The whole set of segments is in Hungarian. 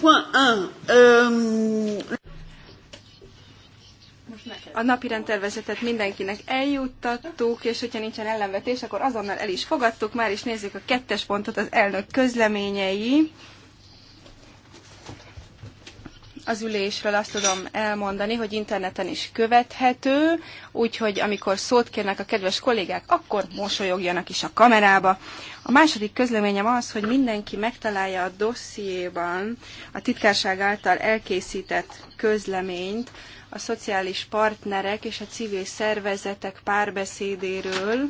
Point 1. Euh, a napi rendtervezetet mindenkinek eljuttattuk, és hogyha nincsen ellenvetés, akkor azonnal el is fogadtuk. Már is nézzük a kettes pontot, az elnök közleményei az ülésről azt tudom elmondani, hogy interneten is követhető, úgyhogy amikor szót kérnek a kedves kollégák, akkor mosolyogjanak is a kamerába. A második közleményem az, hogy mindenki megtalálja a dossziéban a titkárság által elkészített közleményt a szociális partnerek és a civil szervezetek párbeszédéről,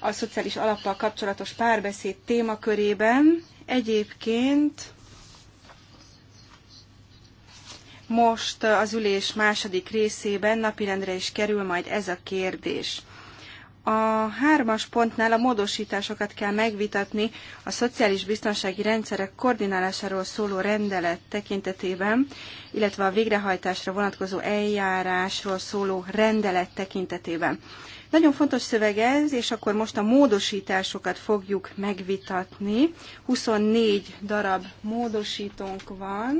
a szociális alappal kapcsolatos párbeszéd témakörében. Egyébként Most az ülés második részében napirendre is kerül majd ez a kérdés. A hármas pontnál a módosításokat kell megvitatni a szociális biztonsági rendszerek koordinálásáról szóló rendelet tekintetében, illetve a végrehajtásra vonatkozó eljárásról szóló rendelet tekintetében. Nagyon fontos szöveg ez, és akkor most a módosításokat fogjuk megvitatni. 24 darab módosítónk van.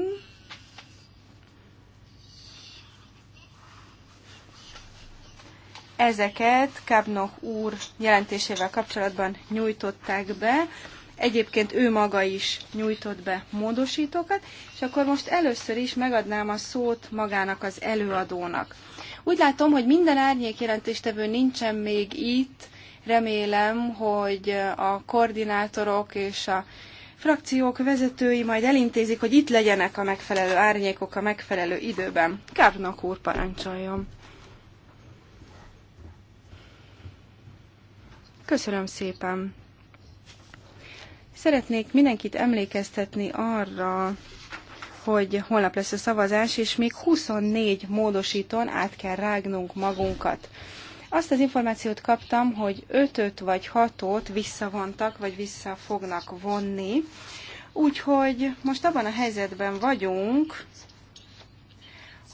ezeket Kábnok úr jelentésével kapcsolatban nyújtották be. Egyébként ő maga is nyújtott be módosítókat, és akkor most először is megadnám a szót magának az előadónak. Úgy látom, hogy minden árnyék jelentéstevő nincsen még itt. Remélem, hogy a koordinátorok és a frakciók vezetői majd elintézik, hogy itt legyenek a megfelelő árnyékok a megfelelő időben. Kárnak úr parancsoljon! Köszönöm szépen! Szeretnék mindenkit emlékeztetni arra, hogy holnap lesz a szavazás, és még 24 módosítón át kell rágnunk magunkat. Azt az információt kaptam, hogy 5 vagy 6-ot visszavontak, vagy vissza fognak vonni. Úgyhogy most abban a helyzetben vagyunk,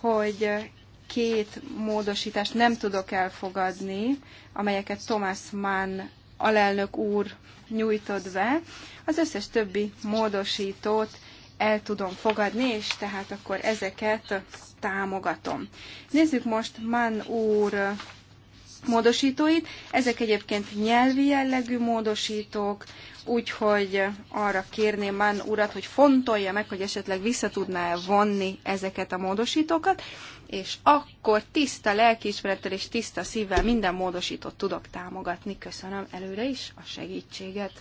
hogy két módosítást nem tudok elfogadni, amelyeket Thomas Mann alelnök úr nyújtott be. Az összes többi módosítót el tudom fogadni, és tehát akkor ezeket támogatom. Nézzük most Mann úr módosítóit. Ezek egyébként nyelvi jellegű módosítók, úgyhogy arra kérném Mann urat, hogy fontolja meg, hogy esetleg vissza tudná -e vonni ezeket a módosítókat, és akkor tiszta lelkiismerettel és tiszta szívvel minden módosított tudok támogatni. Köszönöm előre is a segítséget.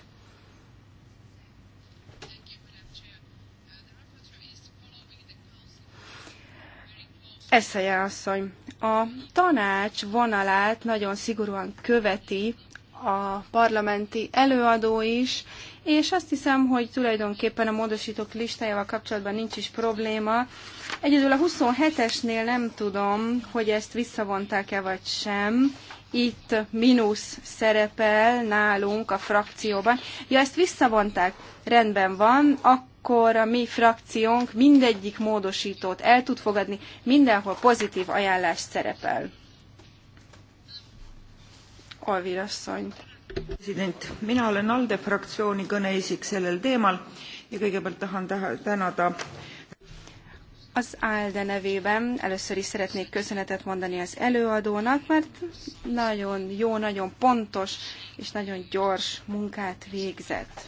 Eszeje asszony, a tanács vonalát nagyon szigorúan követi a parlamenti előadó is, és azt hiszem, hogy tulajdonképpen a módosítók listájával kapcsolatban nincs is probléma. Egyedül a 27-esnél nem tudom, hogy ezt visszavonták-e vagy sem. Itt mínusz szerepel nálunk a frakcióban. Ja, ezt visszavonták. Rendben van, akkor a mi frakciónk mindegyik módosítót el tud fogadni, mindenhol pozitív ajánlás szerepel. Alvirasszonyt mina olen ALDE fraktsiooni kõneisik sellel teemal ja kõigepealt tahan tänada az ALDE nevében először is szeretnék köszönetet mondani az előadónak, mert nagyon jó, nagyon pontos és nagyon gyors munkát végzett.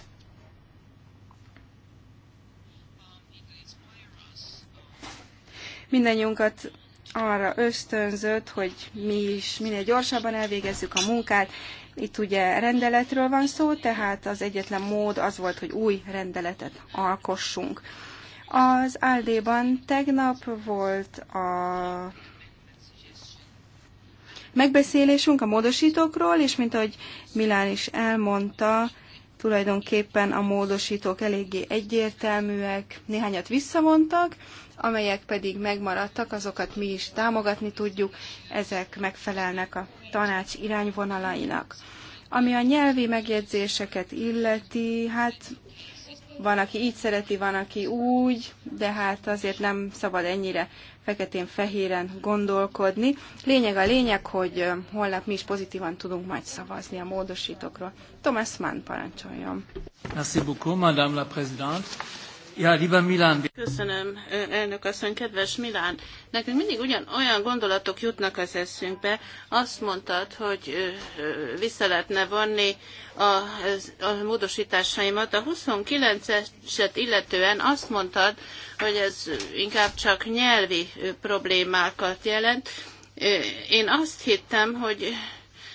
Mindennyiunkat arra ösztönzött, hogy mi is minél gyorsabban elvégezzük a munkát, itt ugye rendeletről van szó, tehát az egyetlen mód az volt, hogy új rendeletet alkossunk. Az Áldéban tegnap volt a megbeszélésünk a módosítókról, és mint ahogy Milán is elmondta, tulajdonképpen a módosítók eléggé egyértelműek, néhányat visszavontak, amelyek pedig megmaradtak, azokat mi is támogatni tudjuk, ezek megfelelnek a tanács irányvonalainak. Ami a nyelvi megjegyzéseket illeti, hát van, aki így szereti, van, aki úgy, de hát azért nem szabad ennyire feketén-fehéren gondolkodni. Lényeg a lényeg, hogy holnap mi is pozitívan tudunk majd szavazni a módosítókról. Thomas Mann parancsoljon. Merci beaucoup, Madame la Présidente. Ja, lieber Köszönöm, elnök asszony, kedves Milán. Nekünk mindig ugyan olyan gondolatok jutnak az eszünkbe. Azt mondtad, hogy vissza lehetne vonni a, a módosításaimat. A 29-eset illetően azt mondtad, hogy ez inkább csak nyelvi problémákat jelent. Én azt hittem, hogy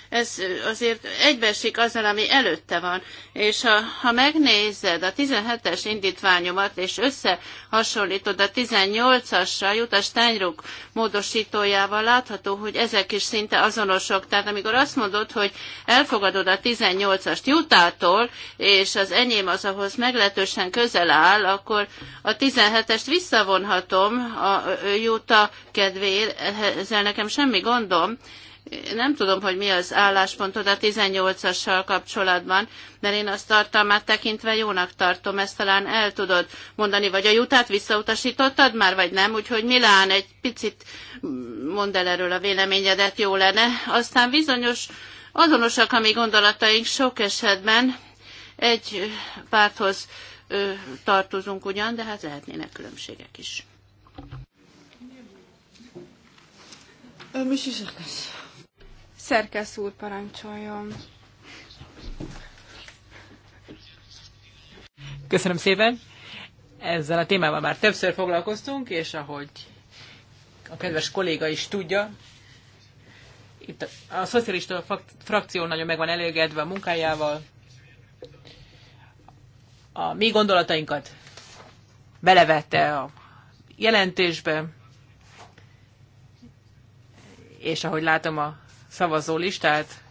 ez azért egybeesik azzal, ami előtte van. És ha, ha megnézed a 17-es indítványomat, és összehasonlítod a 18-asra, jut a Steinruck módosítójával, látható, hogy ezek is szinte azonosok. Tehát amikor azt mondod, hogy elfogadod a 18-ast jutától, és az enyém az ahhoz meglehetősen közel áll, akkor a 17-est visszavonhatom a juta kedvéért, ezzel nekem semmi gondom, nem tudom, hogy mi az álláspontod a 18-assal kapcsolatban, mert én azt tartalmát tekintve jónak tartom, ezt talán el tudod mondani, vagy a jutát visszautasítottad már, vagy nem, úgyhogy Milán egy picit mondd el erről a véleményedet, jó lenne. Aztán bizonyos azonosak a mi gondolataink sok esetben, egy párthoz ö, tartozunk ugyan, de hát lehetnének különbségek is. Monsieur Sarkozy. Szerkesz úr parancsoljon. Köszönöm szépen. Ezzel a témával már többször foglalkoztunk, és ahogy a kedves kolléga is tudja, itt a, a szocialista frakció nagyon meg van elégedve a munkájával. A mi gondolatainkat belevette a jelentésbe, és ahogy látom a szavazó listát.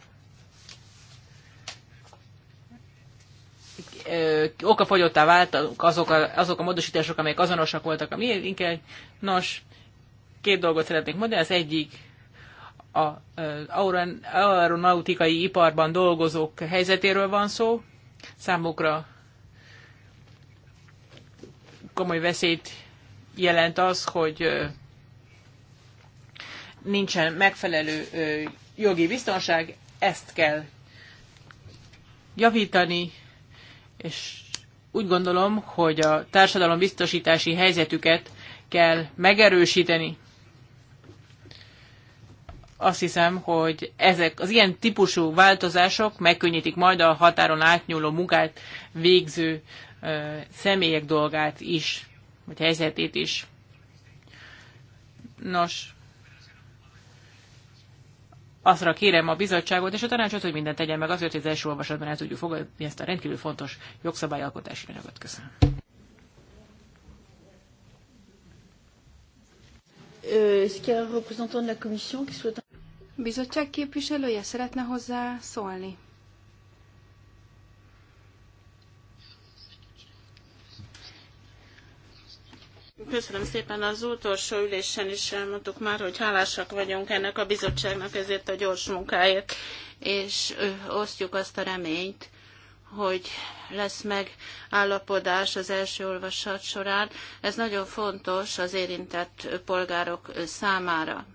Okafogyottá váltak azok a, azok a módosítások, amelyek azonosak voltak a miénkkel. Nos, két dolgot szeretnék mondani. Az egyik a aeronautikai iparban dolgozók helyzetéről van szó. Számukra komoly veszélyt jelent az, hogy nincsen megfelelő jogi biztonság, ezt kell javítani, és úgy gondolom, hogy a társadalom biztosítási helyzetüket kell megerősíteni. Azt hiszem, hogy ezek az ilyen típusú változások megkönnyítik majd a határon átnyúló munkát végző ö, személyek dolgát is, vagy helyzetét is. Nos, Azra kérem a bizottságot és a tanácsot, hogy mindent tegyen meg azért, hogy az első olvasatban el tudjuk fogadni ezt a rendkívül fontos jogszabályalkotási anyagot. Köszönöm. Euh, Bizottság képviselője szeretne hozzá szólni. Köszönöm szépen, az utolsó ülésen is elmondtuk már, hogy hálásak vagyunk ennek a bizottságnak ezért a gyors munkáért, és osztjuk azt a reményt, hogy lesz meg állapodás az első olvasat során. Ez nagyon fontos az érintett polgárok számára,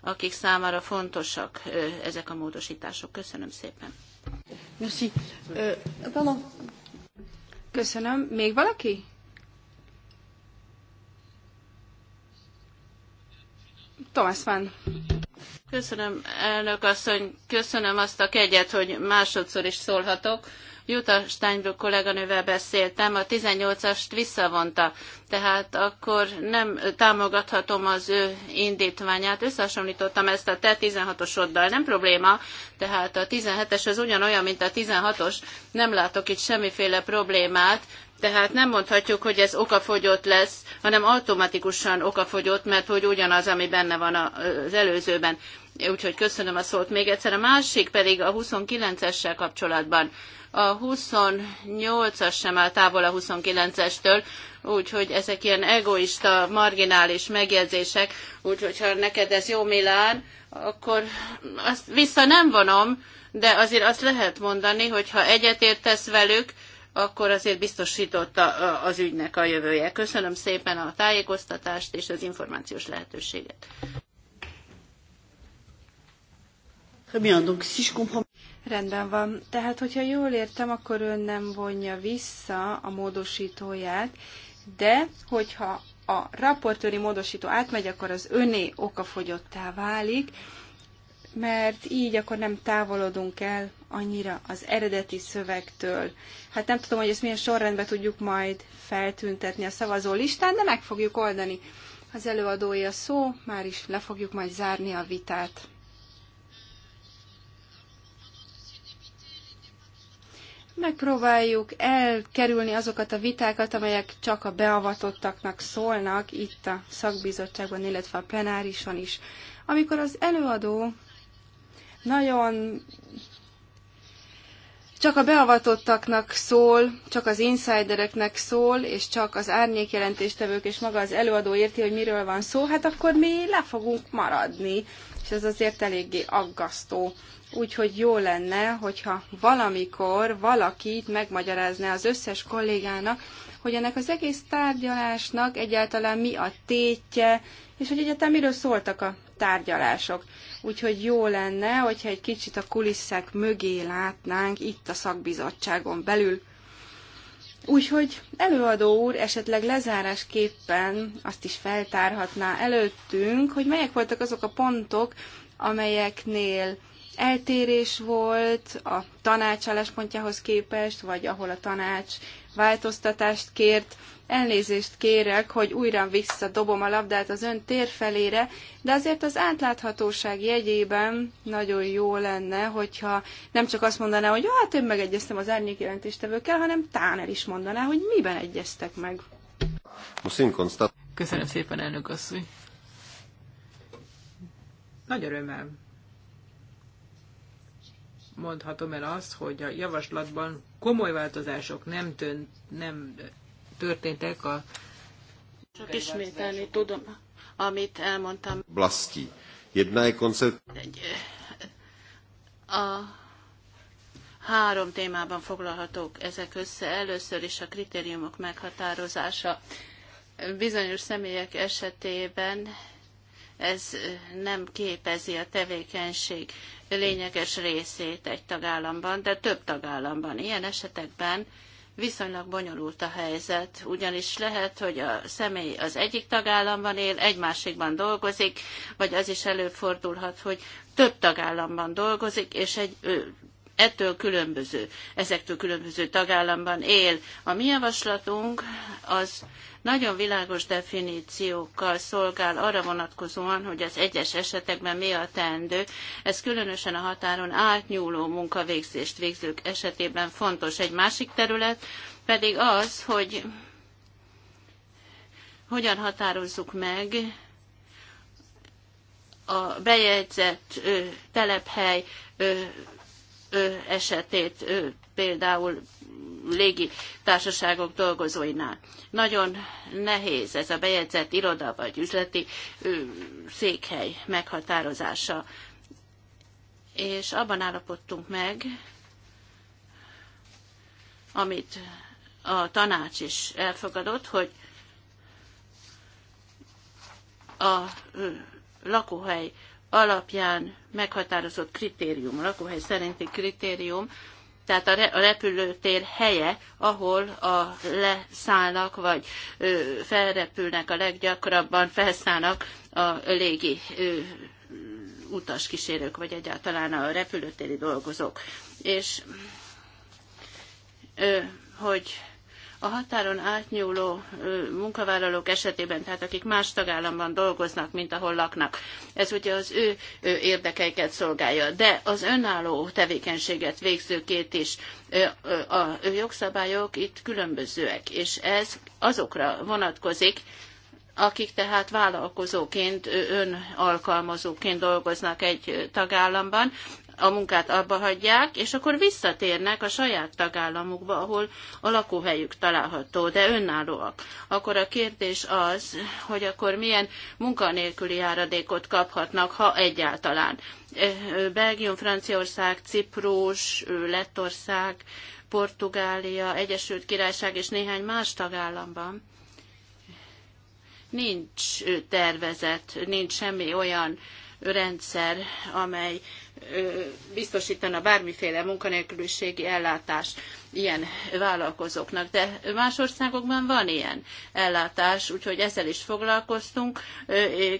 akik számára fontosak ezek a módosítások. Köszönöm szépen. Merci. Euh, Köszönöm. Még valaki? Thomas Köszönöm, elnök asszony, köszönöm azt a kegyet, hogy másodszor is szólhatok. Jutta Steinbrück kolléganővel beszéltem, a 18-ast visszavonta, tehát akkor nem támogathatom az ő indítványát. Összehasonlítottam ezt a te 16-osoddal, nem probléma, tehát a 17-es az ugyanolyan, mint a 16-os, nem látok itt semmiféle problémát, tehát nem mondhatjuk, hogy ez okafogyott lesz, hanem automatikusan okafogyott, mert hogy ugyanaz, ami benne van az előzőben. Úgyhogy köszönöm a szót még egyszer. A másik pedig a 29-essel kapcsolatban. A 28-as sem áll távol a 29-estől, úgyhogy ezek ilyen egoista, marginális megjegyzések, úgyhogy ha neked ez jó Milán, akkor azt vissza nem vonom, de azért azt lehet mondani, hogy ha egyetértesz velük, akkor azért biztosította az ügynek a jövője. Köszönöm szépen a tájékoztatást és az információs lehetőséget. Rendben van. Tehát, hogyha jól értem, akkor ön nem vonja vissza a módosítóját, de hogyha a raportőri módosító átmegy, akkor az öné okafogyottá válik, mert így akkor nem távolodunk el annyira az eredeti szövegtől. Hát nem tudom, hogy ezt milyen sorrendben tudjuk majd feltüntetni a szavazó listán, de meg fogjuk oldani. Az előadója szó, már is le fogjuk majd zárni a vitát. megpróbáljuk elkerülni azokat a vitákat, amelyek csak a beavatottaknak szólnak itt a szakbizottságban, illetve a plenárison is. Amikor az előadó nagyon csak a beavatottaknak szól, csak az insidereknek szól, és csak az árnyékjelentéstevők és maga az előadó érti, hogy miről van szó, hát akkor mi le fogunk maradni, és ez azért eléggé aggasztó. Úgyhogy jó lenne, hogyha valamikor valakit megmagyarázná az összes kollégának, hogy ennek az egész tárgyalásnak egyáltalán mi a tétje, és hogy egyáltalán miről szóltak a tárgyalások. Úgyhogy jó lenne, hogyha egy kicsit a kulisszák mögé látnánk itt a szakbizottságon belül. Úgyhogy előadó úr esetleg lezárásképpen azt is feltárhatná előttünk, hogy melyek voltak azok a pontok, amelyeknél eltérés volt a tanács álláspontjához képest, vagy ahol a tanács változtatást kért. Elnézést kérek, hogy újra visszadobom a labdát az ön tér felére, de azért az átláthatóság jegyében nagyon jó lenne, hogyha nem csak azt mondaná, hogy hát én megegyeztem az jelentéstevőkkel, hanem tán el is mondaná, hogy miben egyeztek meg. Köszönöm szépen, elnök asszony. Nagy örömmel mondhatom el azt, hogy a javaslatban komoly változások nem, tön, nem történtek a... Csak ismételni tudom, amit elmondtam. Blaszki. Jedna je koncept... A három témában foglalhatók ezek össze. Először is a kritériumok meghatározása. Bizonyos személyek esetében ez nem képezi a tevékenység lényeges részét egy tagállamban, de több tagállamban. Ilyen esetekben viszonylag bonyolult a helyzet, ugyanis lehet, hogy a személy az egyik tagállamban él, egy másikban dolgozik, vagy az is előfordulhat, hogy több tagállamban dolgozik, és egy ettől különböző, ezektől különböző tagállamban él. A mi javaslatunk az nagyon világos definíciókkal szolgál arra vonatkozóan, hogy az egyes esetekben mi a teendő. Ez különösen a határon átnyúló munkavégzést végzők esetében fontos. Egy másik terület pedig az, hogy hogyan határozzuk meg a bejegyzett ö, telephely ö, esetét például légi társaságok dolgozóinál. Nagyon nehéz ez a bejegyzett iroda vagy üzleti székhely meghatározása. És abban állapodtunk meg, amit a tanács is elfogadott, hogy a lakóhely alapján meghatározott kritérium, lakóhely szerinti kritérium, tehát a repülőtér helye, ahol a leszállnak, vagy felrepülnek a leggyakrabban, felszállnak a légi utaskísérők, vagy egyáltalán a repülőtéri dolgozók. És hogy a határon átnyúló munkavállalók esetében, tehát akik más tagállamban dolgoznak, mint ahol laknak. Ez ugye az ő érdekeiket szolgálja. De az önálló tevékenységet végzőkét is a jogszabályok itt különbözőek, és ez azokra vonatkozik, akik tehát vállalkozóként, önalkalmazóként dolgoznak egy tagállamban, a munkát abba hagyják, és akkor visszatérnek a saját tagállamukba, ahol a lakóhelyük található, de önállóak. Akkor a kérdés az, hogy akkor milyen munkanélküli járadékot kaphatnak, ha egyáltalán. Eh, Belgium, Franciaország, Ciprus, eh, Lettország, Portugália, Egyesült Királyság és néhány más tagállamban nincs eh, tervezet, nincs semmi olyan rendszer, amely biztosítana bármiféle munkanélküliségi ellátást ilyen vállalkozóknak. De más országokban van ilyen ellátás, úgyhogy ezzel is foglalkoztunk.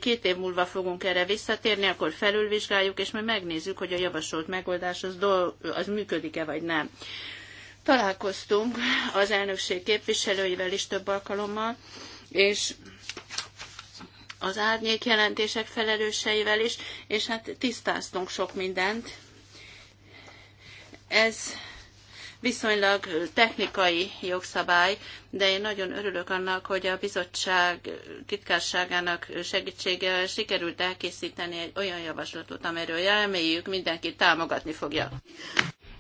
Két év múlva fogunk erre visszatérni, akkor felülvizsgáljuk, és majd megnézzük, hogy a javasolt megoldás az, dol- az működik-e vagy nem. Találkoztunk az elnökség képviselőivel is több alkalommal, és az árnyék jelentések felelőseivel is, és hát tisztáztunk sok mindent. Ez viszonylag technikai jogszabály, de én nagyon örülök annak, hogy a bizottság titkárságának segítségével sikerült elkészíteni egy olyan javaslatot, amiről reméljük mindenki támogatni fogja.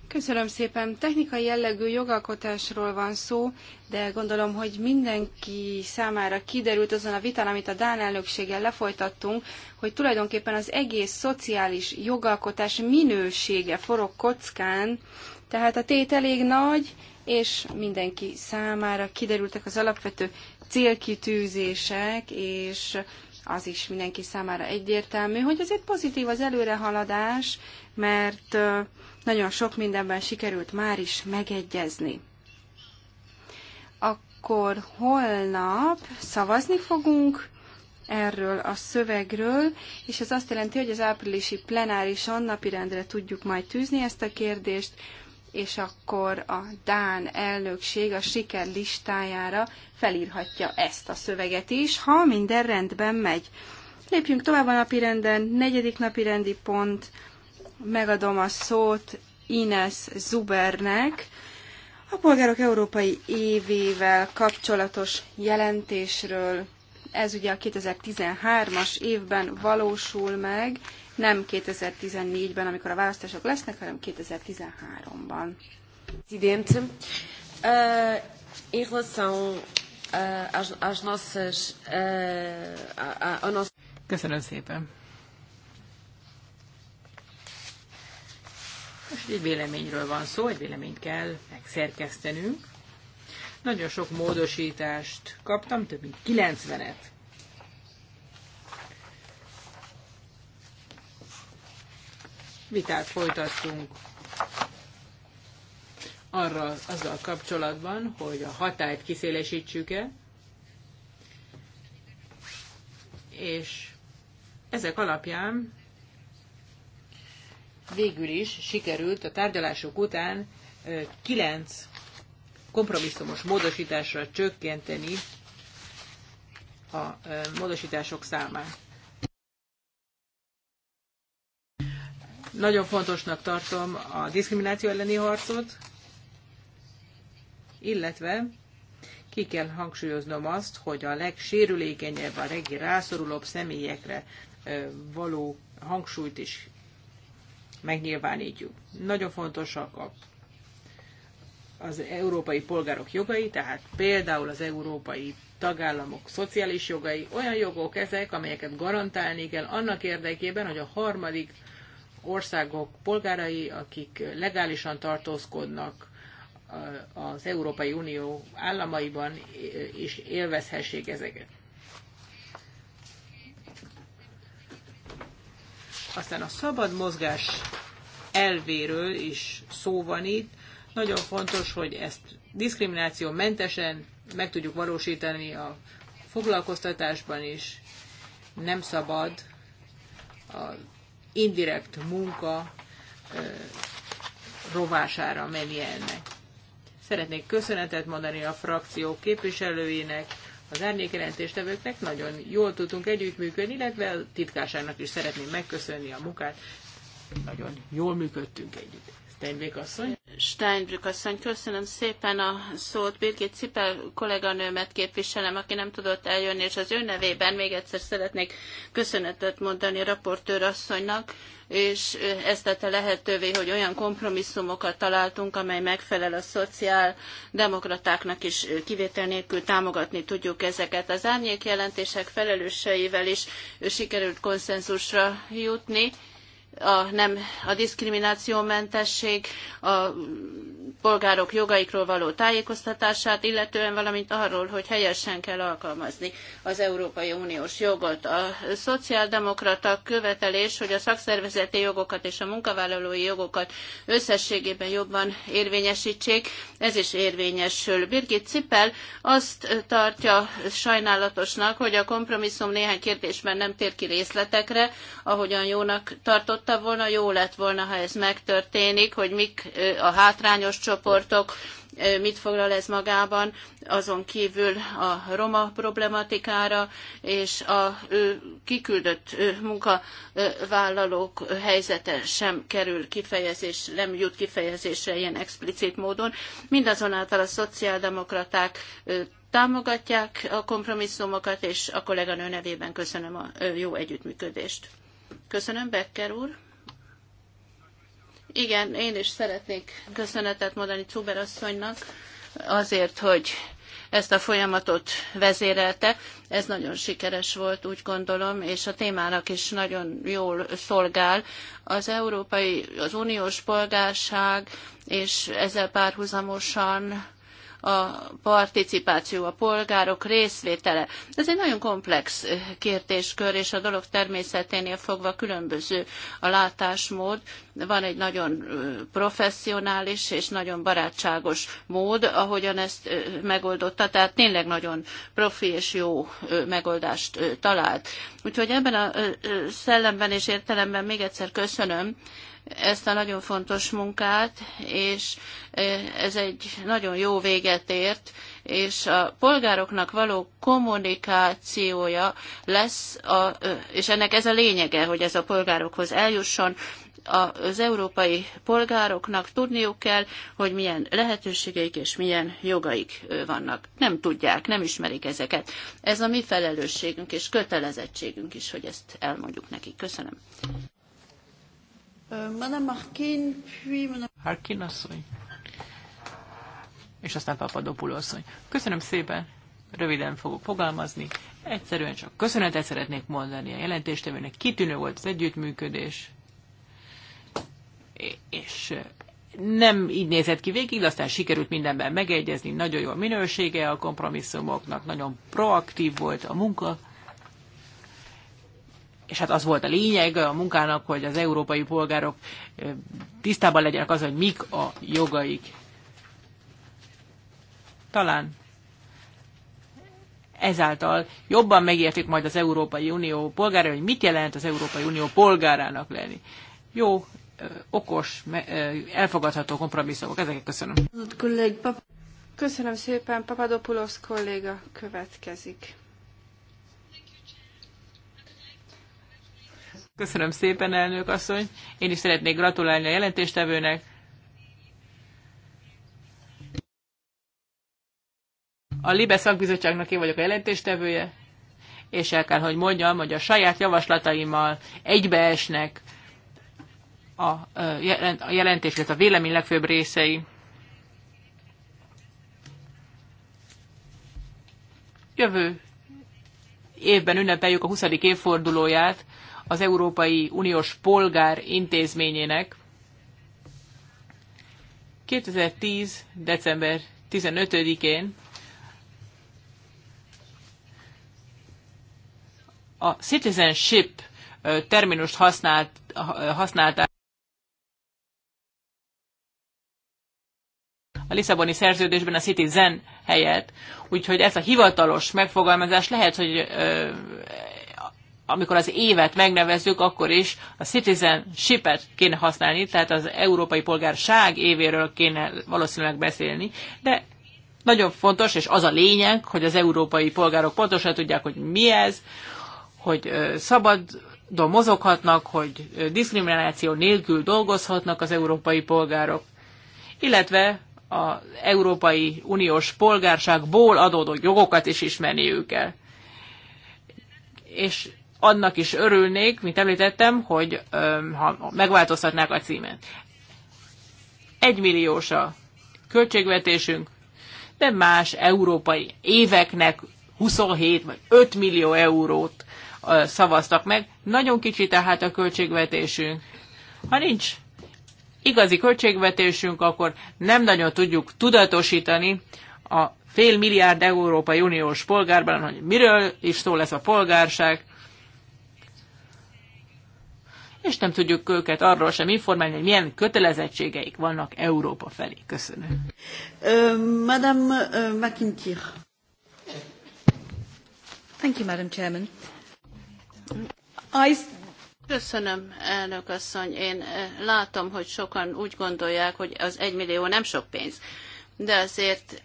Köszönöm szépen. Technikai jellegű jogalkotásról van szó, de gondolom, hogy mindenki számára kiderült azon a vitán, amit a Dán elnökséggel lefolytattunk, hogy tulajdonképpen az egész szociális jogalkotás minősége forog kockán, tehát a tét elég nagy, és mindenki számára kiderültek az alapvető célkitűzések, és az is mindenki számára egyértelmű, hogy azért pozitív az előrehaladás, mert nagyon sok mindenben sikerült már is megegyezni. Akkor holnap szavazni fogunk erről a szövegről, és ez azt jelenti, hogy az áprilisi plenárison napirendre tudjuk majd tűzni ezt a kérdést, és akkor a Dán elnökség a siker listájára felírhatja ezt a szöveget is, ha minden rendben megy. Lépjünk tovább a napirenden, negyedik napirendi pont, megadom a szót Ines Zubernek, a Polgárok Európai Évével kapcsolatos jelentésről. Ez ugye a 2013-as évben valósul meg, nem 2014-ben, amikor a választások lesznek, hanem 2013-ban. Presidente, uh, em relação uh, às, às nossas, uh, a, a, a nosso... Köszönöm szépen. Most egy véleményről van szó, egy véleményt kell megszerkesztenünk. Nagyon sok módosítást kaptam, több mint 90-et. Vitát folytattunk arra azzal kapcsolatban, hogy a hatályt kiszélesítsük-e, és ezek alapján végül is sikerült a tárgyalások után kilenc kompromisszumos módosításra csökkenteni a módosítások számát. Nagyon fontosnak tartom a diszkrimináció elleni harcot, illetve ki kell hangsúlyoznom azt, hogy a legsérülékenyebb, a regi rászorulóbb személyekre való hangsúlyt is megnyilvánítjuk. Nagyon fontosak a, az európai polgárok jogai, tehát például az európai tagállamok szociális jogai, olyan jogok ezek, amelyeket garantálni kell annak érdekében, hogy a harmadik országok polgárai, akik legálisan tartózkodnak az Európai Unió államaiban, és élvezhessék ezeket. Aztán a szabad mozgás elvéről is szó van itt. Nagyon fontos, hogy ezt diszkrimináció mentesen meg tudjuk valósítani a foglalkoztatásban is. Nem szabad a indirekt munka rovására menni ennek. Szeretnék köszönetet mondani a frakció képviselőinek, az árnyékjelentéstevőknek, nagyon jól tudtunk együttműködni, illetve a titkárságnak is szeretném megköszönni a munkát, nagyon jól működtünk együtt. Steinbrück asszony. Steinbrück asszony, köszönöm szépen a szót. Birgit Cipel kolléganőmet képviselem, aki nem tudott eljönni, és az ő nevében még egyszer szeretnék köszönetet mondani a raportőr asszonynak, és ezt tette lehetővé, hogy olyan kompromisszumokat találtunk, amely megfelel a szociáldemokratáknak is kivétel nélkül támogatni tudjuk ezeket. Az árnyék jelentések felelőseivel is sikerült konszenzusra jutni a, nem, a diszkriminációmentesség, a polgárok jogaikról való tájékoztatását, illetően valamint arról, hogy helyesen kell alkalmazni az Európai Uniós jogot. A szociáldemokrata követelés, hogy a szakszervezeti jogokat és a munkavállalói jogokat összességében jobban érvényesítsék, ez is érvényesül. Birgit Cipel azt tartja sajnálatosnak, hogy a kompromisszum néhány kérdésben nem tér ki részletekre, ahogyan jónak tartott tudta volna, jó lett volna, ha ez megtörténik, hogy mik a hátrányos csoportok, mit foglal ez magában, azon kívül a roma problematikára és a kiküldött munkavállalók helyzete sem kerül kifejezés, nem jut kifejezésre ilyen explicit módon. Mindazonáltal a szociáldemokraták támogatják a kompromisszumokat, és a kolléganő nevében köszönöm a jó együttműködést. Köszönöm, Becker úr. Igen, én is szeretnék köszönetet mondani Cuber asszonynak azért, hogy ezt a folyamatot vezérelte. Ez nagyon sikeres volt, úgy gondolom, és a témának is nagyon jól szolgál. Az európai, az uniós polgárság, és ezzel párhuzamosan a participáció, a polgárok részvétele. Ez egy nagyon komplex kérdéskör, és a dolog természeténél fogva különböző a látásmód. Van egy nagyon professzionális és nagyon barátságos mód, ahogyan ezt megoldotta, tehát tényleg nagyon profi és jó megoldást talált. Úgyhogy ebben a szellemben és értelemben még egyszer köszönöm, ezt a nagyon fontos munkát, és ez egy nagyon jó véget ért, és a polgároknak való kommunikációja lesz, a, és ennek ez a lényege, hogy ez a polgárokhoz eljusson, az európai polgároknak tudniuk kell, hogy milyen lehetőségeik és milyen jogaik vannak. Nem tudják, nem ismerik ezeket. Ez a mi felelősségünk és kötelezettségünk is, hogy ezt elmondjuk nekik. Köszönöm. Euh, Madame Harkin, puis Madame... Harkin asszony. És aztán Papadopoulou asszony. Köszönöm szépen. Röviden fogok fogalmazni. Egyszerűen csak köszönetet szeretnék mondani a jelentéstevőnek. Kitűnő volt az együttműködés. És nem így nézett ki végig, de aztán sikerült mindenben megegyezni. Nagyon jó a minősége a kompromisszumoknak, nagyon proaktív volt a munka és hát az volt a lényeg a munkának, hogy az európai polgárok tisztában legyenek az, hogy mik a jogaik. Talán ezáltal jobban megértik majd az Európai Unió polgára, hogy mit jelent az Európai Unió polgárának lenni. Jó, okos, elfogadható kompromisszumok. Ezeket köszönöm. Köszönöm szépen, Papadopoulos kolléga következik. Köszönöm szépen, elnök asszony. Én is szeretnék gratulálni a jelentéstevőnek. A LIBE szakbizottságnak én vagyok a jelentéstevője, és el kell, hogy mondjam, hogy a saját javaslataimmal egybeesnek a, a jelentés, a vélemény legfőbb részei. Jövő évben ünnepeljük a 20. évfordulóját az Európai Uniós Polgár Intézményének 2010. december 15-én a citizenship terminust használt, használták a Lisszaboni szerződésben a citizen helyett, úgyhogy ez a hivatalos megfogalmazás lehet, hogy amikor az évet megnevezzük, akkor is a citizenship-et kéne használni, tehát az európai polgárság évéről kéne valószínűleg beszélni, de nagyon fontos, és az a lényeg, hogy az európai polgárok pontosan tudják, hogy mi ez, hogy szabad mozoghatnak, hogy diszkrimináció nélkül dolgozhatnak az európai polgárok, illetve az Európai Uniós polgárságból adódó jogokat is ismerniük kell. És annak is örülnék, mint említettem, hogy ha megváltoztatnák a címet. milliós a költségvetésünk, de más európai éveknek 27 vagy 5 millió eurót szavaztak meg. Nagyon kicsi tehát a költségvetésünk. Ha nincs igazi költségvetésünk, akkor nem nagyon tudjuk tudatosítani a fél milliárd Európai Uniós polgárban, hogy miről is szól ez a polgárság, és nem tudjuk őket arról sem informálni, hogy milyen kötelezettségeik vannak Európa felé. Köszönöm. Uh, Madame uh, McIntyre. Thank you, Madam Chairman. I... Köszönöm, elnök asszony. Én látom, hogy sokan úgy gondolják, hogy az egymillió nem sok pénz, de azért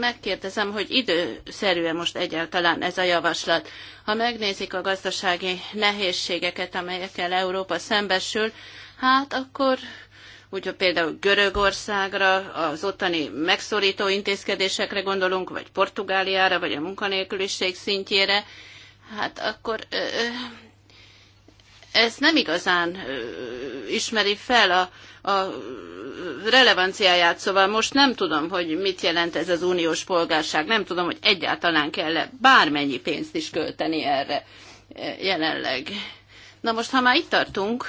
megkérdezem, hogy időszerű-e most egyáltalán ez a javaslat. Ha megnézik a gazdasági nehézségeket, amelyekkel Európa szembesül, hát akkor úgyhogy például Görögországra, az ottani megszorító intézkedésekre gondolunk, vagy Portugáliára, vagy a munkanélküliség szintjére, hát akkor ez nem igazán ismeri fel a a relevanciáját, szóval most nem tudom, hogy mit jelent ez az uniós polgárság, nem tudom, hogy egyáltalán kell-e bármennyi pénzt is költeni erre e, jelenleg. Na most, ha már itt tartunk,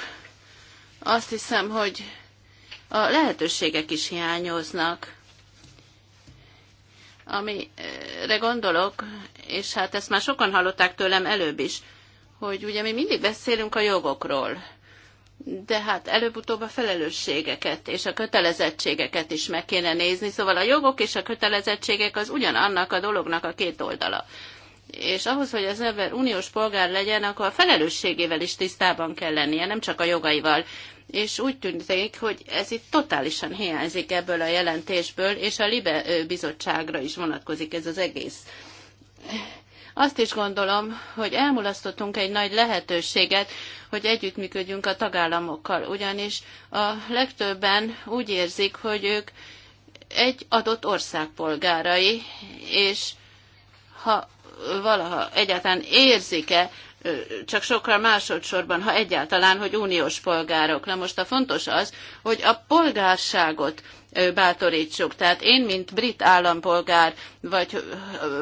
azt hiszem, hogy a lehetőségek is hiányoznak. Amire gondolok, és hát ezt már sokan hallották tőlem előbb is, hogy ugye mi mindig beszélünk a jogokról, de hát előbb-utóbb a felelősségeket és a kötelezettségeket is meg kéne nézni, szóval a jogok és a kötelezettségek az ugyanannak a dolognak a két oldala. És ahhoz, hogy az ember uniós polgár legyen, akkor a felelősségével is tisztában kell lennie, nem csak a jogaival. És úgy tűnik, hogy ez itt totálisan hiányzik ebből a jelentésből, és a Libe bizottságra is vonatkozik ez az egész. Azt is gondolom, hogy elmulasztottunk egy nagy lehetőséget, hogy együttműködjünk a tagállamokkal, ugyanis a legtöbben úgy érzik, hogy ők egy adott ország polgárai, és ha valaha egyáltalán érzik-e csak sokkal másodszorban, ha egyáltalán, hogy uniós polgárok. Na most a fontos az, hogy a polgárságot bátorítsuk. Tehát én, mint brit állampolgár, vagy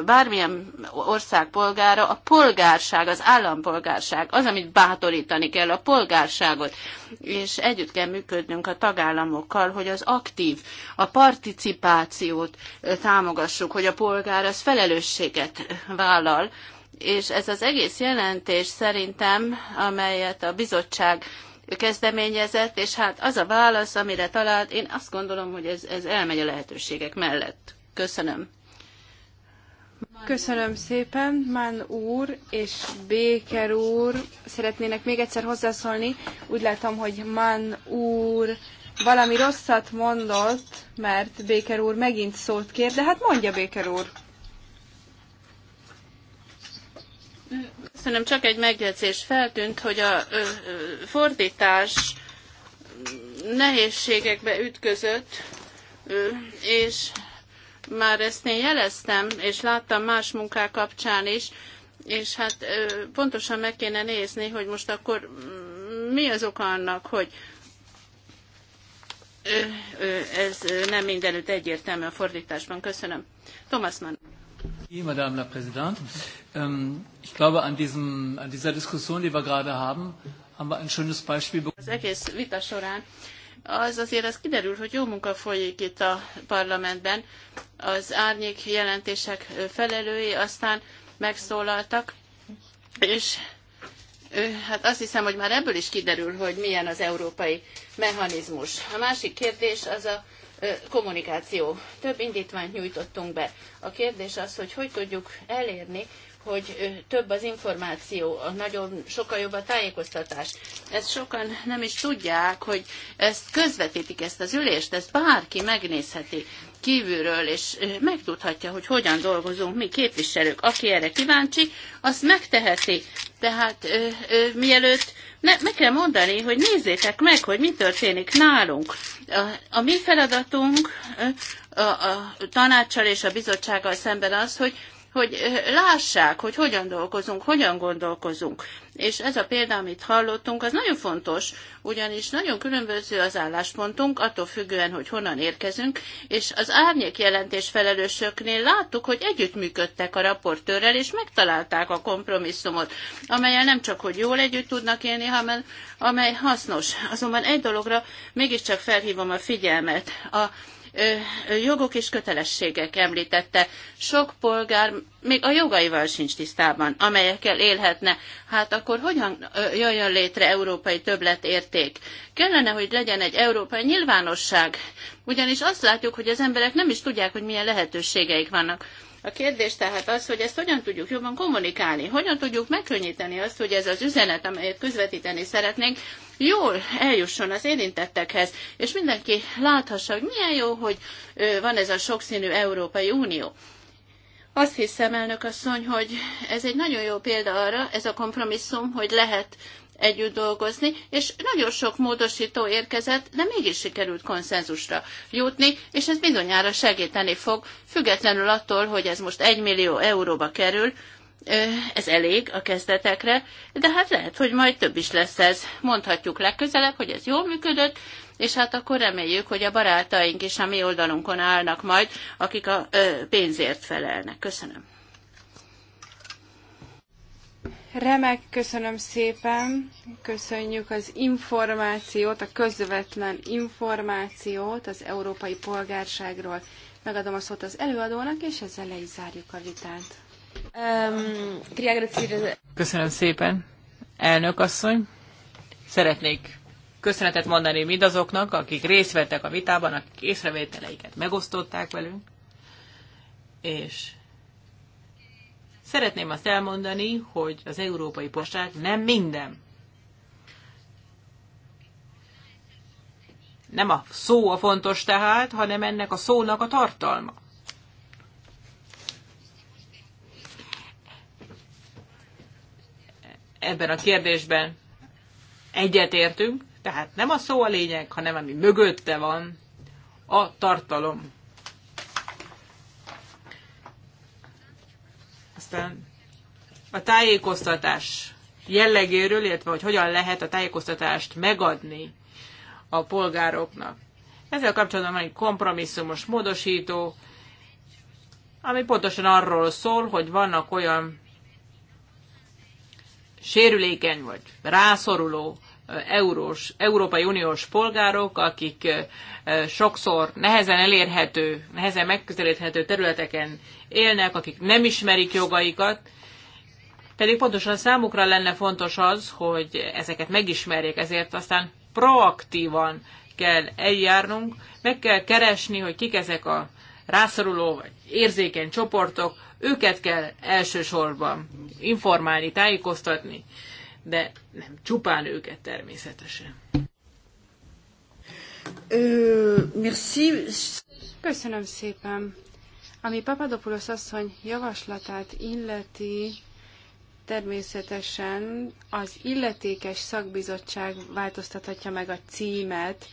bármilyen ország polgára, a polgárság, az állampolgárság, az, amit bátorítani kell, a polgárságot. És együtt kell működnünk a tagállamokkal, hogy az aktív, a participációt támogassuk, hogy a polgár az felelősséget vállal, és ez az egész jelentés szerintem, amelyet a bizottság kezdeményezett, és hát az a válasz, amire talált, én azt gondolom, hogy ez, ez elmegy a lehetőségek mellett. Köszönöm. Köszönöm szépen, Mán úr és Béker úr szeretnének még egyszer hozzászólni. Úgy látom, hogy Mán úr valami rosszat mondott, mert Béker úr megint szót kér, de hát mondja Béker úr. Köszönöm, csak egy megjegyzés feltűnt, hogy a ö, ö, fordítás nehézségekbe ütközött, ö, és már ezt én jeleztem, és láttam más munkák kapcsán is, és hát pontosan meg kéne nézni, hogy most akkor mm, mi az oka annak, hogy ez nem mindenütt egyértelmű a fordításban. Köszönöm. Thomas Mann. Madame la Présidente. Ähm, ich glaube, an, diesem, an dieser Diskussion, die wir gerade haben, haben wir ein schönes Beispiel bekommen. Az egész vita során az azért az kiderül, hogy jó munka folyik itt a parlamentben. Az árnyék jelentések felelői aztán megszólaltak, és hát azt hiszem, hogy már ebből is kiderül, hogy milyen az európai mechanizmus. A másik kérdés az a kommunikáció. Több indítványt nyújtottunk be. A kérdés az, hogy hogy tudjuk elérni, hogy több az információ, a nagyon sokkal jobb a tájékoztatás. Ezt sokan nem is tudják, hogy ezt közvetítik, ezt az ülést, ezt bárki megnézheti kívülről, és megtudhatja, hogy hogyan dolgozunk mi képviselők. Aki erre kíváncsi, azt megteheti. Tehát ö, ö, mielőtt ne, meg kell mondani, hogy nézzétek meg, hogy mi történik nálunk. A, a mi feladatunk a, a tanácssal és a bizottsággal szemben az, hogy hogy lássák, hogy hogyan dolgozunk, hogyan gondolkozunk és ez a példa, amit hallottunk, az nagyon fontos, ugyanis nagyon különböző az álláspontunk, attól függően, hogy honnan érkezünk, és az árnyék jelentés felelősöknél láttuk, hogy együttműködtek a raportőrrel, és megtalálták a kompromisszumot, amelyel nem csak, hogy jól együtt tudnak élni, hanem amely hasznos. Azonban egy dologra mégiscsak felhívom a figyelmet. A jogok és kötelességek említette. Sok polgár még a jogaival sincs tisztában, amelyekkel élhetne. Hát akkor hogyan jöjjön létre európai többletérték? Kellene, hogy legyen egy európai nyilvánosság, ugyanis azt látjuk, hogy az emberek nem is tudják, hogy milyen lehetőségeik vannak a kérdés tehát az, hogy ezt hogyan tudjuk jobban kommunikálni, hogyan tudjuk megkönnyíteni azt, hogy ez az üzenet, amelyet közvetíteni szeretnénk, jól eljusson az érintettekhez, és mindenki láthassa, hogy milyen jó, hogy van ez a sokszínű Európai Unió. Azt hiszem, elnök asszony, hogy ez egy nagyon jó példa arra, ez a kompromisszum, hogy lehet együtt dolgozni, és nagyon sok módosító érkezett, de mégis sikerült konszenzusra jutni, és ez bizonyára segíteni fog, függetlenül attól, hogy ez most egy millió euróba kerül, ez elég a kezdetekre, de hát lehet, hogy majd több is lesz ez. Mondhatjuk legközelebb, hogy ez jól működött, és hát akkor reméljük, hogy a barátaink is a mi oldalunkon állnak majd, akik a pénzért felelnek. Köszönöm. Remek, köszönöm szépen, köszönjük az információt, a közvetlen információt az európai polgárságról. Megadom a szót az előadónak, és ezzel le is zárjuk a vitát. Köszönöm szépen, elnök asszony. Szeretnék köszönetet mondani mindazoknak, akik részt vettek a vitában, akik észrevételeiket megosztották velünk, és Szeretném azt elmondani, hogy az európai posták nem minden. Nem a szó a fontos tehát, hanem ennek a szónak a tartalma. Ebben a kérdésben egyetértünk, tehát nem a szó a lényeg, hanem ami mögötte van, a tartalom. Aztán a tájékoztatás jellegéről, illetve hogy hogyan lehet a tájékoztatást megadni a polgároknak. Ezzel kapcsolatban van egy kompromisszumos módosító, ami pontosan arról szól, hogy vannak olyan sérülékeny vagy rászoruló eurós, Európai Uniós polgárok, akik sokszor nehezen elérhető, nehezen megközelíthető területeken élnek, akik nem ismerik jogaikat, pedig pontosan számukra lenne fontos az, hogy ezeket megismerjék, ezért aztán proaktívan kell eljárnunk, meg kell keresni, hogy kik ezek a rászoruló vagy érzékeny csoportok, őket kell elsősorban informálni, tájékoztatni de nem csupán őket természetesen. Köszönöm szépen. Ami Papadopoulos asszony javaslatát illeti, természetesen az illetékes szakbizottság változtathatja meg a címet,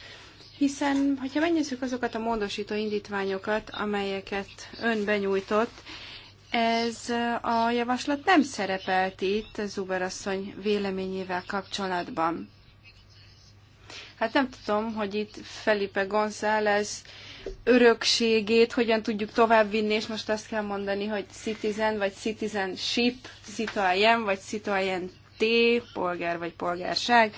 hiszen, hogyha megnézzük azokat a módosító indítványokat, amelyeket ön benyújtott, ez a javaslat nem szerepelt itt az Uber asszony véleményével kapcsolatban. Hát nem tudom, hogy itt Felipe González örökségét hogyan tudjuk továbbvinni, és most azt kell mondani, hogy citizen vagy citizenship, citoyen vagy citoyen T, polgár vagy polgárság.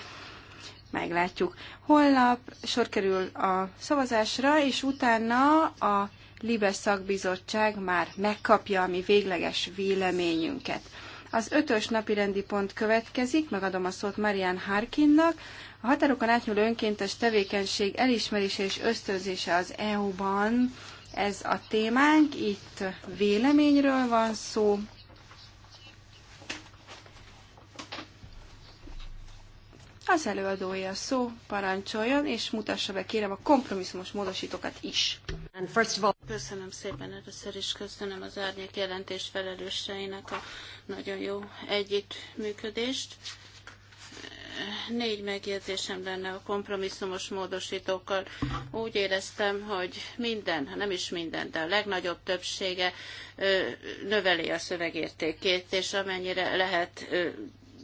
Meglátjuk. Holnap sor kerül a szavazásra, és utána a Libe szakbizottság már megkapja a mi végleges véleményünket. Az ötös napi rendi pont következik, megadom a szót Marian Harkinnak. A határokon átnyúló önkéntes tevékenység elismerése és ösztönzése az EU-ban ez a témánk. Itt véleményről van szó. Az előadója szó, parancsoljon, és mutassa be kérem a kompromisszumos módosítókat is. Köszönöm szépen először is, köszönöm az árnyék jelentés felelőseinek a nagyon jó együttműködést. Négy megjegyzésem lenne a kompromisszumos módosítókkal. Úgy éreztem, hogy minden, ha nem is minden, de a legnagyobb többsége növeli a szövegértékét, és amennyire lehet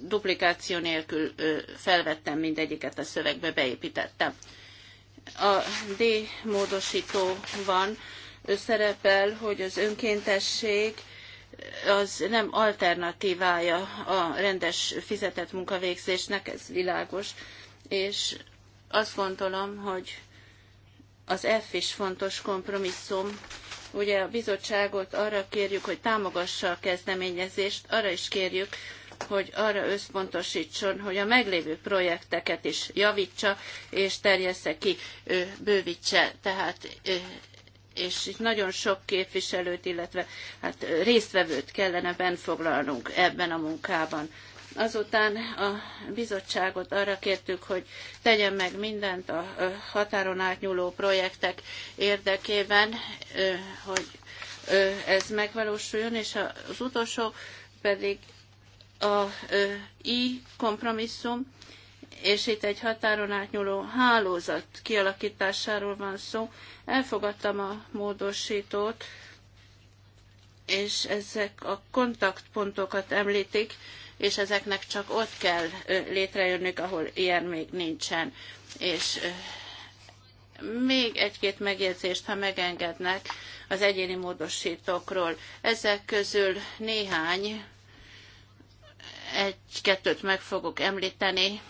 duplikáció nélkül felvettem mindegyiket a szövegbe, beépítettem a D van, szerepel, hogy az önkéntesség az nem alternatívája a rendes fizetett munkavégzésnek, ez világos, és azt gondolom, hogy az F is fontos kompromisszum. Ugye a bizottságot arra kérjük, hogy támogassa a kezdeményezést, arra is kérjük, hogy arra összpontosítson, hogy a meglévő projekteket is javítsa és terjessze ki, bővítse. Tehát és itt nagyon sok képviselőt, illetve hát résztvevőt kellene benfoglalnunk ebben a munkában. Azután a bizottságot arra kértük, hogy tegyen meg mindent a határon átnyúló projektek érdekében, hogy ez megvalósuljon, és az utolsó pedig a i kompromisszum, és itt egy határon átnyúló hálózat kialakításáról van szó. Elfogadtam a módosítót, és ezek a kontaktpontokat említik, és ezeknek csak ott kell létrejönniük, ahol ilyen még nincsen. És még egy-két megjegyzést, ha megengednek, az egyéni módosítókról. Ezek közül néhány egy-kettőt meg fogok említeni,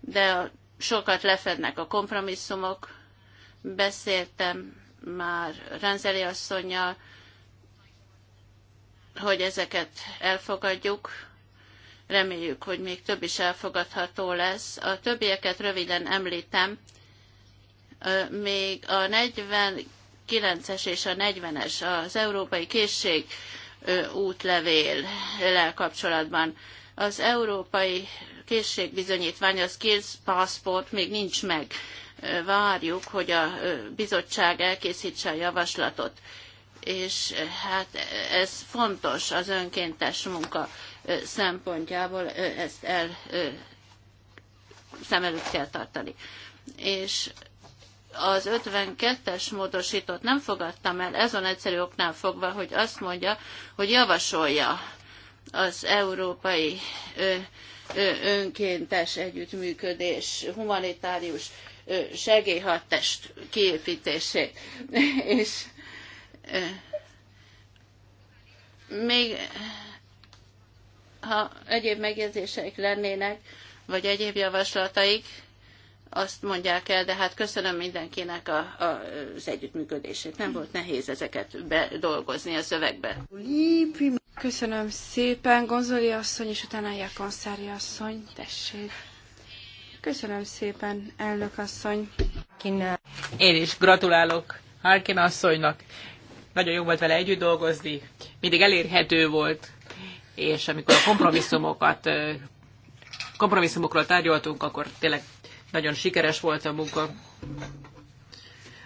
de sokat lefednek a kompromisszumok. Beszéltem már Renzeli asszonynal, hogy ezeket elfogadjuk. Reméljük, hogy még több is elfogadható lesz. A többieket röviden említem. Még a 49-es és a 40-es az európai készség útlevéllel kapcsolatban. Az európai készségbizonyítvány, az skills passport még nincs meg. Várjuk, hogy a bizottság elkészítse a javaslatot és hát ez fontos az önkéntes munka szempontjából, ezt el szem előtt kell tartani. És az 52-es módosítót nem fogadtam el, ezon egyszerű oknál fogva, hogy azt mondja, hogy javasolja az európai ö, ö, önkéntes együttműködés humanitárius ö, segélyhattest kiépítését. És ö, még ha egyéb megjegyzéseik lennének, vagy egyéb javaslataik, azt mondják el, de hát köszönöm mindenkinek a, a, az együttműködését. Nem volt nehéz ezeket bedolgozni a szövegbe. Köszönöm szépen, Gonzoli asszony, és utána Konszári asszony. Tessék. Köszönöm szépen, elnök asszony. Én is gratulálok Harkin asszonynak. Nagyon jó volt vele együtt dolgozni, mindig elérhető volt, és amikor a kompromisszumokat kompromisszumokról tárgyaltunk, akkor tényleg nagyon sikeres volt a munka.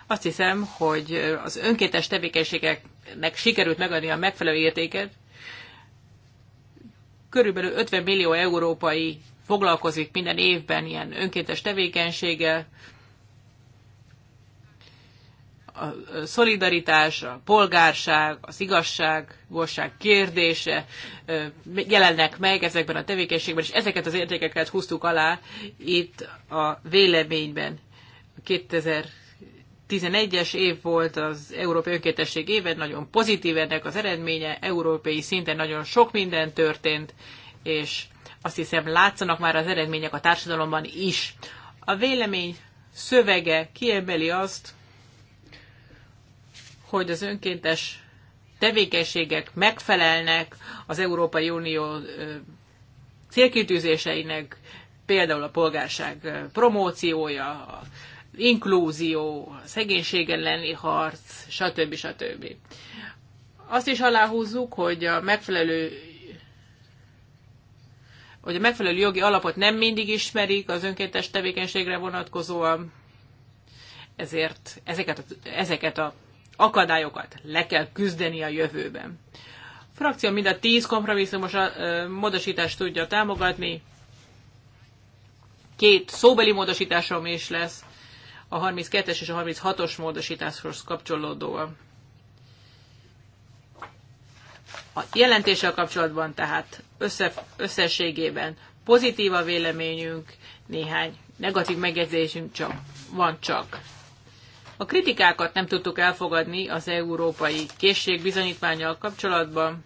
Azt hiszem, hogy az önkéntes tevékenységeknek sikerült megadni a megfelelő értéket. Körülbelül 50 millió európai foglalkozik minden évben ilyen önkéntes tevékenységgel, a szolidaritás, a polgárság, az igazság, igazság kérdése jelennek meg ezekben a tevékenységben, és ezeket az értékeket húztuk alá itt a véleményben. 2011-es év volt az Európai Önkéntesség éve, nagyon pozitív ennek az eredménye, európai szinten nagyon sok minden történt, és azt hiszem látszanak már az eredmények a társadalomban is. A vélemény szövege kiemeli azt, hogy az önkéntes tevékenységek megfelelnek az Európai Unió célkitűzéseinek, például a polgárság promóciója, a inklúzió, a szegénység elleni harc, stb. stb. Azt is aláhúzzuk, hogy a megfelelő hogy a megfelelő jogi alapot nem mindig ismerik az önkéntes tevékenységre vonatkozóan, ezért ezeket, ezeket a akadályokat le kell küzdeni a jövőben. A frakció mind a tíz kompromisszumos módosítást tudja támogatni. Két szóbeli módosításom is lesz a 32-es és a 36-os módosításhoz kapcsolódóan. A jelentéssel kapcsolatban tehát össze, összességében pozitív a véleményünk, néhány negatív megjegyzésünk csak, van csak. A kritikákat nem tudtuk elfogadni az európai készségbizonyítványjal kapcsolatban,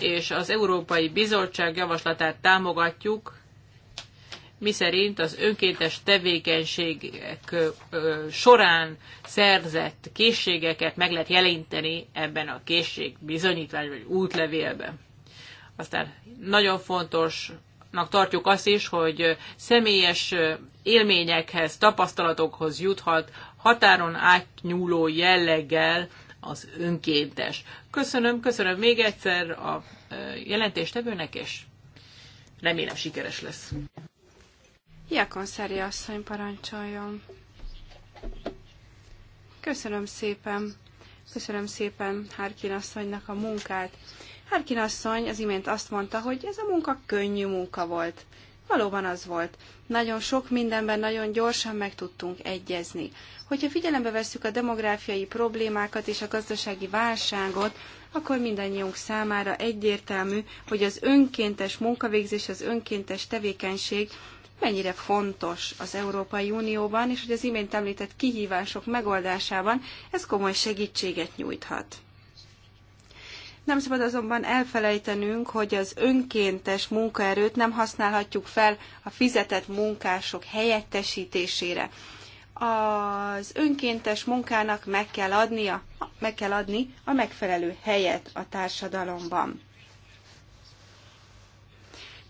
és az Európai Bizottság javaslatát támogatjuk, miszerint az önkéntes tevékenységek során szerzett készségeket meg lehet jelenteni ebben a készségbizonyítvány bizonyítvány vagy útlevélben. Aztán nagyon fontosnak tartjuk azt is, hogy személyes élményekhez, tapasztalatokhoz juthat határon átnyúló jelleggel az önkéntes. Köszönöm, köszönöm még egyszer a e, jelentéstevőnek, és remélem sikeres lesz. Szeri asszony parancsoljon. Köszönöm szépen. Köszönöm szépen Harkin asszonynak a munkát. Harkin asszony az imént azt mondta, hogy ez a munka könnyű munka volt. Valóban az volt. Nagyon sok mindenben nagyon gyorsan meg tudtunk egyezni. Hogyha figyelembe vesszük a demográfiai problémákat és a gazdasági válságot, akkor mindannyiunk számára egyértelmű, hogy az önkéntes munkavégzés, az önkéntes tevékenység mennyire fontos az Európai Unióban, és hogy az imént említett kihívások megoldásában ez komoly segítséget nyújthat. Nem szabad azonban elfelejtenünk, hogy az önkéntes munkaerőt nem használhatjuk fel a fizetett munkások helyettesítésére. Az önkéntes munkának meg kell adnia, meg kell adni a megfelelő helyet a társadalomban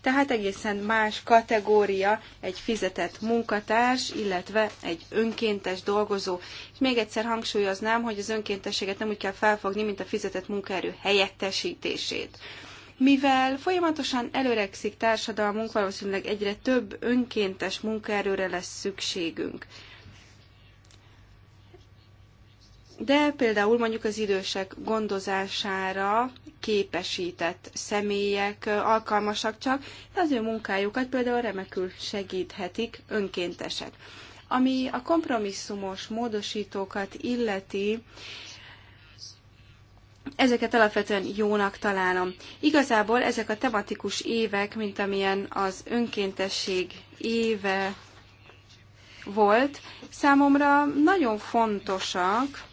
tehát egészen más kategória egy fizetett munkatárs, illetve egy önkéntes dolgozó. És még egyszer hangsúlyoznám, hogy az önkéntességet nem úgy kell felfogni, mint a fizetett munkaerő helyettesítését. Mivel folyamatosan előregszik társadalmunk, valószínűleg egyre több önkéntes munkaerőre lesz szükségünk. de például mondjuk az idősek gondozására képesített személyek alkalmasak csak, de az ő munkájukat például remekül segíthetik önkéntesek. Ami a kompromisszumos módosítókat illeti, ezeket alapvetően jónak találom. Igazából ezek a tematikus évek, mint amilyen az önkéntesség éve volt, számomra nagyon fontosak,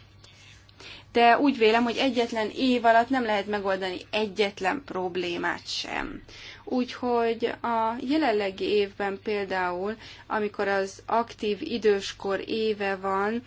de úgy vélem, hogy egyetlen év alatt nem lehet megoldani egyetlen problémát sem. Úgyhogy a jelenlegi évben például, amikor az aktív időskor éve van,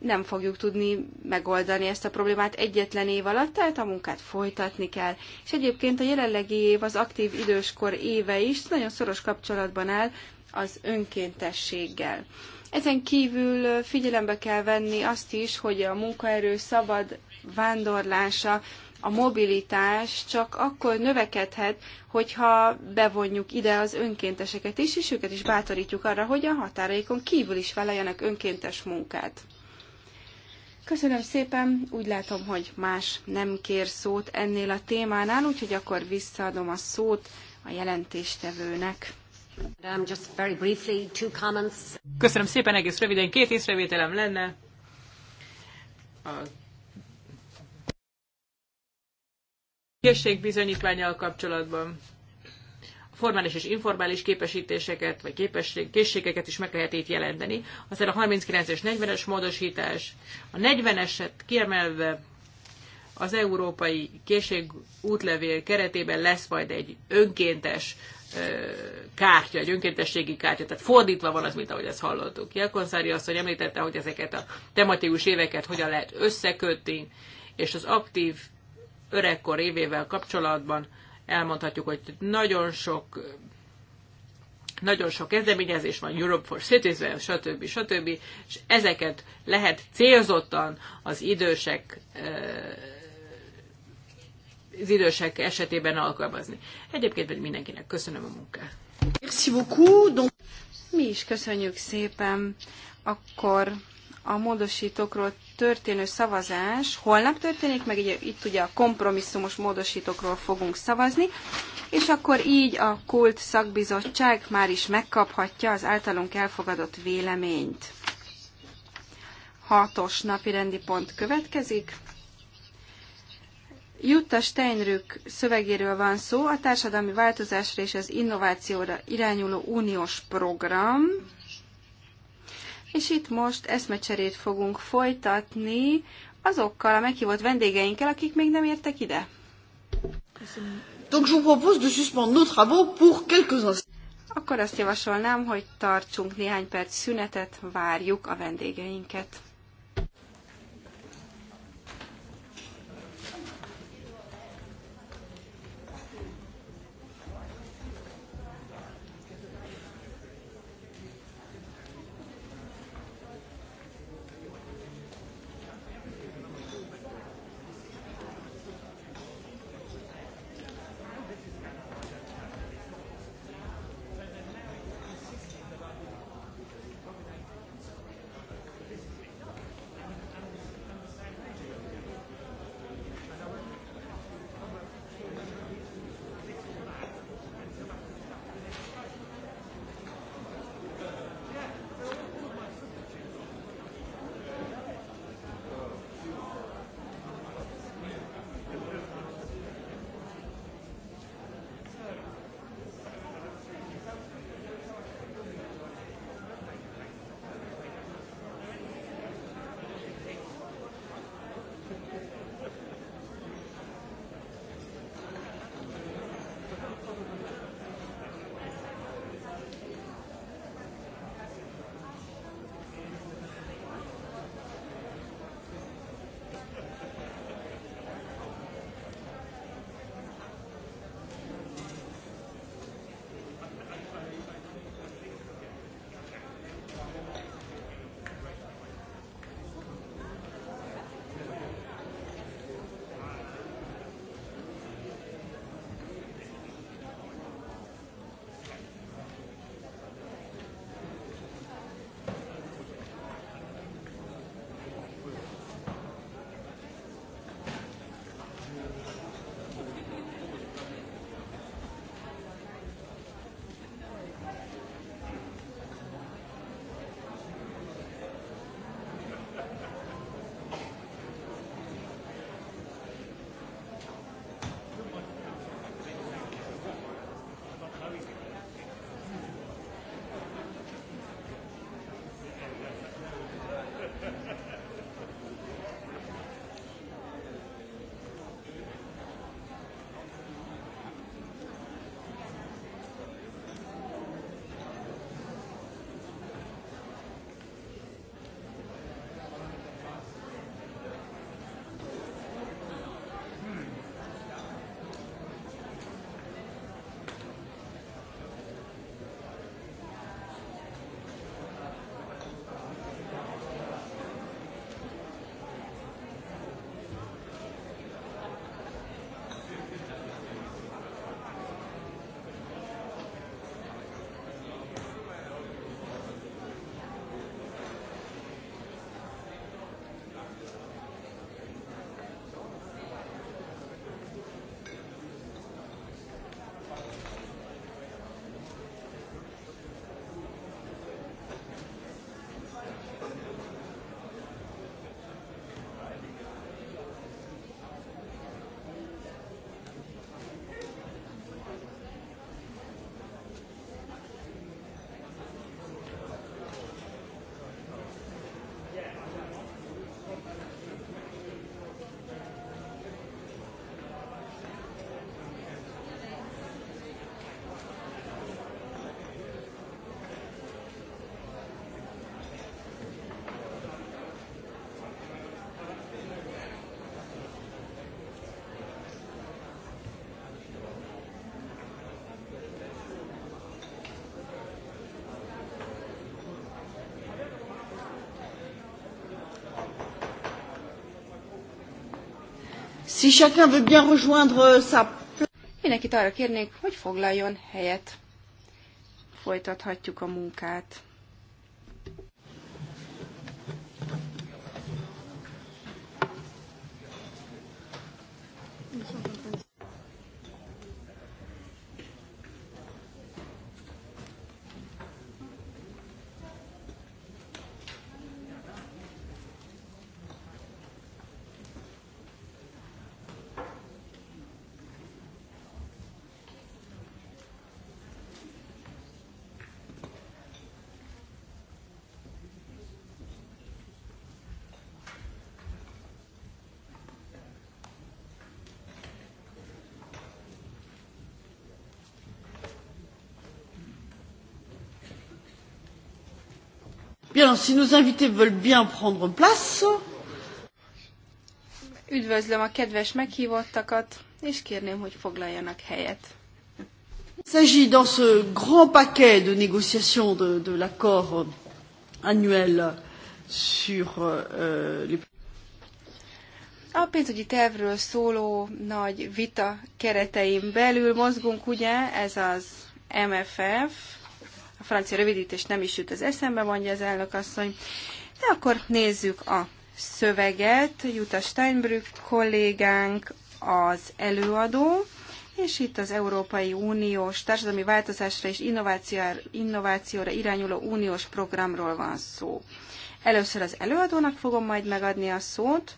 nem fogjuk tudni megoldani ezt a problémát egyetlen év alatt, tehát a munkát folytatni kell. És egyébként a jelenlegi év, az aktív időskor éve is nagyon szoros kapcsolatban áll az önkéntességgel. Ezen kívül figyelembe kell venni azt is, hogy a munkaerő szabad vándorlása, a mobilitás csak akkor növekedhet, hogyha bevonjuk ide az önkénteseket is, és őket is bátorítjuk arra, hogy a határaikon kívül is vállaljanak önkéntes munkát. Köszönöm szépen, úgy látom, hogy más nem kér szót ennél a témánál, úgyhogy akkor visszaadom a szót a jelentéstevőnek. Köszönöm szépen, egész röviden két észrevételem lenne. A készségbizonyítványjal kapcsolatban a formális és informális képesítéseket, vagy képesség, készségeket is meg lehet itt jelenteni. Aztán a 39 és 40-es módosítás. A 40-eset kiemelve az Európai Készség útlevél keretében lesz majd egy önkéntes kártya, egy önkéntességi kártya, tehát fordítva van az, mint ahogy ezt hallottuk. Jelkonszári asszony említette, hogy ezeket a tematikus éveket hogyan lehet összekötni, és az aktív öregkor évével kapcsolatban elmondhatjuk, hogy nagyon sok nagyon sok kezdeményezés van, Europe for Citizens, stb. stb. És ezeket lehet célzottan az idősek az idősek esetében alkalmazni. Egyébként pedig mindenkinek köszönöm a munkát. Merci beaucoup. Mi is köszönjük szépen. Akkor a módosítókról történő szavazás holnap történik, meg ugye, itt ugye a kompromisszumos módosítókról fogunk szavazni, és akkor így a kult szakbizottság már is megkaphatja az általunk elfogadott véleményt. Hatos napi rendi pont következik. Jutta Steinrück szövegéről van szó, a társadalmi változásra és az innovációra irányuló uniós program, és itt most eszmecserét fogunk folytatni azokkal a meghívott vendégeinkkel, akik még nem értek ide. Donc je vous propose de suspendre nos travaux pour quelques instants. Akkor azt javasolnám, hogy tartsunk néhány perc szünetet, várjuk a vendégeinket. Si chacun veut bien rejoindre euh, sa Mindenkit arra kérnék, hogy foglaljon helyet. Folytathatjuk a munkát. Bien, si nos invités veulent bien prendre place. Üdvözlöm a kedves meghívottakat, és kérném, hogy foglaljanak helyet. Il s'agit dans ce grand paquet de négociations de, de l'accord annuel sur euh, les... A pénzügyi tervről szóló nagy vita keretein belül mozgunk, ugye, ez az MFF, francia rövidítés nem is jut az eszembe, mondja az elnök asszony. De akkor nézzük a szöveget. Jutta Steinbrück kollégánk az előadó, és itt az Európai Uniós társadalmi változásra és innovációra irányuló uniós programról van szó. Először az előadónak fogom majd megadni a szót,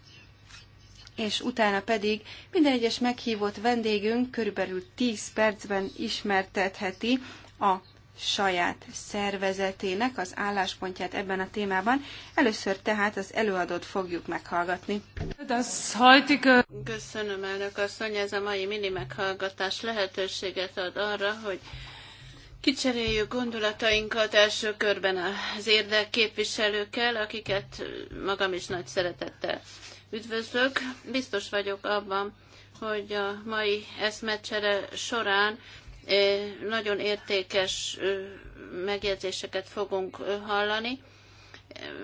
és utána pedig minden egyes meghívott vendégünk körülbelül 10 percben ismertetheti a saját szervezetének az álláspontját ebben a témában. Először tehát az előadót fogjuk meghallgatni. Köszönöm, elnök asszony, ez a mai mini meghallgatás lehetőséget ad arra, hogy Kicseréljük gondolatainkat első körben az érdekképviselőkkel, akiket magam is nagy szeretettel üdvözlök. Biztos vagyok abban, hogy a mai eszmecsere során nagyon értékes megjegyzéseket fogunk hallani.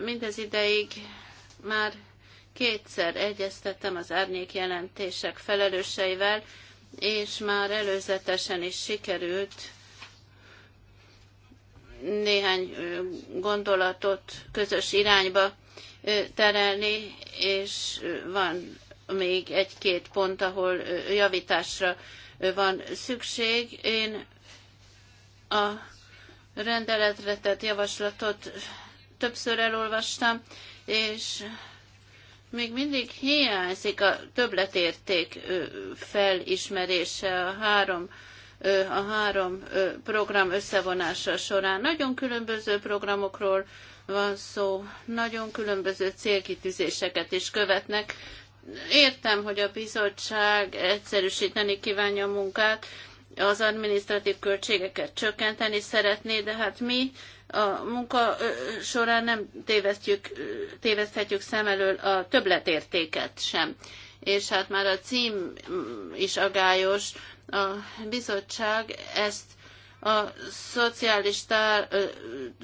Mindez ideig már kétszer egyeztettem az árnyék jelentések felelőseivel, és már előzetesen is sikerült néhány gondolatot közös irányba terelni, és van még egy-két pont, ahol javításra van szükség. Én a rendeletre tett javaslatot többször elolvastam, és még mindig hiányzik a többletérték felismerése a három a három program összevonása során. Nagyon különböző programokról van szó, nagyon különböző célkitűzéseket is követnek, Értem, hogy a bizottság egyszerűsíteni kívánja a munkát, az adminisztratív költségeket csökkenteni szeretné, de hát mi a munka során nem tévesztjük, téveszthetjük szem elől a többletértéket sem. És hát már a cím mm, is agályos. A bizottság ezt a szociális, tár, ö,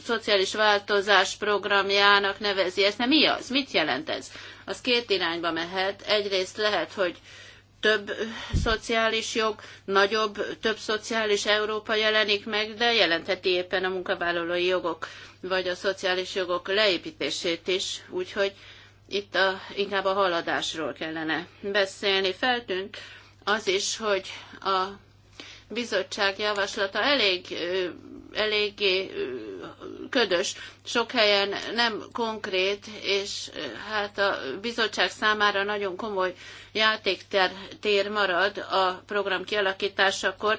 szociális változás programjának nevezi ezt. Nem mi az? Mit jelent ez? Az két irányba mehet. Egyrészt lehet, hogy több szociális jog, nagyobb, több szociális Európa jelenik meg, de jelentheti éppen a munkavállalói jogok, vagy a szociális jogok leépítését is, úgyhogy itt a, inkább a haladásról kellene beszélni. Feltűnt az is, hogy a bizottság javaslata elég, eléggé ködös, sok helyen nem konkrét, és hát a bizottság számára nagyon komoly játéktér marad a program kialakításakor.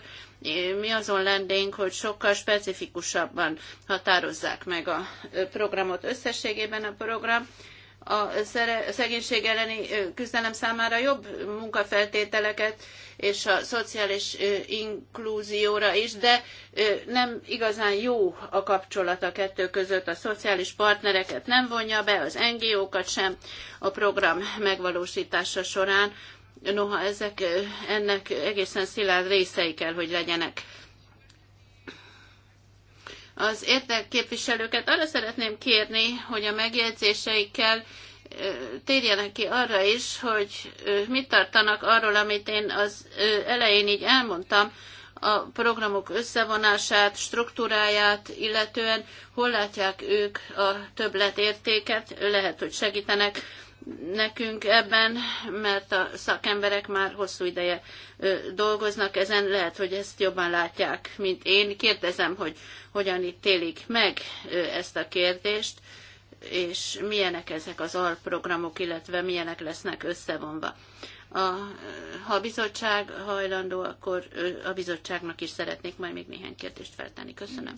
Mi azon lennénk, hogy sokkal specifikusabban határozzák meg a programot összességében a program a szegénység elleni küzdelem számára jobb munkafeltételeket és a szociális inklúzióra is, de nem igazán jó a kapcsolat a kettő között. A szociális partnereket nem vonja be, az NGO-kat sem a program megvalósítása során. Noha ezek ennek egészen szilárd részei kell, hogy legyenek. Az érdekképviselőket arra szeretném kérni, hogy a megjegyzéseikkel térjenek ki arra is, hogy mit tartanak arról, amit én az elején így elmondtam, a programok összevonását, struktúráját, illetően hol látják ők a többletértéket, lehet, hogy segítenek nekünk ebben, mert a szakemberek már hosszú ideje dolgoznak ezen, lehet, hogy ezt jobban látják, mint én. Kérdezem, hogy hogyan ítélik meg ezt a kérdést, és milyenek ezek az alprogramok, illetve milyenek lesznek összevonva. A, ha a bizottság hajlandó, akkor a bizottságnak is szeretnék majd még néhány kérdést feltenni. Köszönöm.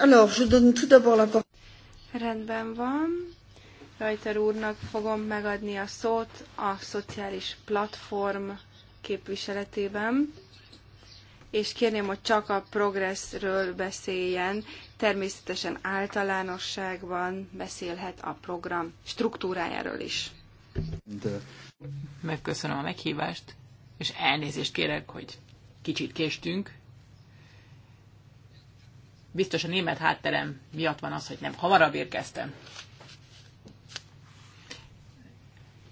alors, je donne tout d'abord la parole. Rendben van. Rajter úrnak fogom megadni a szót a szociális platform képviseletében, és kérném, hogy csak a progresszről beszéljen. Természetesen általánosságban beszélhet a program struktúrájáról is. De. Megköszönöm a meghívást, és elnézést kérek, hogy kicsit késtünk. Biztos a német hátterem miatt van az, hogy nem hamarabb érkeztem.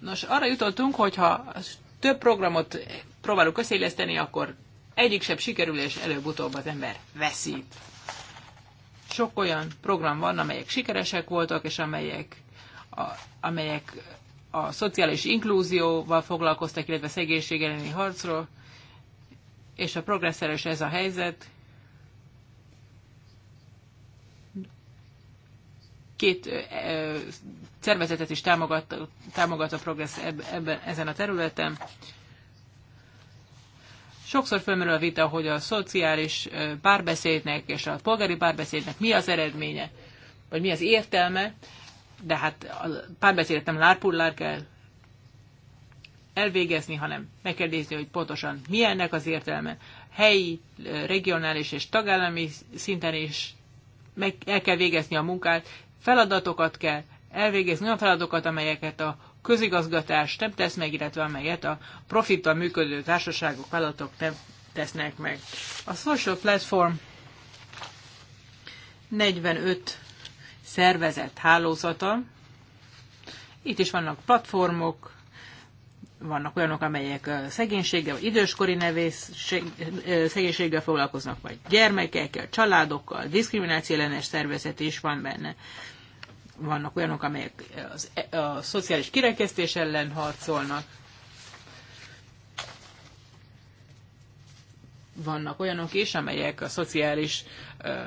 Nos, arra jutottunk, hogy ha több programot próbálunk összeilleszteni, akkor egyik sem sikerül, és előbb-utóbb az ember veszít. Sok olyan program van, amelyek sikeresek voltak, és amelyek a, amelyek a szociális inklúzióval foglalkoztak, illetve szegénység elleni harcról, és a progresszeres ez a helyzet. két szervezetet is támogat, támogat a Progress ebben, ezen a területen. Sokszor fölmerül a vita, hogy a szociális párbeszédnek és a polgári párbeszédnek mi az eredménye, vagy mi az értelme, de hát a párbeszédet nem lárpullár kell elvégezni, hanem meg kell nézni, hogy pontosan mi ennek az értelme. Helyi, regionális és tagállami szinten is meg el kell végezni a munkát, feladatokat kell elvégezni, olyan feladatokat, amelyeket a közigazgatás nem tesz meg, illetve amelyet a profittal működő társaságok, feladatok nem tesznek meg. A Social Platform 45 szervezet hálózata. Itt is vannak platformok, vannak olyanok, amelyek szegénységgel, vagy időskori nevészség, szegénységgel foglalkoznak, vagy gyermekekkel, családokkal, diszkrimináció ellenes szervezet is van benne vannak olyanok, amelyek az, a szociális kirekesztés ellen harcolnak, vannak olyanok is, amelyek a szociális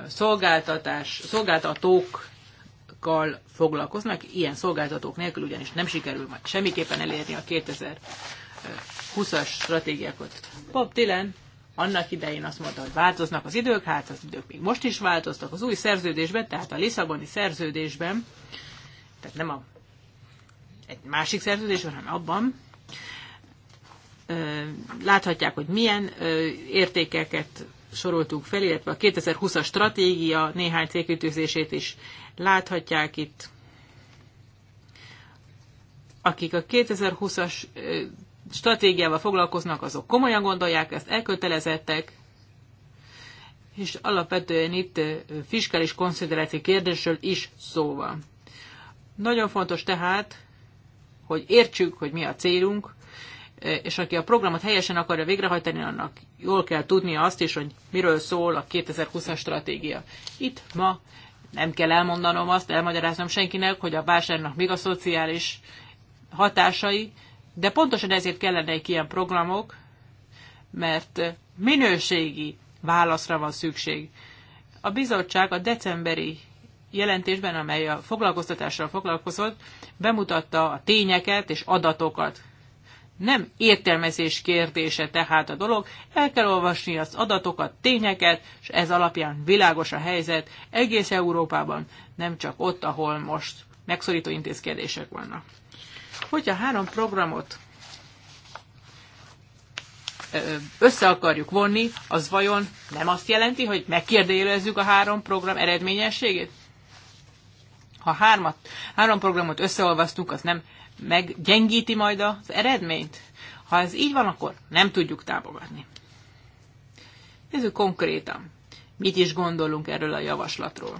szolgáltatás, szolgáltatókkal foglalkoznak. Ilyen szolgáltatók nélkül ugyanis nem sikerül majd semmiképpen elérni a 2020-as stratégiákat. Bob Dylan annak idején azt mondta, hogy változnak az idők, hát az idők még most is változtak az új szerződésben, tehát a Lisszaboni szerződésben, tehát nem a, egy másik szerződésben, hanem abban, láthatják, hogy milyen értékeket soroltunk fel, illetve a 2020-as stratégia néhány célkütőzését is láthatják itt. Akik a 2020-as stratégiával foglalkoznak, azok komolyan gondolják ezt, elkötelezettek, és alapvetően itt fiskális konszideráció kérdésről is szó van. Nagyon fontos tehát, hogy értsük, hogy mi a célunk, és aki a programot helyesen akarja végrehajtani, annak jól kell tudnia azt is, hogy miről szól a 2020-as stratégia. Itt ma nem kell elmondanom azt, elmagyaráznom senkinek, hogy a válságnak még a szociális hatásai, de pontosan ezért egy ilyen programok, mert minőségi válaszra van szükség. A bizottság a decemberi jelentésben, amely a foglalkoztatással foglalkozott, bemutatta a tényeket és adatokat. Nem értelmezés kérdése tehát a dolog, el kell olvasni az adatokat, tényeket, és ez alapján világos a helyzet egész Európában, nem csak ott, ahol most megszorító intézkedések vannak. Hogyha három programot össze akarjuk vonni, az vajon nem azt jelenti, hogy megkérdőjelezzük a három program eredményességét? Ha hármat, három programot összeolvasztunk, az nem meggyengíti majd az eredményt? Ha ez így van, akkor nem tudjuk támogatni. Nézzük konkrétan, mit is gondolunk erről a javaslatról.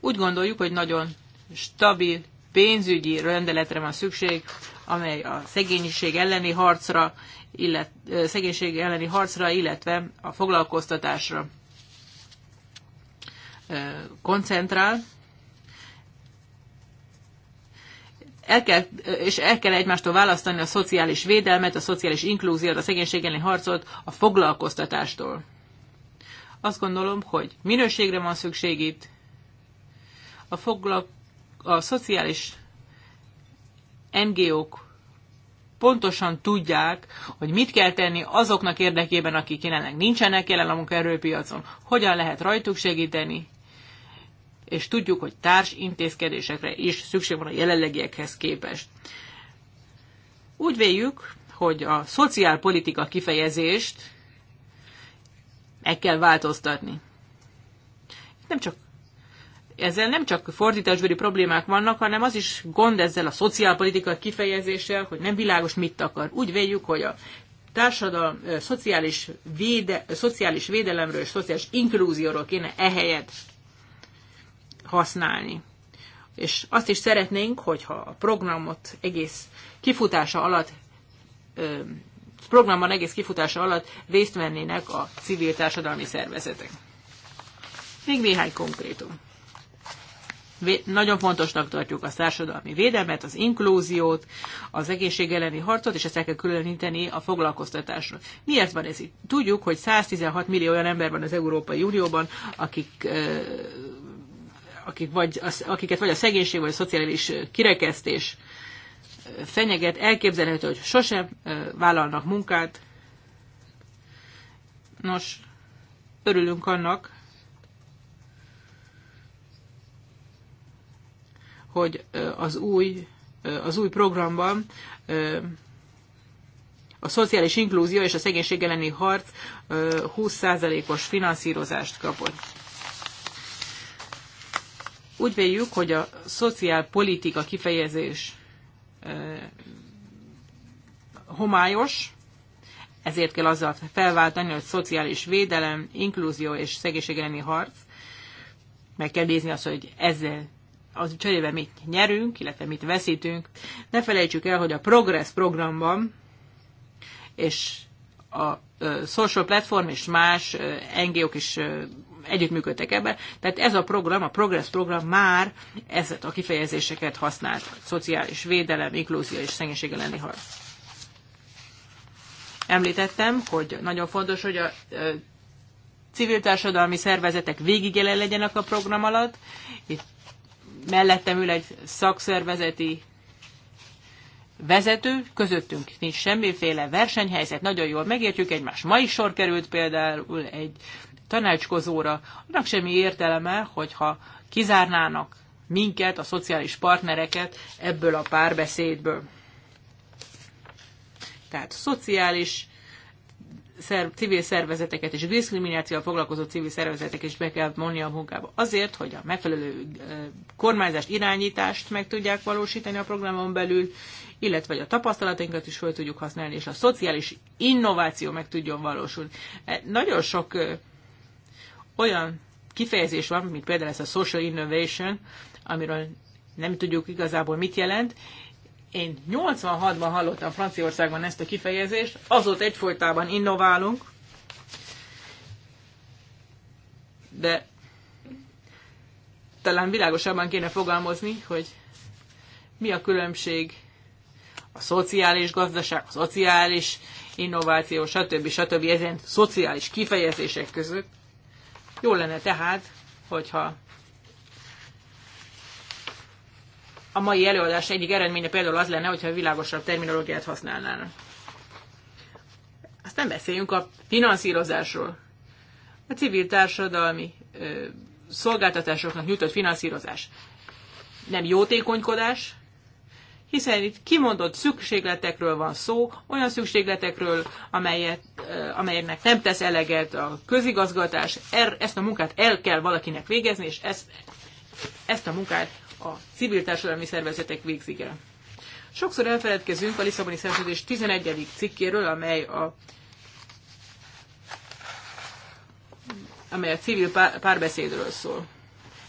Úgy gondoljuk, hogy nagyon stabil pénzügyi rendeletre van szükség, amely a szegénység elleni harcra, illet, szegénység elleni harcra, illetve a foglalkoztatásra koncentrál. El kell, és el kell egymástól választani a szociális védelmet, a szociális inklúziót, a szegénység elleni harcot a foglalkoztatástól. Azt gondolom, hogy minőségre van szükség itt. A foglalkoztatás a szociális NGO-k pontosan tudják, hogy mit kell tenni azoknak érdekében, akik jelenleg nincsenek jelen a munkaerőpiacon, hogyan lehet rajtuk segíteni, és tudjuk, hogy társ intézkedésekre is szükség van a jelenlegiekhez képest. Úgy véljük, hogy a szociálpolitika kifejezést meg kell változtatni. Nem csak ezzel nem csak fordításbeli problémák vannak, hanem az is gond ezzel a szociálpolitika kifejezéssel, hogy nem világos mit akar. Úgy véljük, hogy a társadalom, szociális, véde, szociális védelemről és szociális inklúzióról kéne ehelyett használni. És azt is szeretnénk, hogyha a programot egész kifutása alatt programban egész kifutása alatt részt vennének a civil társadalmi szervezetek. Még néhány konkrétum nagyon fontosnak tartjuk a társadalmi védelmet, az inklúziót, az egészség elleni harcot, és ezt el kell különíteni a foglalkoztatásról. Miért van ez itt? Tudjuk, hogy 116 millió olyan ember van az Európai Unióban, akik akik vagy, akiket vagy a szegénység, vagy a szociális kirekesztés fenyeget, elképzelhető, hogy sosem vállalnak munkát. Nos, örülünk annak, hogy az új, az új programban a szociális inklúzió és a szegénység elleni harc 20%-os finanszírozást kapott. Úgy véljük, hogy a szociálpolitika kifejezés homályos, ezért kell azzal felváltani, hogy szociális védelem, inklúzió és szegénység elleni harc. Meg kell nézni azt, hogy ezzel az cserébe mit nyerünk, illetve mit veszítünk. Ne felejtsük el, hogy a Progress programban és a Social Platform és más NGO-k is együttműködtek ebben. Tehát ez a program, a Progress program már ezt a kifejezéseket használt. Szociális védelem, inklúzió és szegénység elleni harc. Említettem, hogy nagyon fontos, hogy a civil társadalmi szervezetek végig jelen legyenek a program alatt. Itt mellettem ül egy szakszervezeti vezető, közöttünk nincs semmiféle versenyhelyzet, nagyon jól megértjük egymást. Ma is sor került például egy tanácskozóra, annak semmi értelme, hogyha kizárnának minket, a szociális partnereket ebből a párbeszédből. Tehát szociális szerv, civil szervezeteket és diszkriminációval foglalkozó civil szervezetek is be kell vonni a munkába. Azért, hogy a megfelelő kormányzást, irányítást meg tudják valósítani a programon belül, illetve hogy a tapasztalatainkat is fel tudjuk használni, és a szociális innováció meg tudjon valósulni. E, nagyon sok olyan kifejezés van, mint például ez a social innovation, amiről nem tudjuk igazából mit jelent, én 86-ban hallottam Franciaországban ezt a kifejezést, azóta egyfolytában innoválunk, de talán világosabban kéne fogalmazni, hogy mi a különbség a szociális gazdaság, a szociális innováció, stb. stb. ezen szociális kifejezések között. Jó lenne tehát, hogyha a mai előadás egyik eredménye például az lenne, hogyha világosabb terminológiát használnának. Aztán beszéljünk a finanszírozásról. A civil társadalmi ö, szolgáltatásoknak nyújtott finanszírozás nem jótékonykodás, hiszen itt kimondott szükségletekről van szó, olyan szükségletekről, amelyet, amelyeknek nem tesz eleget a közigazgatás, er, ezt a munkát el kell valakinek végezni, és ezt, ezt a munkát a civil társadalmi szervezetek végzik el. Sokszor elfeledkezünk a Lisszaboni Szerződés 11. cikkéről, amely a amely a civil párbeszédről szól.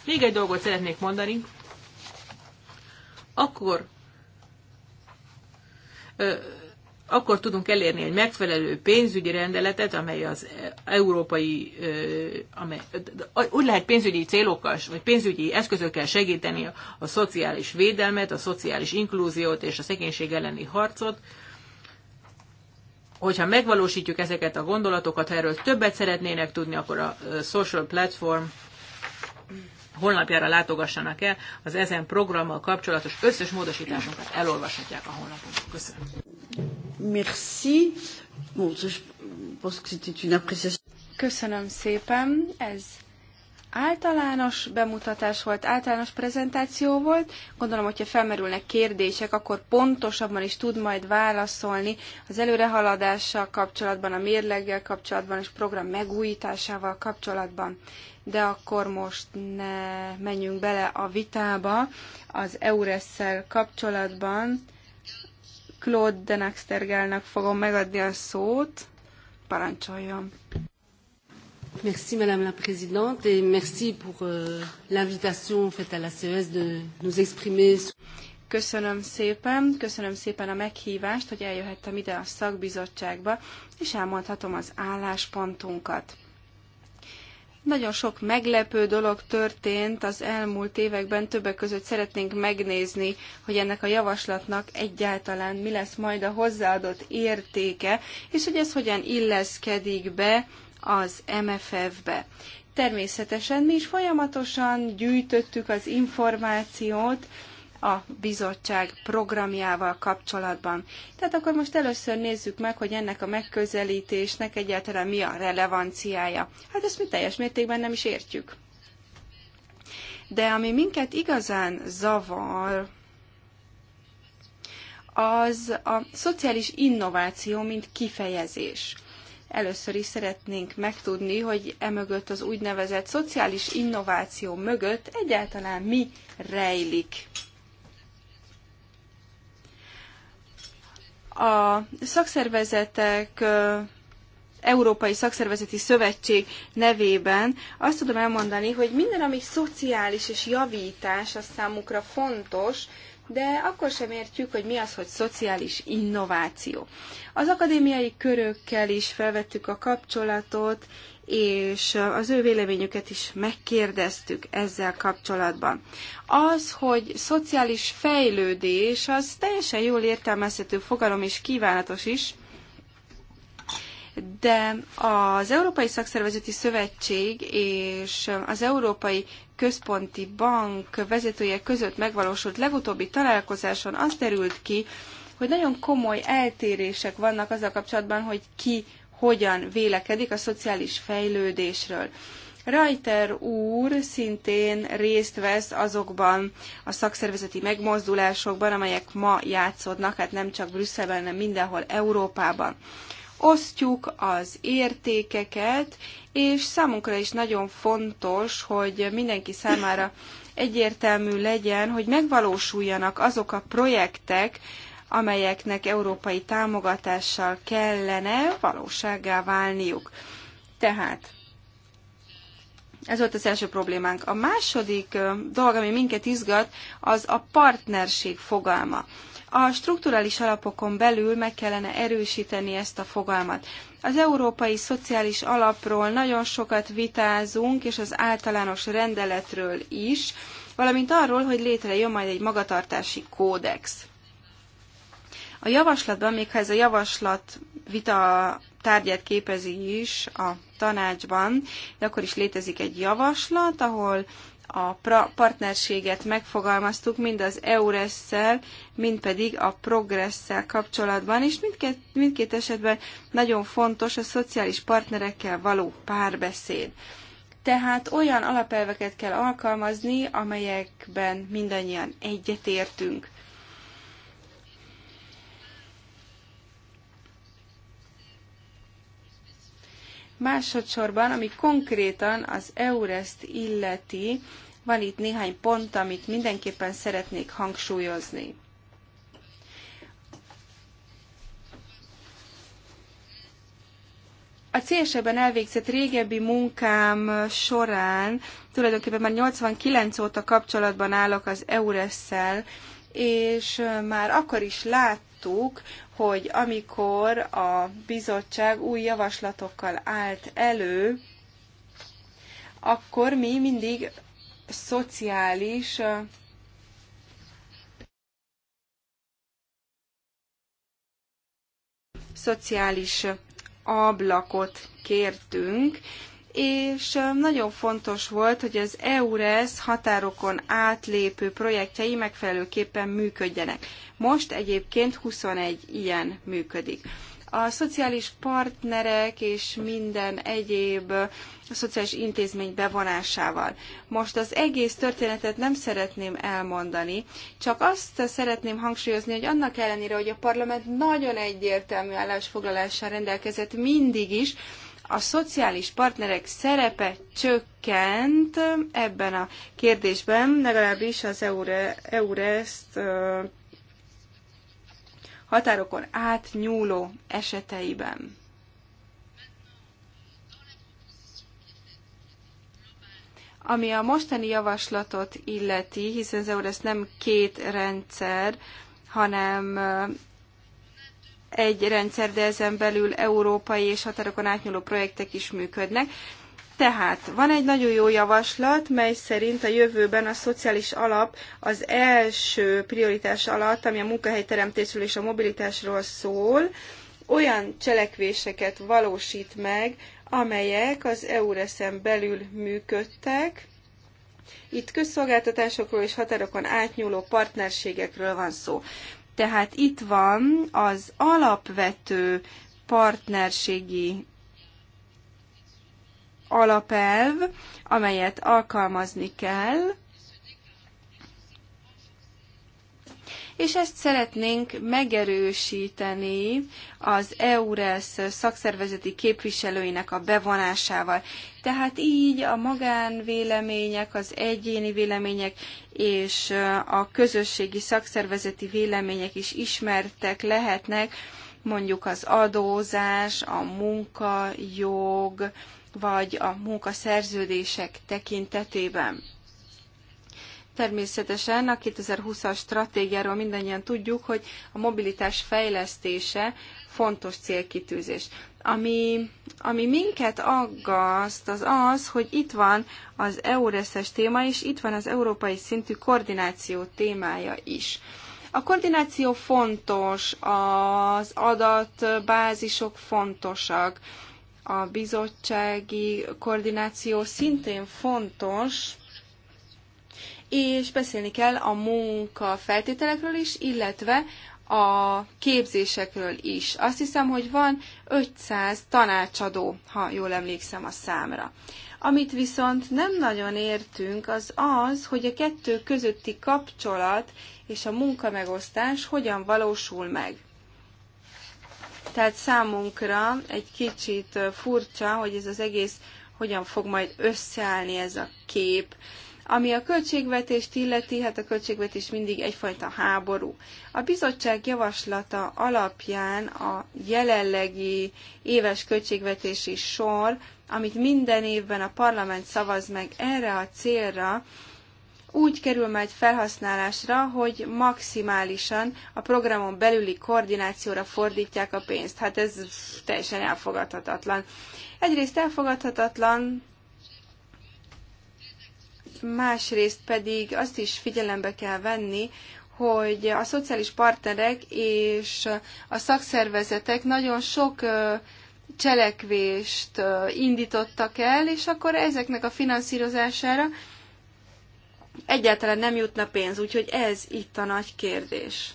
Még egy dolgot szeretnék mondani. Akkor akkor tudunk elérni egy megfelelő pénzügyi rendeletet, amely az európai, amely, úgy lehet pénzügyi célokkal, vagy pénzügyi eszközökkel segíteni a, a szociális védelmet, a szociális inklúziót és a szegénység elleni harcot, hogyha megvalósítjuk ezeket a gondolatokat, ha erről többet szeretnének tudni, akkor a Social Platform honlapjára látogassanak el, az ezen programmal kapcsolatos összes módosításunkat elolvashatják a honlapunkon. Köszönöm. Merci. Bon, je pense que c'était une appréciation. Köszönöm szépen. Ez általános bemutatás volt, általános prezentáció volt. Gondolom, hogyha felmerülnek kérdések, akkor pontosabban is tud majd válaszolni az előrehaladással kapcsolatban, a mérleggel kapcsolatban és program megújításával kapcsolatban. De akkor most ne menjünk bele a vitába az EURES-szel kapcsolatban. Claude Denaxtergelnek fogom megadni a szót. Parancsoljon! Merci Madame la Présidente et merci pour euh, l'invitation faite à la CES de nous exprimer. Köszönöm szépen, köszönöm szépen a meghívást, hogy eljöhettem ide a szakbizottságba, és elmondhatom az álláspontunkat. Nagyon sok meglepő dolog történt az elmúlt években, többek között szeretnénk megnézni, hogy ennek a javaslatnak egyáltalán mi lesz majd a hozzáadott értéke, és hogy ez hogyan illeszkedik be az MFF-be. Természetesen mi is folyamatosan gyűjtöttük az információt, a bizottság programjával kapcsolatban. Tehát akkor most először nézzük meg, hogy ennek a megközelítésnek egyáltalán mi a relevanciája. Hát ezt mi teljes mértékben nem is értjük. De ami minket igazán zavar, az a szociális innováció, mint kifejezés. Először is szeretnénk megtudni, hogy emögött az úgynevezett szociális innováció mögött egyáltalán mi rejlik. A szakszervezetek Európai Szakszervezeti Szövetség nevében azt tudom elmondani, hogy minden, ami szociális és javítás, az számukra fontos, de akkor sem értjük, hogy mi az, hogy szociális innováció. Az akadémiai körökkel is felvettük a kapcsolatot, és az ő véleményüket is megkérdeztük ezzel kapcsolatban. Az, hogy szociális fejlődés, az teljesen jól értelmezhető fogalom és kívánatos is, de az Európai Szakszervezeti Szövetség és az Európai Központi Bank vezetője között megvalósult legutóbbi találkozáson az derült ki, hogy nagyon komoly eltérések vannak a kapcsolatban, hogy ki hogyan vélekedik a szociális fejlődésről. Reiter úr szintén részt vesz azokban a szakszervezeti megmozdulásokban, amelyek ma játszódnak, hát nem csak Brüsszelben, hanem mindenhol Európában. Osztjuk az értékeket, és számunkra is nagyon fontos, hogy mindenki számára egyértelmű legyen, hogy megvalósuljanak azok a projektek, amelyeknek európai támogatással kellene valósággá válniuk. Tehát ez volt az első problémánk. A második dolog, ami minket izgat, az a partnerség fogalma. A strukturális alapokon belül meg kellene erősíteni ezt a fogalmat. Az Európai Szociális Alapról nagyon sokat vitázunk, és az általános rendeletről is, valamint arról, hogy létrejön majd egy magatartási kódex. A javaslatban, még ha ez a javaslat vita tárgyát képezi is a tanácsban, de akkor is létezik egy javaslat, ahol a partnerséget megfogalmaztuk mind az EURES-szel, mind pedig a progresszel kapcsolatban, és mindkét, mindkét esetben nagyon fontos a szociális partnerekkel való párbeszéd. Tehát olyan alapelveket kell alkalmazni, amelyekben mindannyian egyetértünk. Másodszorban, ami konkrétan az Eurest illeti, van itt néhány pont, amit mindenképpen szeretnék hangsúlyozni. a CSE-ben elvégzett régebbi munkám során tulajdonképpen már 89 óta kapcsolatban állok az EURES-szel, és már akkor is lát láttuk, hogy amikor a bizottság új javaslatokkal állt elő, akkor mi mindig szociális szociális ablakot kértünk, és nagyon fontos volt, hogy az EURES határokon átlépő projektjei megfelelőképpen működjenek. Most egyébként 21 ilyen működik. A szociális partnerek és minden egyéb szociális intézmény bevonásával. Most az egész történetet nem szeretném elmondani, csak azt szeretném hangsúlyozni, hogy annak ellenére, hogy a parlament nagyon egyértelmű állásfoglalással rendelkezett mindig is, a szociális partnerek szerepe csökkent ebben a kérdésben, legalábbis az Eure, Eureszt határokon átnyúló eseteiben. Ami a mostani javaslatot illeti, hiszen az EURES nem két rendszer, hanem egy rendszer, de ezen belül európai és határokon átnyúló projektek is működnek. Tehát van egy nagyon jó javaslat, mely szerint a jövőben a szociális alap az első prioritás alatt, ami a munkahelyteremtésről és a mobilitásról szól, olyan cselekvéseket valósít meg, amelyek az EURES-en belül működtek. Itt közszolgáltatásokról és határokon átnyúló partnerségekről van szó. Tehát itt van az alapvető partnerségi alapelv, amelyet alkalmazni kell, és ezt szeretnénk megerősíteni az EURES szakszervezeti képviselőinek a bevonásával. Tehát így a magánvélemények, az egyéni vélemények és a közösségi szakszervezeti vélemények is ismertek lehetnek, mondjuk az adózás, a munkajog, vagy a munkaszerződések tekintetében. Természetesen a 2020-as stratégiáról mindannyian tudjuk, hogy a mobilitás fejlesztése fontos célkitűzés. Ami, ami minket aggaszt, az az, hogy itt van az EURES-es téma, is, itt van az európai szintű koordináció témája is. A koordináció fontos, az adatbázisok fontosak, a bizottsági koordináció szintén fontos, és beszélni kell a munka feltételekről is, illetve a képzésekről is. Azt hiszem, hogy van 500 tanácsadó, ha jól emlékszem a számra. Amit viszont nem nagyon értünk, az az, hogy a kettő közötti kapcsolat és a munkamegosztás hogyan valósul meg. Tehát számunkra egy kicsit furcsa, hogy ez az egész hogyan fog majd összeállni ez a kép. Ami a költségvetést illeti, hát a költségvetés mindig egyfajta háború. A bizottság javaslata alapján a jelenlegi éves költségvetési sor, amit minden évben a parlament szavaz meg erre a célra, úgy kerül majd felhasználásra, hogy maximálisan a programon belüli koordinációra fordítják a pénzt. Hát ez teljesen elfogadhatatlan. Egyrészt elfogadhatatlan, másrészt pedig azt is figyelembe kell venni, hogy a szociális partnerek és a szakszervezetek nagyon sok cselekvést indítottak el, és akkor ezeknek a finanszírozására egyáltalán nem jutna pénz, úgyhogy ez itt a nagy kérdés.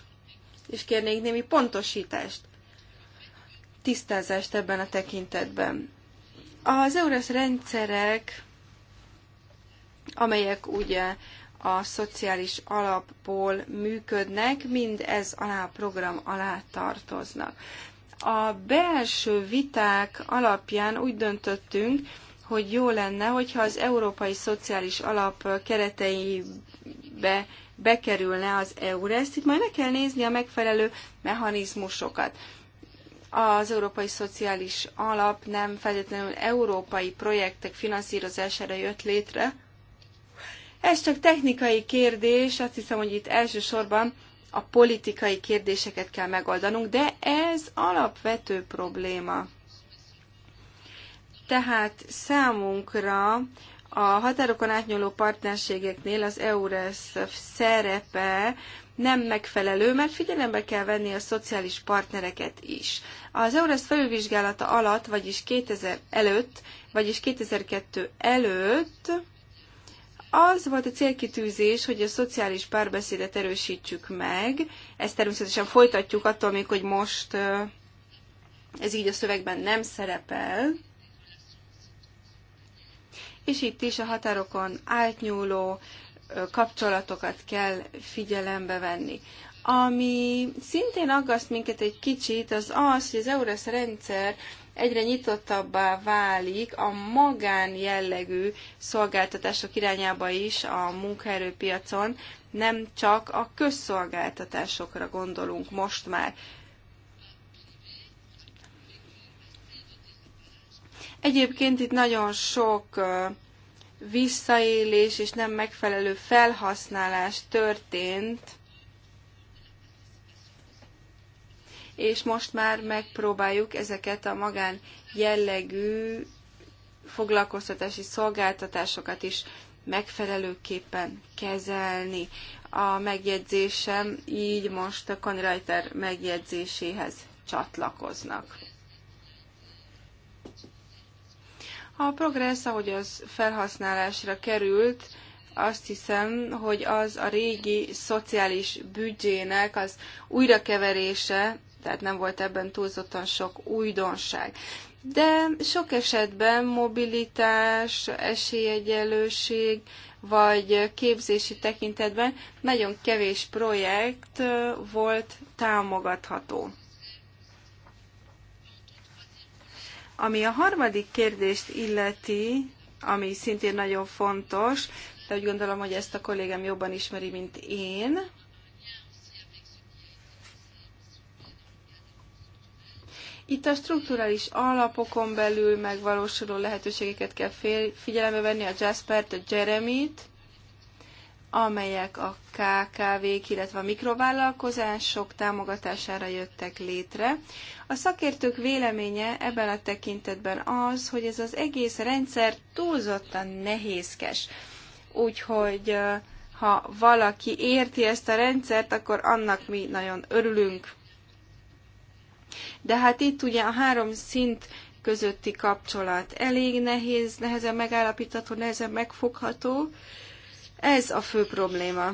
És kérnék némi pontosítást, tisztázást ebben a tekintetben. Az EURES rendszerek amelyek ugye a szociális alapból működnek, mind ez alá a program alá tartoznak. A belső viták alapján úgy döntöttünk, hogy jó lenne, hogyha az Európai Szociális Alap kereteibe bekerülne az EURES, itt majd meg kell nézni a megfelelő mechanizmusokat. Az Európai Szociális Alap nem feltétlenül európai projektek finanszírozására jött létre, ez csak technikai kérdés, azt hiszem, hogy itt elsősorban a politikai kérdéseket kell megoldanunk, de ez alapvető probléma. Tehát számunkra a határokon átnyúló partnerségeknél az EURES szerepe nem megfelelő, mert figyelembe kell venni a szociális partnereket is. Az EURES felülvizsgálata alatt, vagyis 2000 előtt, vagyis 2002 előtt az volt a célkitűzés, hogy a szociális párbeszédet erősítsük meg. Ezt természetesen folytatjuk attól még, hogy most ez így a szövegben nem szerepel. És itt is a határokon átnyúló kapcsolatokat kell figyelembe venni. Ami szintén aggaszt minket egy kicsit, az az, hogy az EURES rendszer egyre nyitottabbá válik a magán jellegű szolgáltatások irányába is a munkaerőpiacon, nem csak a közszolgáltatásokra gondolunk most már. Egyébként itt nagyon sok visszaélés és nem megfelelő felhasználás történt és most már megpróbáljuk ezeket a magán jellegű foglalkoztatási szolgáltatásokat is megfelelőképpen kezelni. A megjegyzésem így most a Conreuter megjegyzéséhez csatlakoznak. A progressz, ahogy az felhasználásra került, azt hiszem, hogy az a régi szociális büdzsének az újrakeverése tehát nem volt ebben túlzottan sok újdonság. De sok esetben mobilitás, esélyegyelőség, vagy képzési tekintetben nagyon kevés projekt volt támogatható. Ami a harmadik kérdést illeti, ami szintén nagyon fontos, de úgy gondolom, hogy ezt a kollégám jobban ismeri, mint én, Itt a strukturális alapokon belül megvalósuló lehetőségeket kell figyelembe venni a Jaspert, a Jeremy-t, amelyek a KKV-k, illetve a mikrovállalkozások támogatására jöttek létre. A szakértők véleménye ebben a tekintetben az, hogy ez az egész rendszer túlzottan nehézkes. Úgyhogy ha valaki érti ezt a rendszert, akkor annak mi nagyon örülünk de hát itt ugye a három szint közötti kapcsolat elég nehéz, nehezen megállapítható, nehezen megfogható. Ez a fő probléma.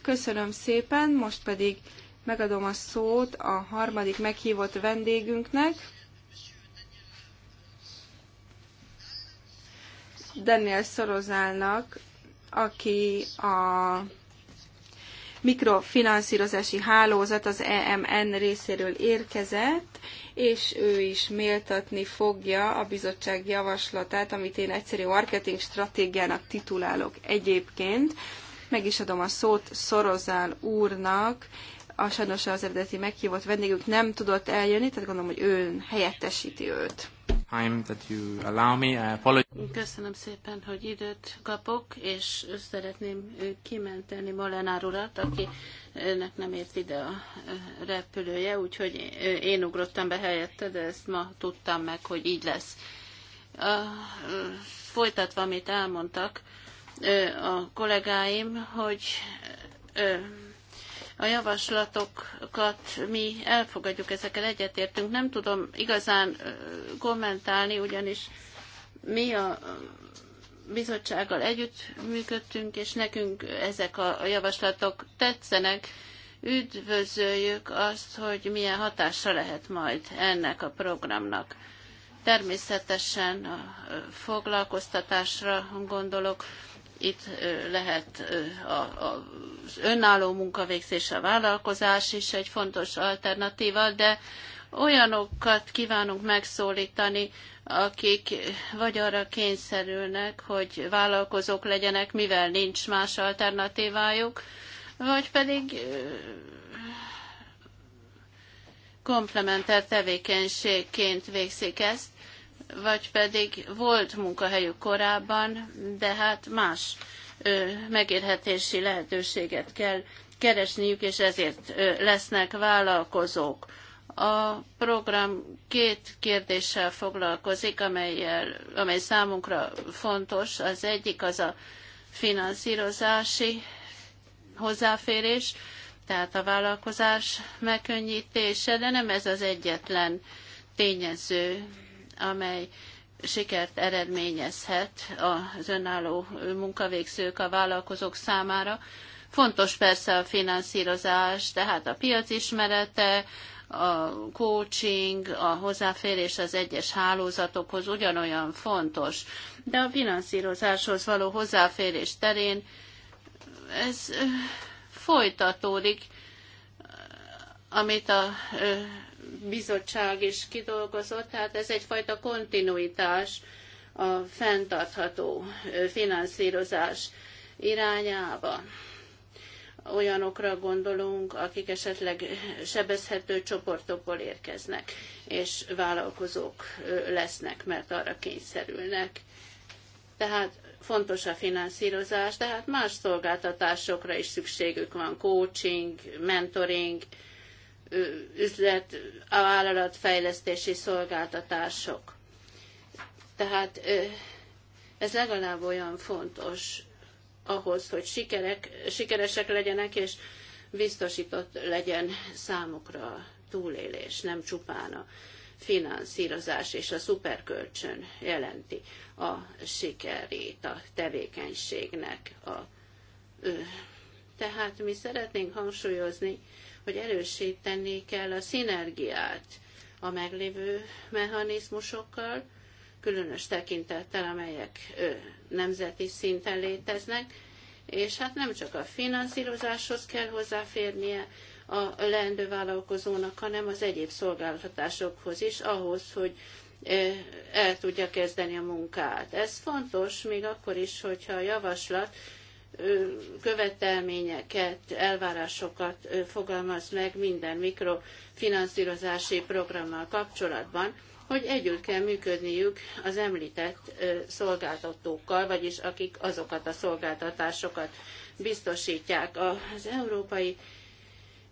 Köszönöm szépen, most pedig megadom a szót a harmadik meghívott vendégünknek. Daniel Szorozálnak, aki a mikrofinanszírozási hálózat az EMN részéről érkezett, és ő is méltatni fogja a bizottság javaslatát, amit én egyszerű marketing stratégiának titulálok egyébként. Meg is adom a szót Szorozán úrnak, a sajnos az eredeti meghívott vendégük nem tudott eljönni, tehát gondolom, hogy ő helyettesíti őt. Köszönöm szépen, hogy időt kapok, és szeretném kimenteni Molenár urat, önnek nem ért ide a repülője, úgyhogy én ugrottam be helyette, de ezt ma tudtam meg, hogy így lesz. Folytatva, amit elmondtak a kollégáim, hogy a javaslatokat mi elfogadjuk, ezekkel egyetértünk. Nem tudom igazán kommentálni, ugyanis mi a bizottsággal együtt működtünk, és nekünk ezek a javaslatok tetszenek. Üdvözöljük azt, hogy milyen hatása lehet majd ennek a programnak. Természetesen a foglalkoztatásra gondolok, itt lehet az önálló munkavégzés, a vállalkozás is egy fontos alternatíva, de olyanokat kívánunk megszólítani, akik vagy arra kényszerülnek, hogy vállalkozók legyenek, mivel nincs más alternatívájuk, vagy pedig komplementer tevékenységként végzik ezt, vagy pedig volt munkahelyük korábban, de hát más megérhetési lehetőséget kell keresniük, és ezért lesznek vállalkozók. A program két kérdéssel foglalkozik, amelyel, amely számunkra fontos. Az egyik az a finanszírozási hozzáférés, tehát a vállalkozás megkönnyítése, de nem ez az egyetlen tényező amely sikert eredményezhet az önálló munkavégzők, a vállalkozók számára. Fontos persze a finanszírozás, tehát a piac ismerete, a coaching, a hozzáférés az egyes hálózatokhoz ugyanolyan fontos, de a finanszírozáshoz való hozzáférés terén ez folytatódik, amit a bizottság is kidolgozott, tehát ez egyfajta kontinuitás a fenntartható finanszírozás irányába. Olyanokra gondolunk, akik esetleg sebezhető csoportokból érkeznek, és vállalkozók lesznek, mert arra kényszerülnek. Tehát fontos a finanszírozás, de hát más szolgáltatásokra is szükségük van, coaching, mentoring, üzlet, a vállalatfejlesztési szolgáltatások. Tehát ez legalább olyan fontos ahhoz, hogy sikerek, sikeresek legyenek, és biztosított legyen számukra a túlélés, nem csupán a finanszírozás és a szuperkölcsön jelenti a sikerét a tevékenységnek. A, tehát mi szeretnénk hangsúlyozni, hogy erősíteni kell a szinergiát a meglévő mechanizmusokkal, különös tekintettel, amelyek nemzeti szinten léteznek, és hát nem csak a finanszírozáshoz kell hozzáférnie a leendő vállalkozónak, hanem az egyéb szolgáltatásokhoz is, ahhoz, hogy el tudja kezdeni a munkát. Ez fontos még akkor is, hogyha a javaslat követelményeket, elvárásokat fogalmaz meg minden mikrofinanszírozási programmal kapcsolatban, hogy együtt kell működniük az említett szolgáltatókkal, vagyis akik azokat a szolgáltatásokat biztosítják. Az európai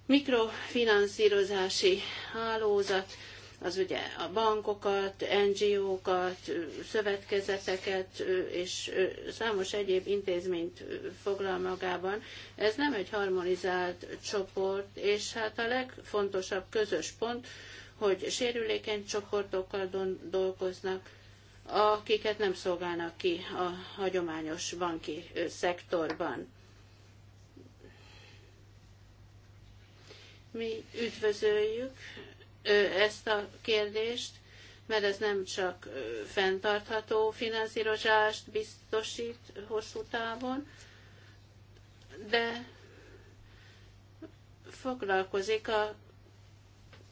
mikrofinanszírozási hálózat az ugye a bankokat, NGO-kat, szövetkezeteket és számos egyéb intézményt foglal magában. Ez nem egy harmonizált csoport, és hát a legfontosabb közös pont, hogy sérülékeny csoportokkal dolgoznak, akiket nem szolgálnak ki a hagyományos banki szektorban. Mi üdvözöljük ezt a kérdést, mert ez nem csak fenntartható finanszírozást biztosít hosszú távon, de foglalkozik a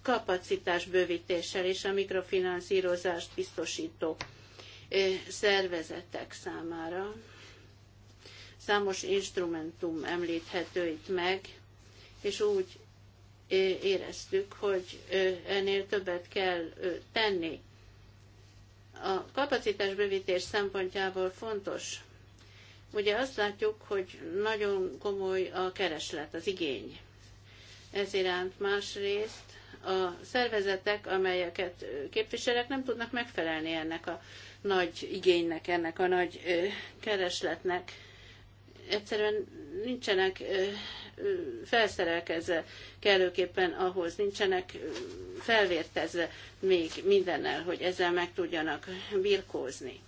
kapacitás bővítéssel és a mikrofinanszírozást biztosító szervezetek számára. Számos instrumentum említhető itt meg, és úgy éreztük, hogy ennél többet kell tenni. A kapacitásbővítés szempontjából fontos. Ugye azt látjuk, hogy nagyon komoly a kereslet, az igény. Ez iránt másrészt a szervezetek, amelyeket képviselek, nem tudnak megfelelni ennek a nagy igénynek, ennek a nagy keresletnek. Egyszerűen nincsenek felszerelkezve kellőképpen ahhoz, nincsenek felvértezve még mindennel, hogy ezzel meg tudjanak birkózni.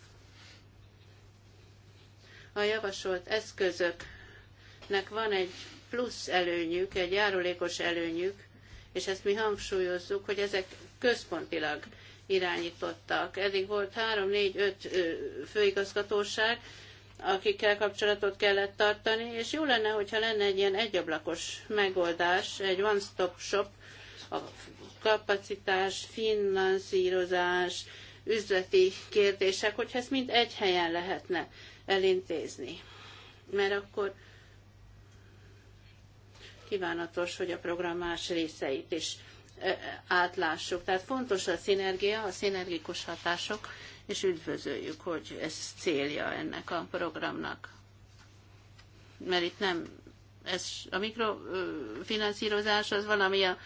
A javasolt eszközöknek van egy plusz előnyük, egy járulékos előnyük, és ezt mi hangsúlyozzuk, hogy ezek központilag irányítottak. Eddig volt 3-4-5 főigazgatóság, akikkel kapcsolatot kellett tartani, és jó lenne, hogyha lenne egy ilyen egyablakos megoldás, egy one-stop shop, a kapacitás, finanszírozás, üzleti kérdések, hogyha ezt mind egy helyen lehetne elintézni. Mert akkor kívánatos, hogy a program más részeit is átlássuk. Tehát fontos a szinergia, a szinergikus hatások, és üdvözöljük, hogy ez célja ennek a programnak. Mert itt nem, ez a mikrofinanszírozás az valami a,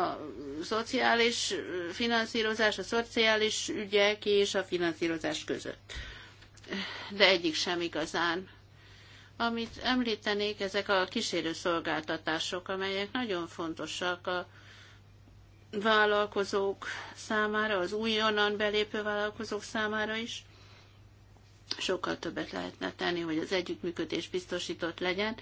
a szociális finanszírozás, a szociális ügyek és a finanszírozás között. De egyik sem igazán. Amit említenék, ezek a kísérő szolgáltatások, amelyek nagyon fontosak a vállalkozók számára, az újonnan belépő vállalkozók számára is sokkal többet lehetne tenni, hogy az együttműködés biztosított legyen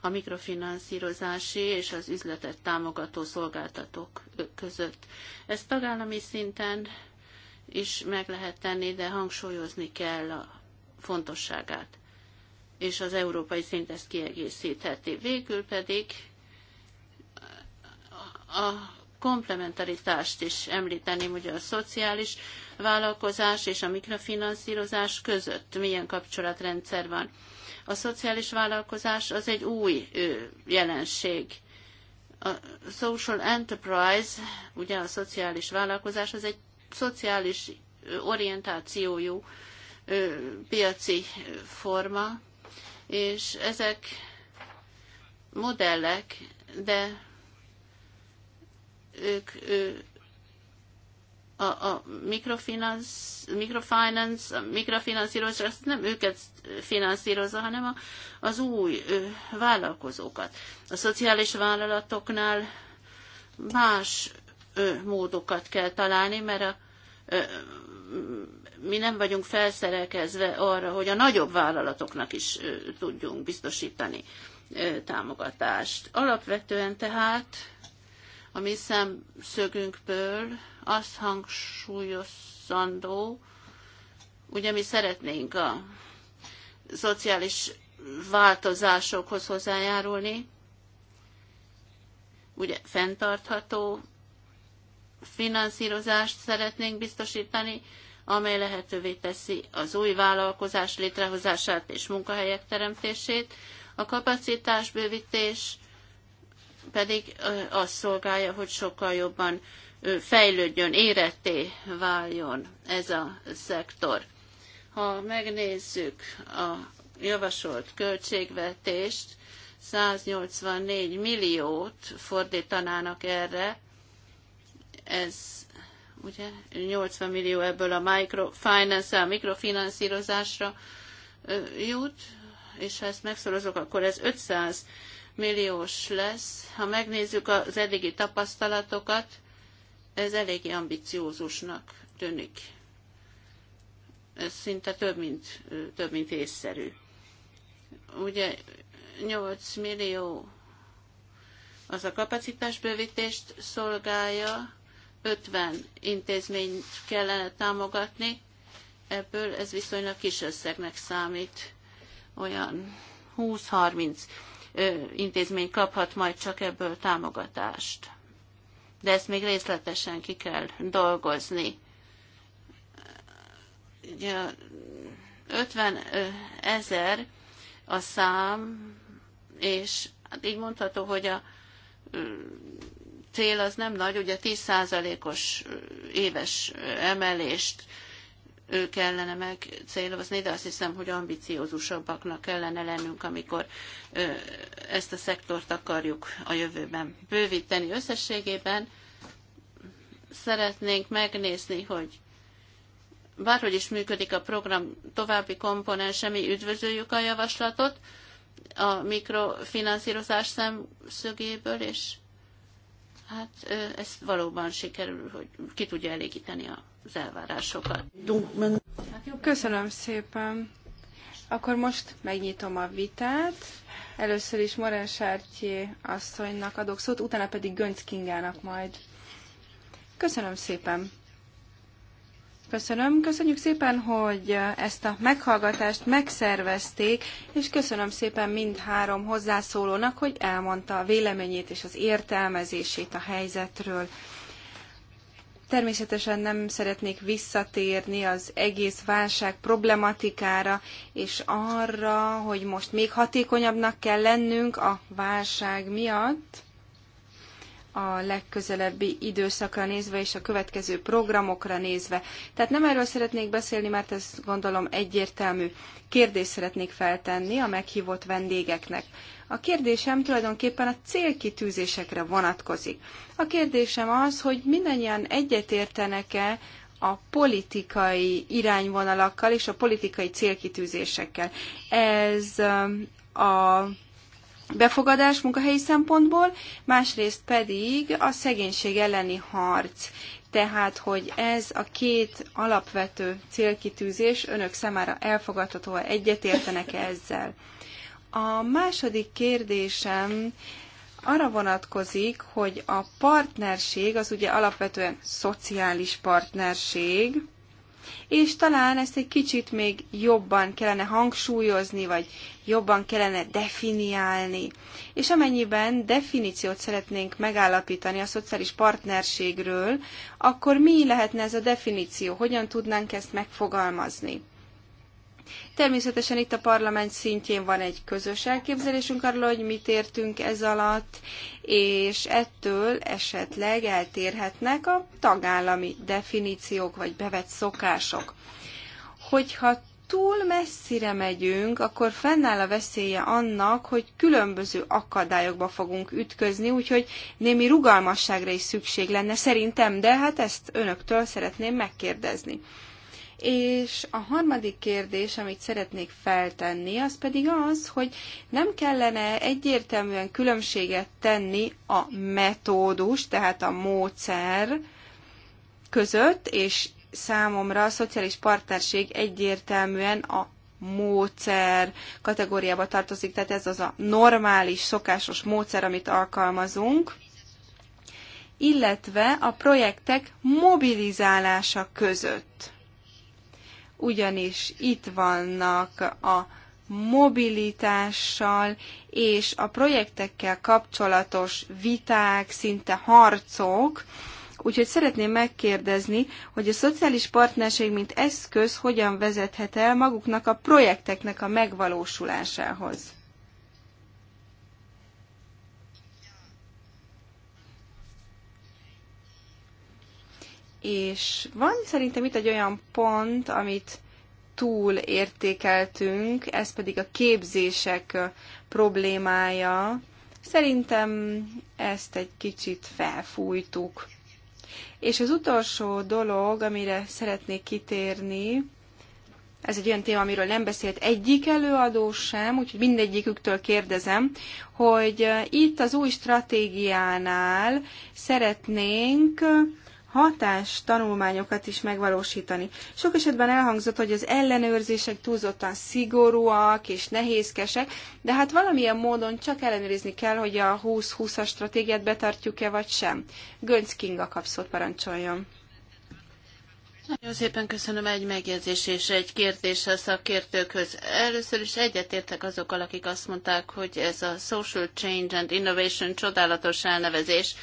a mikrofinanszírozási és az üzletet támogató szolgáltatók között. Ezt tagállami szinten is meg lehet tenni, de hangsúlyozni kell a fontosságát, és az európai szint ezt kiegészítheti. Végül pedig a komplementaritást is említeném, ugye a szociális vállalkozás és a mikrofinanszírozás között milyen kapcsolatrendszer van. A szociális vállalkozás az egy új jelenség. A social enterprise, ugye a szociális vállalkozás, az egy szociális orientációjú piaci forma, és ezek modellek, de ők a, a mikrofinansz, mikrofinansz, a mikrofinanszírozás nem őket finanszírozza, hanem a, az új ő, vállalkozókat. A szociális vállalatoknál más ő, módokat kell találni, mert a, ö, mi nem vagyunk felszerelkezve arra, hogy a nagyobb vállalatoknak is ö, tudjunk biztosítani ö, támogatást. Alapvetően tehát a mi szemszögünkből azt hangsúlyozandó, ugye mi szeretnénk a szociális változásokhoz hozzájárulni, ugye fenntartható finanszírozást szeretnénk biztosítani, amely lehetővé teszi az új vállalkozás létrehozását és munkahelyek teremtését, a kapacitásbővítés pedig azt szolgálja, hogy sokkal jobban fejlődjön, éretté váljon ez a szektor. Ha megnézzük a javasolt költségvetést, 184 milliót fordítanának erre, ez ugye 80 millió ebből a microfinance a mikrofinanszírozásra jut, és ha ezt megszorozok, akkor ez 500 milliós lesz. Ha megnézzük az eddigi tapasztalatokat, ez eléggé ambiciózusnak tűnik. Ez szinte több, mint, több, mint észszerű. Ugye 8 millió az a kapacitásbővítést szolgálja, 50 intézményt kellene támogatni, ebből ez viszonylag kis összegnek számít, olyan 20-30 intézmény kaphat majd csak ebből támogatást. De ezt még részletesen ki kell dolgozni. Ugye 50 ezer a szám, és hát így mondható, hogy a cél az nem nagy, ugye 10%-os éves emelést kellene megcélozni, de azt hiszem, hogy ambiciózusabbaknak kellene lennünk, amikor ezt a szektort akarjuk a jövőben bővíteni. Összességében szeretnénk megnézni, hogy bárhogy is működik a program további komponense, mi üdvözöljük a javaslatot a mikrofinanszírozás szemszögéből, és hát ez valóban sikerül, hogy ki tudja elégíteni az elvárásokat. Köszönöm szépen. Akkor most megnyitom a vitát. Először is Morán Sártyé asszonynak adok szót, utána pedig Gönc Kingának majd. Köszönöm szépen. Köszönöm, köszönjük szépen, hogy ezt a meghallgatást megszervezték, és köszönöm szépen mind három hozzászólónak, hogy elmondta a véleményét és az értelmezését a helyzetről. Természetesen nem szeretnék visszatérni az egész válság problematikára, és arra, hogy most még hatékonyabbnak kell lennünk a válság miatt a legközelebbi időszakra nézve és a következő programokra nézve. Tehát nem erről szeretnék beszélni, mert ez gondolom egyértelmű kérdést szeretnék feltenni a meghívott vendégeknek. A kérdésem tulajdonképpen a célkitűzésekre vonatkozik. A kérdésem az, hogy mindannyian egyetértenek-e a politikai irányvonalakkal és a politikai célkitűzésekkel. Ez a befogadás munkahelyi szempontból, másrészt pedig a szegénység elleni harc. Tehát, hogy ez a két alapvető célkitűzés önök számára elfogadható, egyetértenek -e ezzel? A második kérdésem arra vonatkozik, hogy a partnerség az ugye alapvetően szociális partnerség, és talán ezt egy kicsit még jobban kellene hangsúlyozni, vagy jobban kellene definiálni. És amennyiben definíciót szeretnénk megállapítani a szociális partnerségről, akkor mi lehetne ez a definíció, hogyan tudnánk ezt megfogalmazni? Természetesen itt a parlament szintjén van egy közös elképzelésünk arról, hogy mit értünk ez alatt, és ettől esetleg eltérhetnek a tagállami definíciók vagy bevett szokások. Hogyha túl messzire megyünk, akkor fennáll a veszélye annak, hogy különböző akadályokba fogunk ütközni, úgyhogy némi rugalmasságra is szükség lenne szerintem, de hát ezt önöktől szeretném megkérdezni. És a harmadik kérdés, amit szeretnék feltenni, az pedig az, hogy nem kellene egyértelműen különbséget tenni a metódus, tehát a módszer között, és számomra a szociális partnerség egyértelműen a módszer kategóriába tartozik, tehát ez az a normális, szokásos módszer, amit alkalmazunk, illetve a projektek mobilizálása között ugyanis itt vannak a mobilitással és a projektekkel kapcsolatos viták, szinte harcok, Úgyhogy szeretném megkérdezni, hogy a szociális partnerség mint eszköz hogyan vezethet el maguknak a projekteknek a megvalósulásához. És van szerintem itt egy olyan pont, amit túl értékeltünk, ez pedig a képzések problémája. Szerintem ezt egy kicsit felfújtuk. És az utolsó dolog, amire szeretnék kitérni, ez egy olyan téma, amiről nem beszélt egyik előadó sem, úgyhogy mindegyiküktől kérdezem, hogy itt az új stratégiánál szeretnénk hatás tanulmányokat is megvalósítani. Sok esetben elhangzott, hogy az ellenőrzések túlzottan szigorúak és nehézkesek, de hát valamilyen módon csak ellenőrizni kell, hogy a 20-20-as stratégiát betartjuk-e vagy sem. Gönc Kinga kapszót parancsoljon. Nagyon szépen köszönöm egy megjegyzés és egy kérdés a szakértőkhöz. Először is egyetértek azokkal, akik azt mondták, hogy ez a Social Change and Innovation csodálatos elnevezés,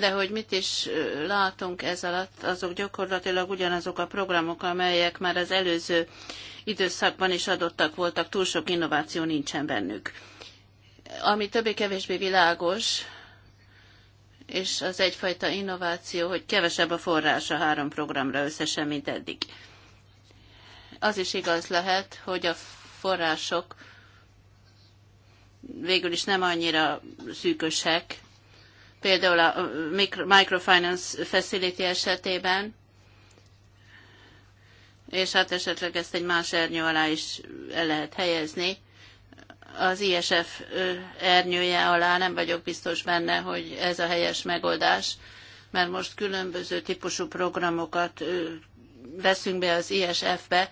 de hogy mit is látunk ez alatt, azok gyakorlatilag ugyanazok a programok, amelyek már az előző időszakban is adottak voltak, túl sok innováció nincsen bennük. Ami többé-kevésbé világos, és az egyfajta innováció, hogy kevesebb a forrás a három programra összesen, mint eddig. Az is igaz lehet, hogy a források végül is nem annyira szűkösek, például a Microfinance Facility esetében, és hát esetleg ezt egy más ernyő alá is el lehet helyezni. Az ISF ernyője alá nem vagyok biztos benne, hogy ez a helyes megoldás, mert most különböző típusú programokat veszünk be az ISF-be,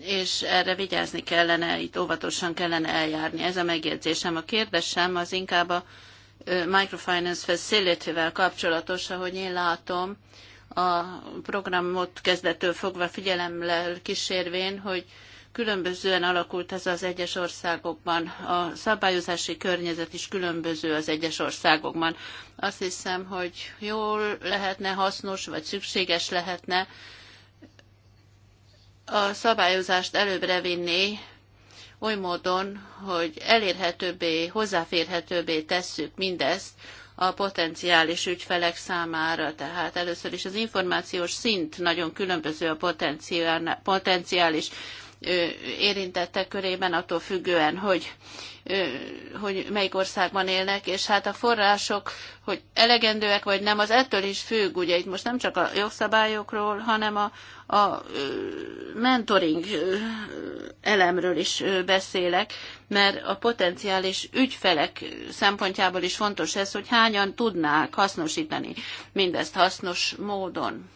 és erre vigyázni kellene, itt óvatosan kellene eljárni. Ez a megjegyzésem. A kérdésem az inkább a Microfinance Facility-vel kapcsolatos, ahogy én látom, a programot kezdettől fogva figyelemmel kísérvén, hogy különbözően alakult ez az egyes országokban. A szabályozási környezet is különböző az egyes országokban. Azt hiszem, hogy jól lehetne, hasznos vagy szükséges lehetne a szabályozást előbbre vinni oly módon, hogy elérhetőbbé, hozzáférhetőbbé tesszük mindezt a potenciális ügyfelek számára. Tehát először is az információs szint nagyon különböző a potenciális érintettek körében, attól függően, hogy, hogy melyik országban élnek, és hát a források, hogy elegendőek vagy nem, az ettől is függ, ugye itt most nem csak a jogszabályokról, hanem a, a mentoring elemről is beszélek, mert a potenciális ügyfelek szempontjából is fontos ez, hogy hányan tudnák hasznosítani mindezt hasznos módon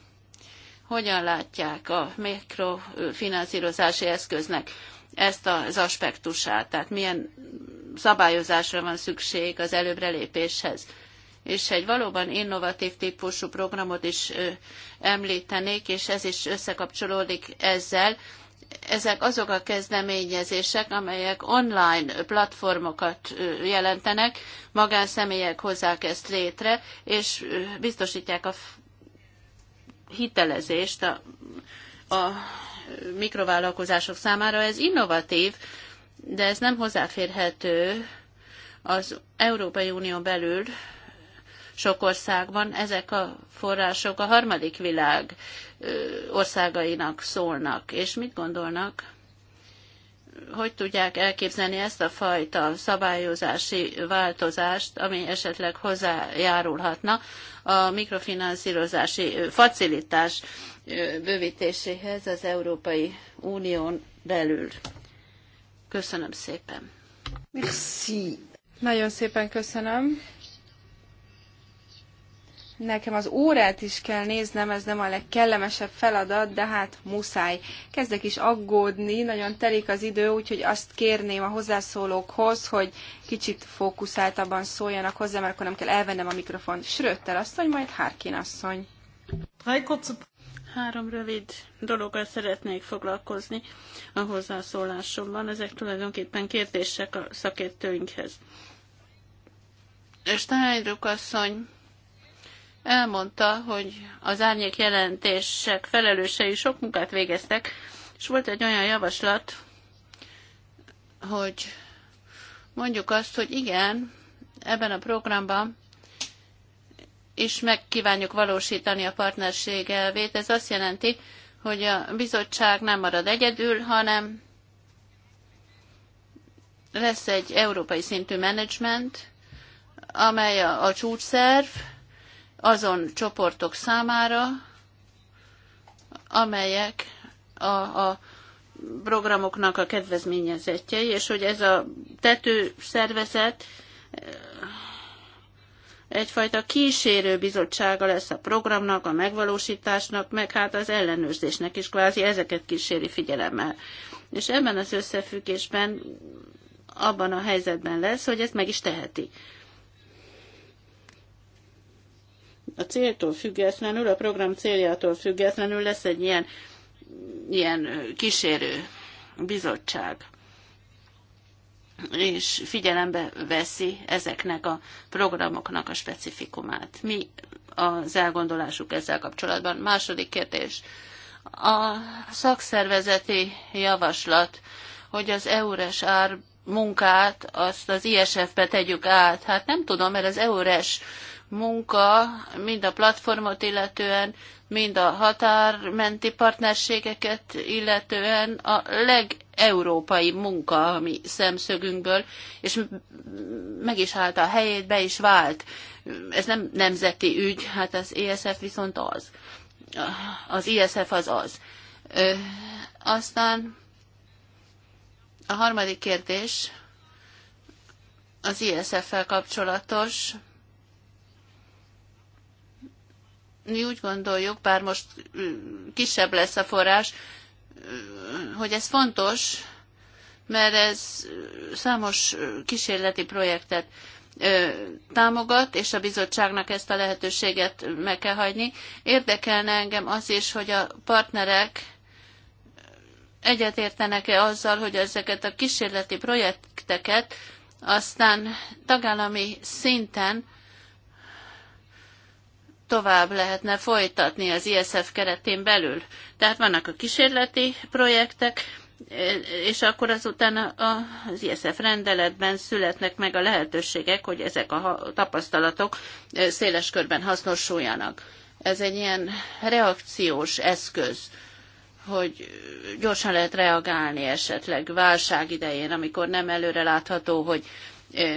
hogyan látják a mikrofinanszírozási eszköznek ezt az aspektusát, tehát milyen szabályozásra van szükség az előbrelépéshez. És egy valóban innovatív típusú programot is említenék, és ez is összekapcsolódik ezzel, ezek azok a kezdeményezések, amelyek online platformokat jelentenek, magánszemélyek hozzák ezt létre, és biztosítják a hitelezést a, a mikrovállalkozások számára. Ez innovatív, de ez nem hozzáférhető az Európai Unió belül sok országban. Ezek a források a harmadik világ országainak szólnak. És mit gondolnak? hogy tudják elképzelni ezt a fajta szabályozási változást, ami esetleg hozzájárulhatna a mikrofinanszírozási facilitás bővítéséhez az Európai Unión belül. Köszönöm szépen. Merci. Nagyon szépen köszönöm. Nekem az órát is kell néznem, ez nem a legkellemesebb feladat, de hát muszáj. Kezdek is aggódni, nagyon telik az idő, úgyhogy azt kérném a hozzászólókhoz, hogy kicsit fókuszáltabban szóljanak hozzá, mert akkor nem kell elvennem a mikrofon. Schröter asszony, majd Harkin asszony. Három rövid dologgal szeretnék foglalkozni a hozzászólásomban. Ezek tulajdonképpen kérdések a szakértőinkhez. Steinruck asszony elmondta, hogy az árnyék jelentések felelősei sok munkát végeztek, és volt egy olyan javaslat, hogy mondjuk azt, hogy igen, ebben a programban is megkívánjuk valósítani a partnerség elvét. Ez azt jelenti, hogy a bizottság nem marad egyedül, hanem lesz egy európai szintű menedzsment, amely a, a csúcsszerv, azon csoportok számára, amelyek a, a programoknak a kedvezményezettjei, és hogy ez a tető szervezet eh, egyfajta kísérő bizottsága lesz a programnak, a megvalósításnak, meg hát az ellenőrzésnek is kvázi ezeket kíséri figyelemmel. És ebben az összefüggésben abban a helyzetben lesz, hogy ezt meg is teheti a céltól függetlenül, a program céljától függetlenül lesz egy ilyen, ilyen kísérő bizottság és figyelembe veszi ezeknek a programoknak a specifikumát. Mi az elgondolásuk ezzel kapcsolatban? Második kérdés. A szakszervezeti javaslat, hogy az EURES ár munkát azt az ISF-be tegyük át. Hát nem tudom, mert az EURES munka, mind a platformot illetően, mind a határmenti partnerségeket illetően a legeurópai munka a mi szemszögünkből, és meg is állt a helyét, be is vált. Ez nem nemzeti ügy, hát az ESF viszont az. Az ISF e az az. Ö, aztán a harmadik kérdés az ISF-fel e kapcsolatos. mi úgy gondoljuk, bár most kisebb lesz a forrás, hogy ez fontos, mert ez számos kísérleti projektet támogat, és a bizottságnak ezt a lehetőséget meg kell hagyni. Érdekelne engem az is, hogy a partnerek egyetértenek-e azzal, hogy ezeket a kísérleti projekteket aztán tagállami szinten tovább lehetne folytatni az ISF keretén belül. Tehát vannak a kísérleti projektek, és akkor azután az ISF rendeletben születnek meg a lehetőségek, hogy ezek a tapasztalatok széles körben hasznosuljanak. Ez egy ilyen reakciós eszköz, hogy gyorsan lehet reagálni esetleg válság idején, amikor nem előre látható, hogy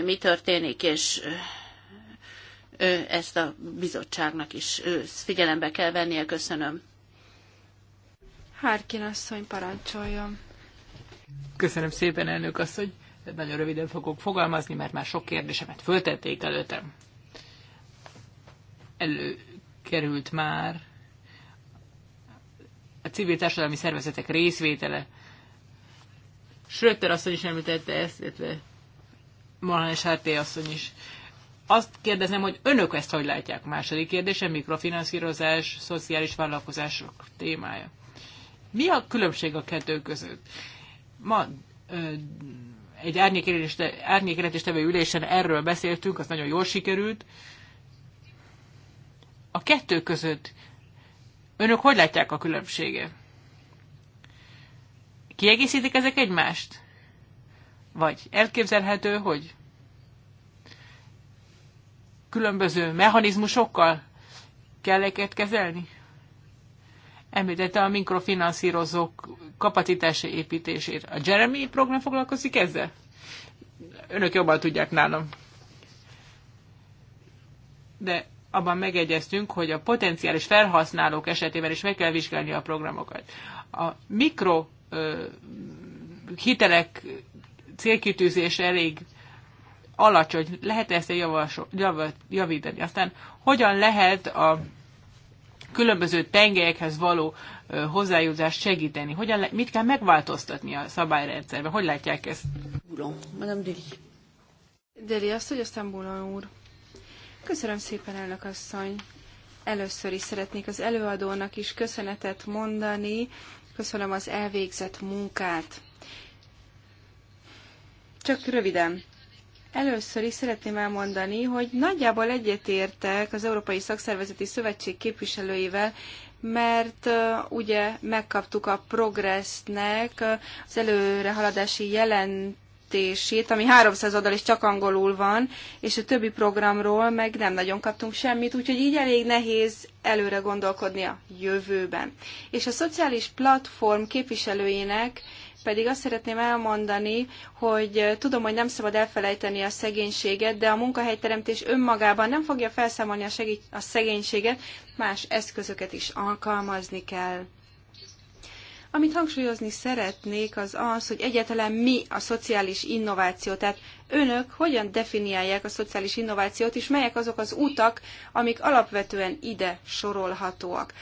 mi történik, és ezt a bizottságnak is figyelembe kell vennie. Köszönöm. Hárkin asszony, parancsoljon. Köszönöm szépen, elnök asszony. Nagyon röviden fogok fogalmazni, mert már sok kérdésemet föltették előttem. Előkerült már a civil társadalmi szervezetek részvétele. Schröter asszony is említette ezt, illetve Malán és Hárté asszony is. Azt kérdezem, hogy önök ezt hogy látják? Második kérdése, mikrofinanszírozás, szociális vállalkozások témája. Mi a különbség a kettő között? Ma ö, egy árnyékjelentéstevő ülésen erről beszéltünk, az nagyon jól sikerült. A kettő között önök hogy látják a különbséget? Kiegészítik ezek egymást? Vagy elképzelhető, hogy különböző mechanizmusokkal kell eket kezelni? Említette a mikrofinanszírozók kapacitási építését. A Jeremy program foglalkozik ezzel? Önök jobban tudják nálam. De abban megegyeztünk, hogy a potenciális felhasználók esetében is meg kell vizsgálni a programokat. A mikro ö, hitelek célkitűzés elég alacsony. lehet -e ezt javasol, jav, javítani? Aztán hogyan lehet a különböző tengelyekhez való hozzájutást segíteni? Hogyan le, mit kell megváltoztatni a szabályrendszerben? Hogy látják ezt? Uram, Deli. Deli, azt, hogy aztán Bulan úr. Köszönöm szépen, elnök asszony. Először is szeretnék az előadónak is köszönetet mondani. Köszönöm az elvégzett munkát. Csak röviden. Először is szeretném elmondani, hogy nagyjából egyetértek az Európai Szakszervezeti Szövetség képviselőivel, mert ugye megkaptuk a progressznek az előrehaladási jelentését, ami 300 oldal is csak angolul van, és a többi programról meg nem nagyon kaptunk semmit, úgyhogy így elég nehéz előre gondolkodni a jövőben. És a szociális platform képviselőinek pedig azt szeretném elmondani, hogy tudom, hogy nem szabad elfelejteni a szegénységet, de a munkahelyteremtés önmagában nem fogja felszámolni a, segít, a szegénységet, más eszközöket is alkalmazni kell. Amit hangsúlyozni szeretnék, az az, hogy egyáltalán mi a szociális innováció, tehát önök hogyan definiálják a szociális innovációt, és melyek azok az utak, amik alapvetően ide sorolhatóak.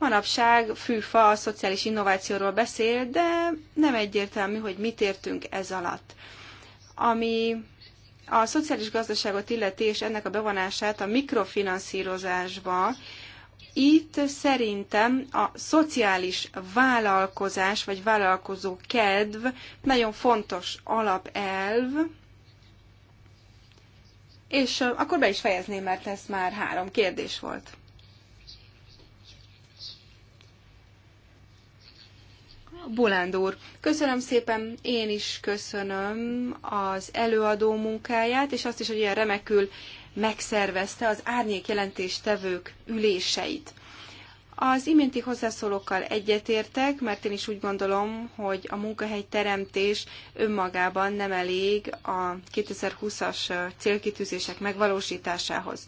Manapság fűfa a szociális innovációról beszél, de nem egyértelmű, hogy mit értünk ez alatt. Ami a szociális gazdaságot illeti és ennek a bevonását a mikrofinanszírozásba, itt szerintem a szociális vállalkozás vagy vállalkozó kedv nagyon fontos alapelv, és akkor be is fejezném, mert ez már három kérdés volt. Bulánd úr, köszönöm szépen, én is köszönöm az előadó munkáját, és azt is, hogy ilyen remekül megszervezte az árnyék jelentéstevők üléseit. Az iménti hozzászólókkal egyetértek, mert én is úgy gondolom, hogy a munkahely teremtés önmagában nem elég a 2020-as célkitűzések megvalósításához.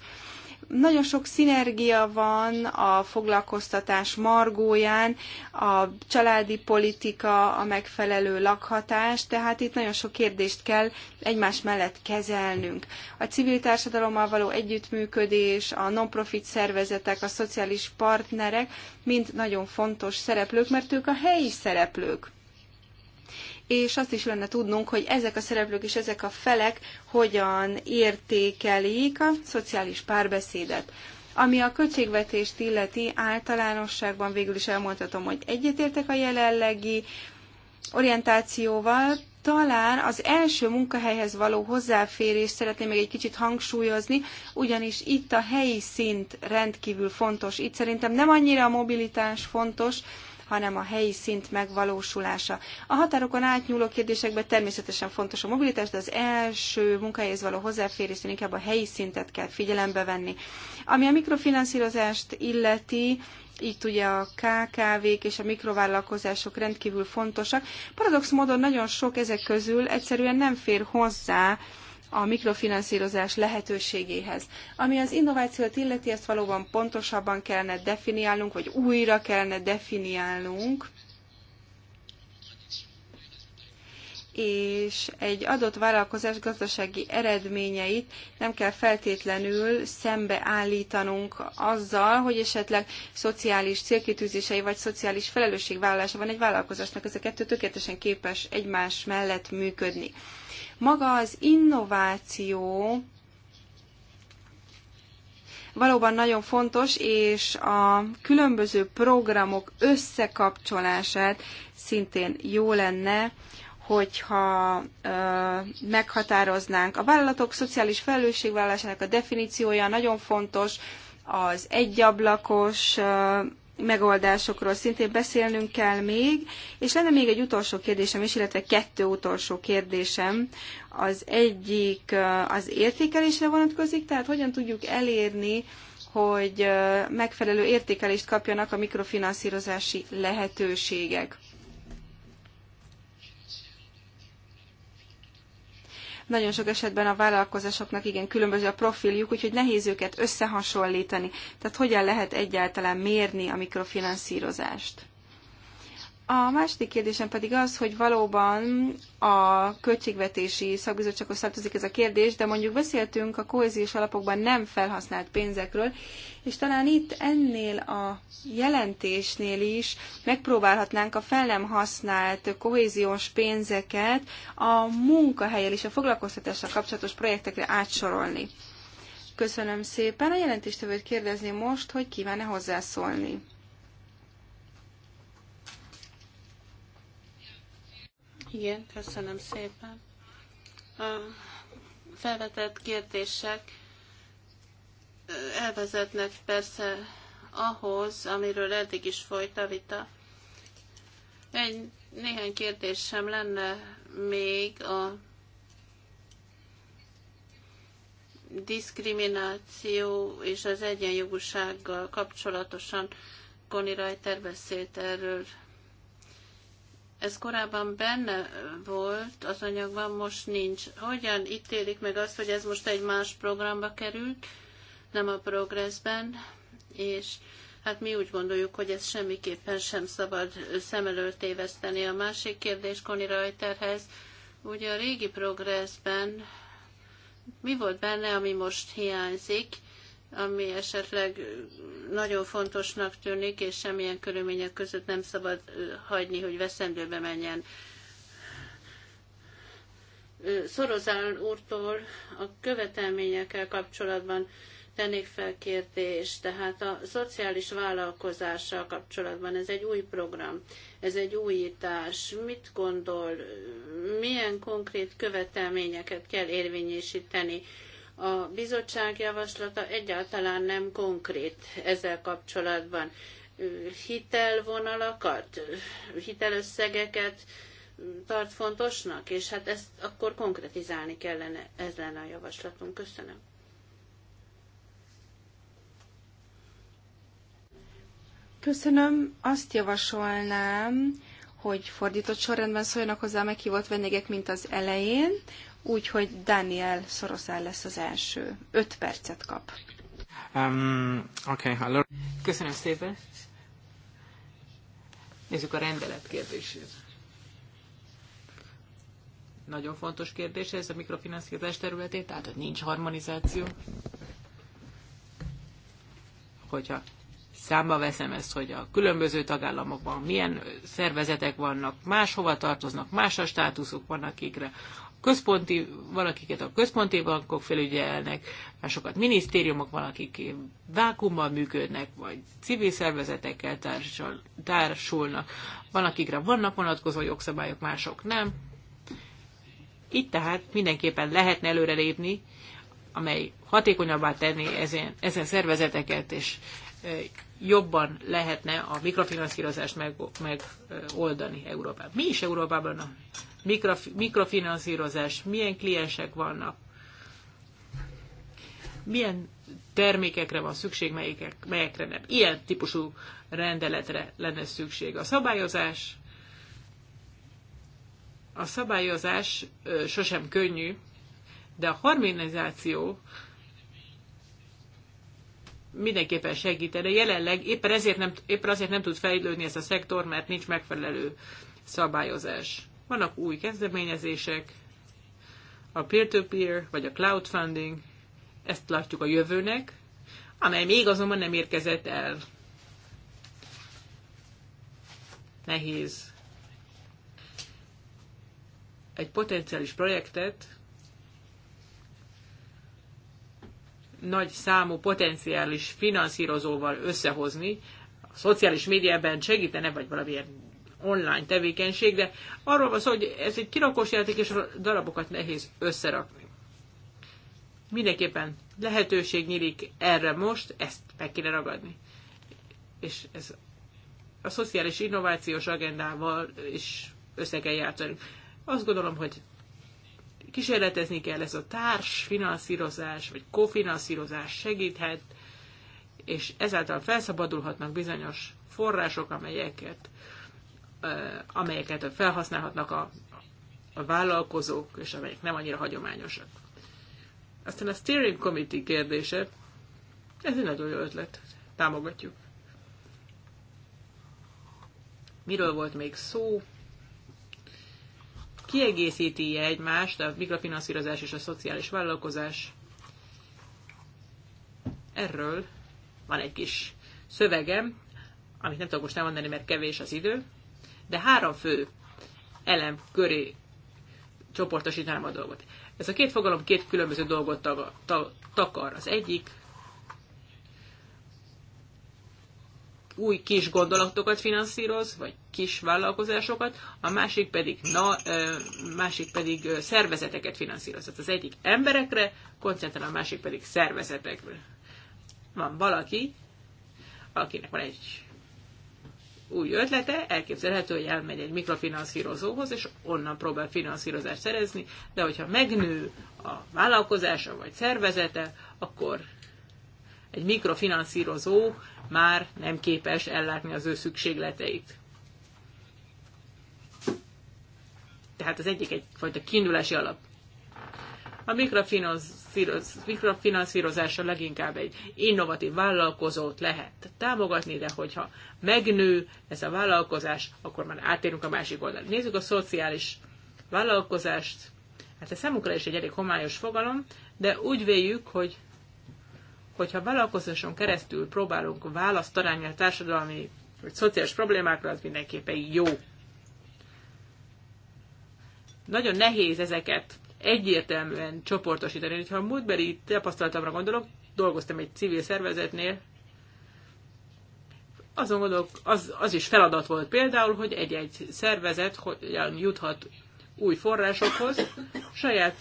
Nagyon sok szinergia van a foglalkoztatás margóján, a családi politika, a megfelelő lakhatás, tehát itt nagyon sok kérdést kell egymás mellett kezelnünk. A civil társadalommal való együttműködés, a non-profit szervezetek, a szociális partnerek mind nagyon fontos szereplők, mert ők a helyi szereplők és azt is lenne tudnunk, hogy ezek a szereplők és ezek a felek hogyan értékelik a szociális párbeszédet. Ami a költségvetést illeti, általánosságban végül is elmondhatom, hogy egyetértek a jelenlegi orientációval, talán az első munkahelyhez való hozzáférés, szeretném még egy kicsit hangsúlyozni, ugyanis itt a helyi szint rendkívül fontos. Itt szerintem nem annyira a mobilitás fontos, hanem a helyi szint megvalósulása. A határokon átnyúló kérdésekben természetesen fontos a mobilitás, de az első munkahelyhez való hozzáférésnél inkább a helyi szintet kell figyelembe venni. Ami a mikrofinanszírozást illeti, itt ugye a KKV-k és a mikrovállalkozások rendkívül fontosak. Paradox módon nagyon sok ezek közül egyszerűen nem fér hozzá a mikrofinanszírozás lehetőségéhez. Ami az innovációt illeti, ezt valóban pontosabban kellene definiálnunk, vagy újra kellene definiálnunk, és egy adott vállalkozás gazdasági eredményeit nem kell feltétlenül szembeállítanunk azzal, hogy esetleg szociális célkitűzései vagy szociális felelősségvállalása van egy vállalkozásnak. Ez a kettő tökéletesen képes egymás mellett működni. Maga az innováció valóban nagyon fontos, és a különböző programok összekapcsolását szintén jó lenne, hogyha ö, meghatároznánk. A vállalatok szociális felelősségvállalásának a definíciója nagyon fontos, az egyablakos megoldásokról szintén beszélnünk kell még, és lenne még egy utolsó kérdésem is, illetve kettő utolsó kérdésem. Az egyik az értékelésre vonatkozik, tehát hogyan tudjuk elérni, hogy megfelelő értékelést kapjanak a mikrofinanszírozási lehetőségek. Nagyon sok esetben a vállalkozásoknak igen különböző a profiljuk, úgyhogy nehéz őket összehasonlítani. Tehát hogyan lehet egyáltalán mérni a mikrofinanszírozást? A második kérdésem pedig az, hogy valóban a költségvetési szakbizottsághoz tartozik ez a kérdés, de mondjuk beszéltünk a kohéziós alapokban nem felhasznált pénzekről, és talán itt ennél a jelentésnél is megpróbálhatnánk a fel nem használt kohéziós pénzeket a munkahelyel és a foglalkoztatással kapcsolatos projektekre átsorolni. Köszönöm szépen. A jelentéstevőt kérdezni most, hogy kíván-e hozzászólni. Igen, köszönöm szépen. A felvetett kérdések elvezetnek persze ahhoz, amiről eddig is folyt a vita. Egy néhány kérdésem lenne még a diszkrimináció és az egyenjogúsággal kapcsolatosan Koni Rajter beszélt erről ez korábban benne volt az anyagban, most nincs. Hogyan ítélik meg azt, hogy ez most egy más programba került, nem a progressben, és hát mi úgy gondoljuk, hogy ez semmiképpen sem szabad szem előtt téveszteni. A másik kérdés Koni Rajterhez, ugye a régi progressben mi volt benne, ami most hiányzik, ami esetleg nagyon fontosnak tűnik, és semmilyen körülmények között nem szabad hagyni, hogy veszendőbe menjen. Szorozál úrtól a követelményekkel kapcsolatban tennék fel kérdést, tehát a szociális vállalkozással kapcsolatban ez egy új program, ez egy újítás. Mit gondol, milyen konkrét követelményeket kell érvényesíteni? A bizottság javaslata egyáltalán nem konkrét ezzel kapcsolatban. Hitelvonalakat, hitelösszegeket tart fontosnak, és hát ezt akkor konkretizálni kellene, ez lenne a javaslatunk. Köszönöm. Köszönöm. Azt javasolnám, hogy fordított sorrendben szóljanak hozzá meghívott vendégek, mint az elején, úgyhogy Daniel Szoroszán lesz az első. Öt percet kap. Um, okay, hello. Köszönöm szépen. Nézzük a rendelet kérdését. Nagyon fontos kérdés ez a mikrofinanszírozás területét, tehát hogy nincs harmonizáció. Hogyha számba veszem ezt, hogy a különböző tagállamokban milyen szervezetek vannak, máshova tartoznak, más a státuszuk van, akikre központi, valakiket a központi bankok felügyelnek, másokat minisztériumok, valakik vákumban működnek, vagy civil szervezetekkel társul, társulnak, van akikre vannak vonatkozó jogszabályok, mások nem. Itt tehát mindenképpen lehetne előrelépni, amely hatékonyabbá tenni ezen, ezen szervezeteket, és jobban lehetne a mikrofinanszírozást megoldani Európában. Mi is Európában a mikrofinanszírozás, milyen kliensek vannak, milyen termékekre van szükség, melyikek, melyekre nem. Ilyen típusú rendeletre lenne szükség. A szabályozás a szabályozás ö, sosem könnyű, de a harmonizáció mindenképpen segítene. Jelenleg éppen, ezért nem, éppen azért nem tud fejlődni ez a szektor, mert nincs megfelelő szabályozás. Vannak új kezdeményezések, a peer-to-peer, -peer, vagy a crowdfunding, ezt látjuk a jövőnek, amely még azonban nem érkezett el. Nehéz egy potenciális projektet nagy számú potenciális finanszírozóval összehozni, a szociális médiában segítene, vagy valamilyen online tevékenység, de arról van szó, hogy ez egy kirakós játék, és a darabokat nehéz összerakni. Mindenképpen lehetőség nyílik erre most, ezt meg kéne ragadni. És ez a szociális innovációs agendával is össze kell játszani. Azt gondolom, hogy kísérletezni kell, ez a társfinanszírozás vagy kofinanszírozás segíthet, és ezáltal felszabadulhatnak bizonyos források, amelyeket amelyeket felhasználhatnak a, a vállalkozók, és amelyek nem annyira hagyományosak. Aztán a steering committee kérdése, ez egy nagyon jó ötlet, támogatjuk. Miről volt még szó? Kiegészíti -e egymást a mikrofinanszírozás és a szociális vállalkozás? Erről van egy kis szövegem, amit nem tudok most elmondani, mert kevés az idő de három fő elem köré csoportosítanám a dolgot. Ez a két fogalom két különböző dolgot ta- ta, takar. Az egyik új kis gondolatokat finanszíroz, vagy kis vállalkozásokat, a másik pedig, na, másik pedig szervezeteket finanszíroz. Tehát az egyik emberekre koncentrál, a másik pedig szervezetekre. Van valaki, akinek van egy új ötlete, elképzelhető, hogy elmegy egy mikrofinanszírozóhoz, és onnan próbál finanszírozást szerezni, de hogyha megnő a vállalkozása vagy szervezete, akkor egy mikrofinanszírozó már nem képes ellátni az ő szükségleteit. Tehát az egyik egyfajta kiindulási alap. A mikrofinanszírozó mikrofinanszírozása leginkább egy innovatív vállalkozót lehet támogatni, de hogyha megnő ez a vállalkozás, akkor már átérünk a másik oldalra. Nézzük a szociális vállalkozást. Hát ez számunkra is egy elég homályos fogalom, de úgy véljük, hogy hogyha vállalkozáson keresztül próbálunk választ találni a társadalmi vagy szociális problémákra, az mindenképpen jó. Nagyon nehéz ezeket egyértelműen csoportosítani. Ha a múltbeli tapasztalatomra gondolok, dolgoztam egy civil szervezetnél, azon gondolok, az, az is feladat volt például, hogy egy-egy szervezet hogyan juthat új forrásokhoz, saját,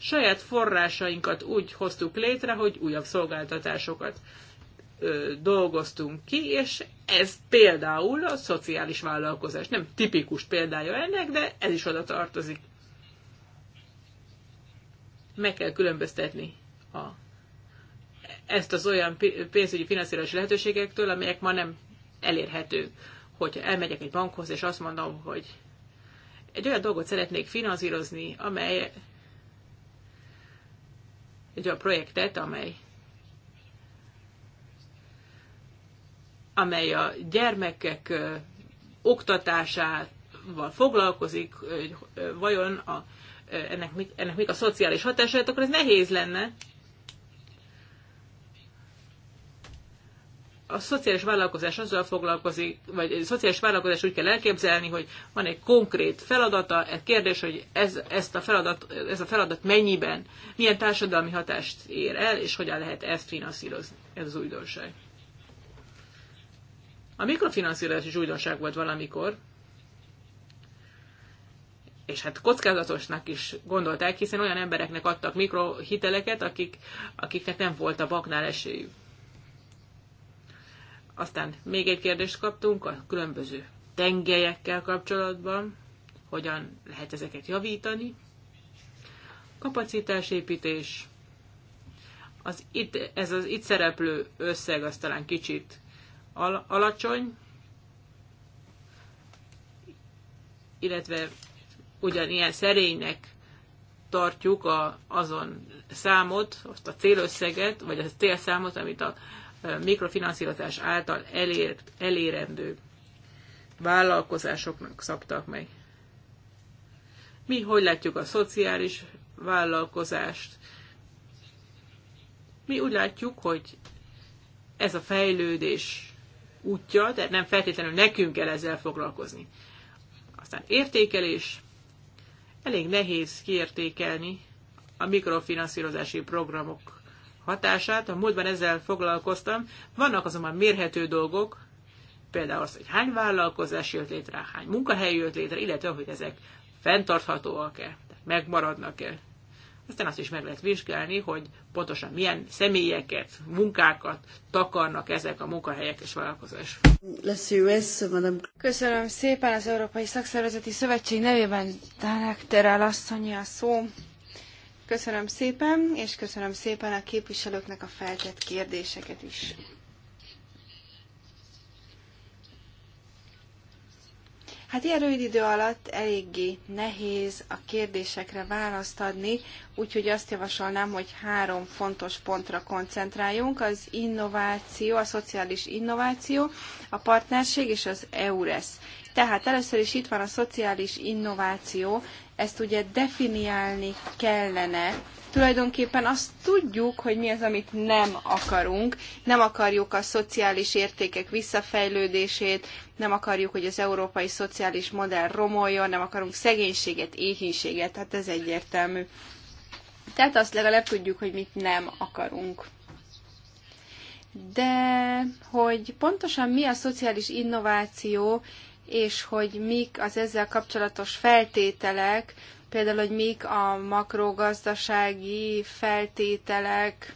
saját forrásainkat úgy hoztuk létre, hogy újabb szolgáltatásokat dolgoztunk ki, és ez például a szociális vállalkozás. Nem tipikus példája ennek, de ez is oda tartozik. Meg kell különböztetni a, ezt az olyan pénzügyi finanszírozási lehetőségektől, amelyek ma nem elérhető. Hogyha elmegyek egy bankhoz, és azt mondom, hogy egy olyan dolgot szeretnék finanszírozni, amely egy olyan projektet, amely amely a gyermekek ö, oktatásával foglalkozik, hogy vajon a ennek, ennek mik a szociális hatásait, hát akkor ez nehéz lenne. A szociális vállalkozás azzal foglalkozik, vagy a szociális vállalkozás úgy kell elképzelni, hogy van egy konkrét feladata, egy kérdés, hogy ez, ezt a feladat, ez a feladat mennyiben, milyen társadalmi hatást ér el, és hogyan lehet ezt finanszírozni. Ez az újdonság. A mikrofinanszírozás is újdonság volt valamikor, és hát kockázatosnak is gondolták, hiszen olyan embereknek adtak mikrohiteleket, akik, akiknek nem volt a baknál esélyük. Aztán még egy kérdést kaptunk a különböző tengelyekkel kapcsolatban, hogyan lehet ezeket javítani. Kapacitásépítés, az itt, ez az itt szereplő összeg az talán kicsit al- alacsony, illetve ugyanilyen szerénynek tartjuk a, azon számot, azt a célösszeget, vagy a célszámot, amit a mikrofinanszírozás által elért, elérendő vállalkozásoknak szabtak meg. Mi hogy látjuk a szociális vállalkozást? Mi úgy látjuk, hogy ez a fejlődés útja, tehát nem feltétlenül nekünk kell ezzel foglalkozni. Aztán értékelés, elég nehéz kiértékelni a mikrofinanszírozási programok hatását. A múltban ezzel foglalkoztam. Vannak azonban mérhető dolgok, például az, hogy hány vállalkozás jött létre, hány munkahely jött létre, illetve hogy ezek fenntarthatóak-e, megmaradnak-e. Aztán azt is meg lehet vizsgálni, hogy pontosan milyen személyeket, munkákat takarnak ezek a munkahelyek és vállalkozás. Köszönöm szépen az Európai Szakszervezeti Szövetség nevében Dánek Terál asszony a szó. Köszönöm szépen, és köszönöm szépen a képviselőknek a feltett kérdéseket is. Hát ilyen rövid idő alatt eléggé nehéz a kérdésekre választ adni, úgyhogy azt javasolnám, hogy három fontos pontra koncentráljunk, az innováció, a szociális innováció, a partnerség és az EURES. Tehát először is itt van a szociális innováció, ezt ugye definiálni kellene, tulajdonképpen azt tudjuk, hogy mi az, amit nem akarunk. Nem akarjuk a szociális értékek visszafejlődését, nem akarjuk, hogy az európai szociális modell romoljon, nem akarunk szegénységet, éhínséget, hát ez egyértelmű. Tehát azt legalább tudjuk, hogy mit nem akarunk. De hogy pontosan mi a szociális innováció, és hogy mik az ezzel kapcsolatos feltételek, például, hogy mik a makrogazdasági feltételek.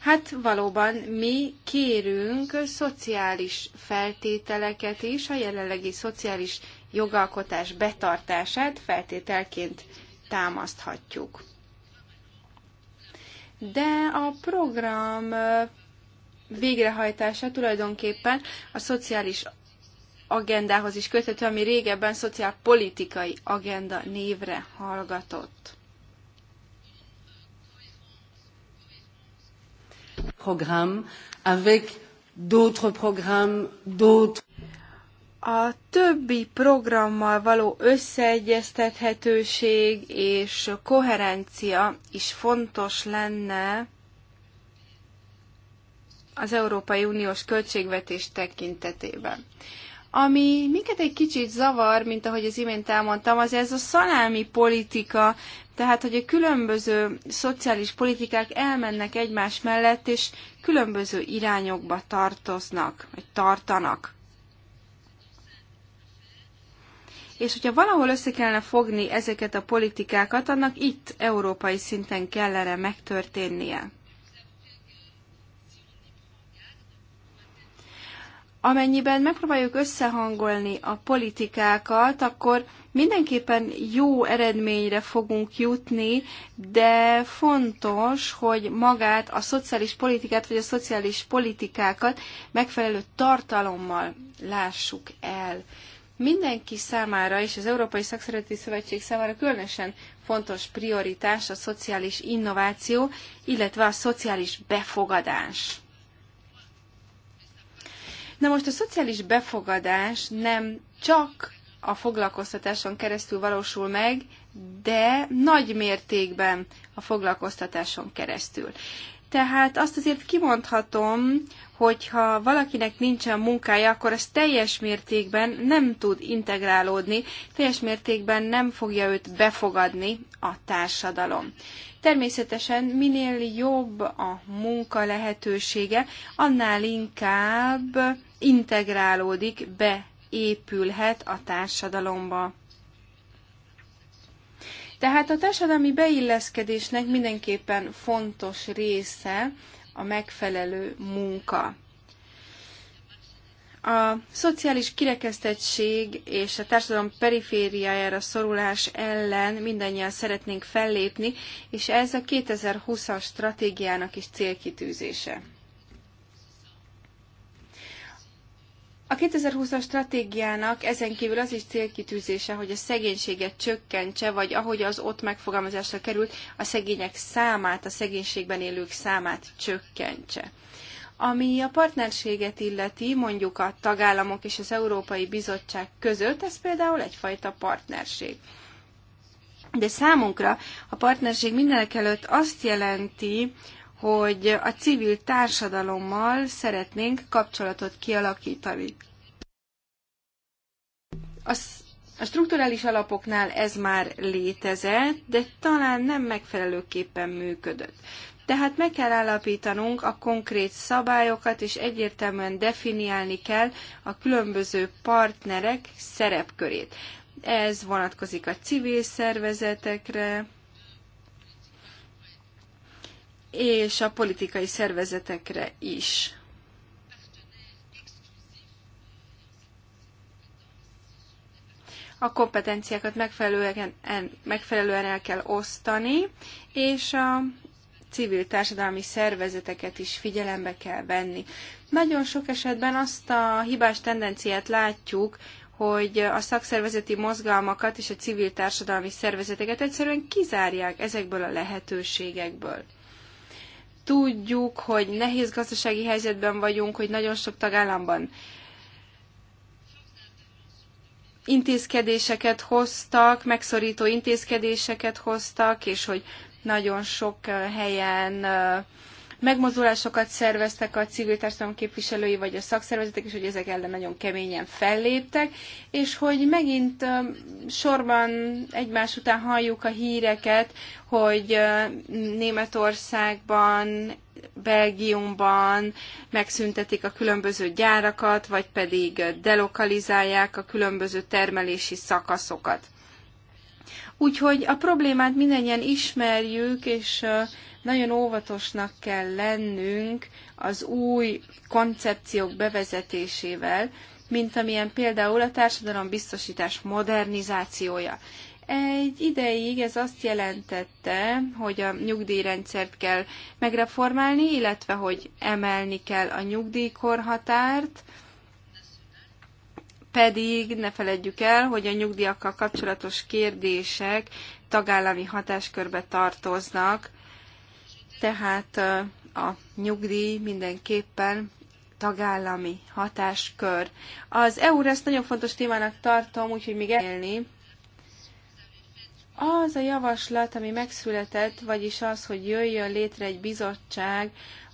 Hát valóban mi kérünk szociális feltételeket is, a jelenlegi szociális jogalkotás betartását feltételként támaszthatjuk. De a program végrehajtása tulajdonképpen a szociális agendához is köthető, ami régebben szociálpolitikai agenda névre hallgatott. Program, avec d'autres programmes, d'autres a többi programmal való összeegyeztethetőség és koherencia is fontos lenne az Európai Uniós költségvetés tekintetében. Ami minket egy kicsit zavar, mint ahogy az imént elmondtam, az ez a szalámi politika, tehát hogy a különböző szociális politikák elmennek egymás mellett, és különböző irányokba tartoznak, vagy tartanak. És hogyha valahol össze kellene fogni ezeket a politikákat, annak itt európai szinten kellene megtörténnie. amennyiben megpróbáljuk összehangolni a politikákat, akkor mindenképpen jó eredményre fogunk jutni, de fontos, hogy magát a szociális politikát vagy a szociális politikákat megfelelő tartalommal lássuk el. Mindenki számára és az Európai Szakszereti Szövetség számára különösen fontos prioritás a szociális innováció, illetve a szociális befogadás. Na most a szociális befogadás nem csak a foglalkoztatáson keresztül valósul meg, de nagy mértékben a foglalkoztatáson keresztül. Tehát azt azért kimondhatom, hogy ha valakinek nincsen munkája, akkor az teljes mértékben nem tud integrálódni, teljes mértékben nem fogja őt befogadni a társadalom. Természetesen minél jobb a munka lehetősége, annál inkább integrálódik, beépülhet a társadalomba. Tehát a társadalmi beilleszkedésnek mindenképpen fontos része a megfelelő munka. A szociális kirekesztettség és a társadalom perifériájára szorulás ellen mindannyian szeretnénk fellépni, és ez a 2020-as stratégiának is célkitűzése. A 2020-as stratégiának ezen kívül az is célkitűzése, hogy a szegénységet csökkentse, vagy ahogy az ott megfogalmazásra került, a szegények számát, a szegénységben élők számát csökkentse. Ami a partnerséget illeti, mondjuk a tagállamok és az Európai Bizottság között, ez például egyfajta partnerség. De számunkra a partnerség mindenek előtt azt jelenti, hogy a civil társadalommal szeretnénk kapcsolatot kialakítani. A, a strukturális alapoknál ez már létezett, de talán nem megfelelőképpen működött. Tehát meg kell állapítanunk a konkrét szabályokat, és egyértelműen definiálni kell a különböző partnerek szerepkörét. Ez vonatkozik a civil szervezetekre, és a politikai szervezetekre is. a kompetenciákat megfelelően, megfelelően el kell osztani, és a civil társadalmi szervezeteket is figyelembe kell venni. Nagyon sok esetben azt a hibás tendenciát látjuk, hogy a szakszervezeti mozgalmakat és a civil társadalmi szervezeteket egyszerűen kizárják ezekből a lehetőségekből. Tudjuk, hogy nehéz gazdasági helyzetben vagyunk, hogy nagyon sok tagállamban intézkedéseket hoztak, megszorító intézkedéseket hoztak, és hogy nagyon sok eh, helyen eh, megmozdulásokat szerveztek a civil társadalom képviselői vagy a szakszervezetek, és hogy ezek ellen nagyon keményen felléptek, és hogy megint sorban egymás után halljuk a híreket, hogy Németországban, Belgiumban megszüntetik a különböző gyárakat, vagy pedig delokalizálják a különböző termelési szakaszokat. Úgyhogy a problémát mindannyian ismerjük, és nagyon óvatosnak kell lennünk az új koncepciók bevezetésével, mint amilyen például a társadalombiztosítás modernizációja. Egy ideig ez azt jelentette, hogy a nyugdíjrendszert kell megreformálni, illetve hogy emelni kell a nyugdíjkorhatárt, pedig ne feledjük el, hogy a nyugdíjakkal kapcsolatos kérdések tagállami hatáskörbe tartoznak, tehát a nyugdíj mindenképpen tagállami hatáskör. Az eu ezt nagyon fontos témának tartom, úgyhogy még elélni. Az a javaslat, ami megszületett, vagyis az, hogy jöjjön létre egy bizottság,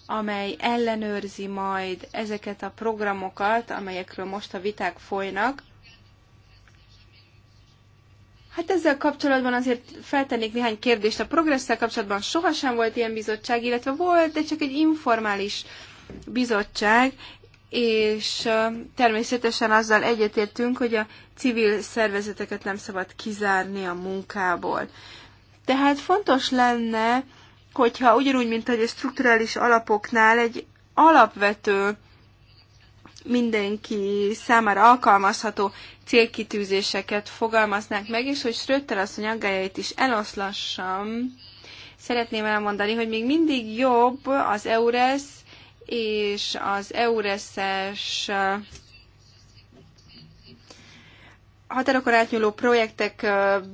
amely ellenőrzi majd ezeket a programokat, amelyekről most a viták folynak, Hát ezzel kapcsolatban azért feltennék néhány kérdést. A progresszel kapcsolatban sohasem volt ilyen bizottság, illetve volt, de csak egy informális bizottság, és természetesen azzal egyetértünk, hogy a civil szervezeteket nem szabad kizárni a munkából. Tehát fontos lenne, hogyha ugyanúgy, mint hogy a strukturális alapoknál egy alapvető mindenki számára alkalmazható célkitűzéseket fogalmaznák meg, és hogy Schröter asszony aggájait is eloszlassam, szeretném elmondani, hogy még mindig jobb az EURES és az EURES-es uh, határokon átnyúló projektek uh,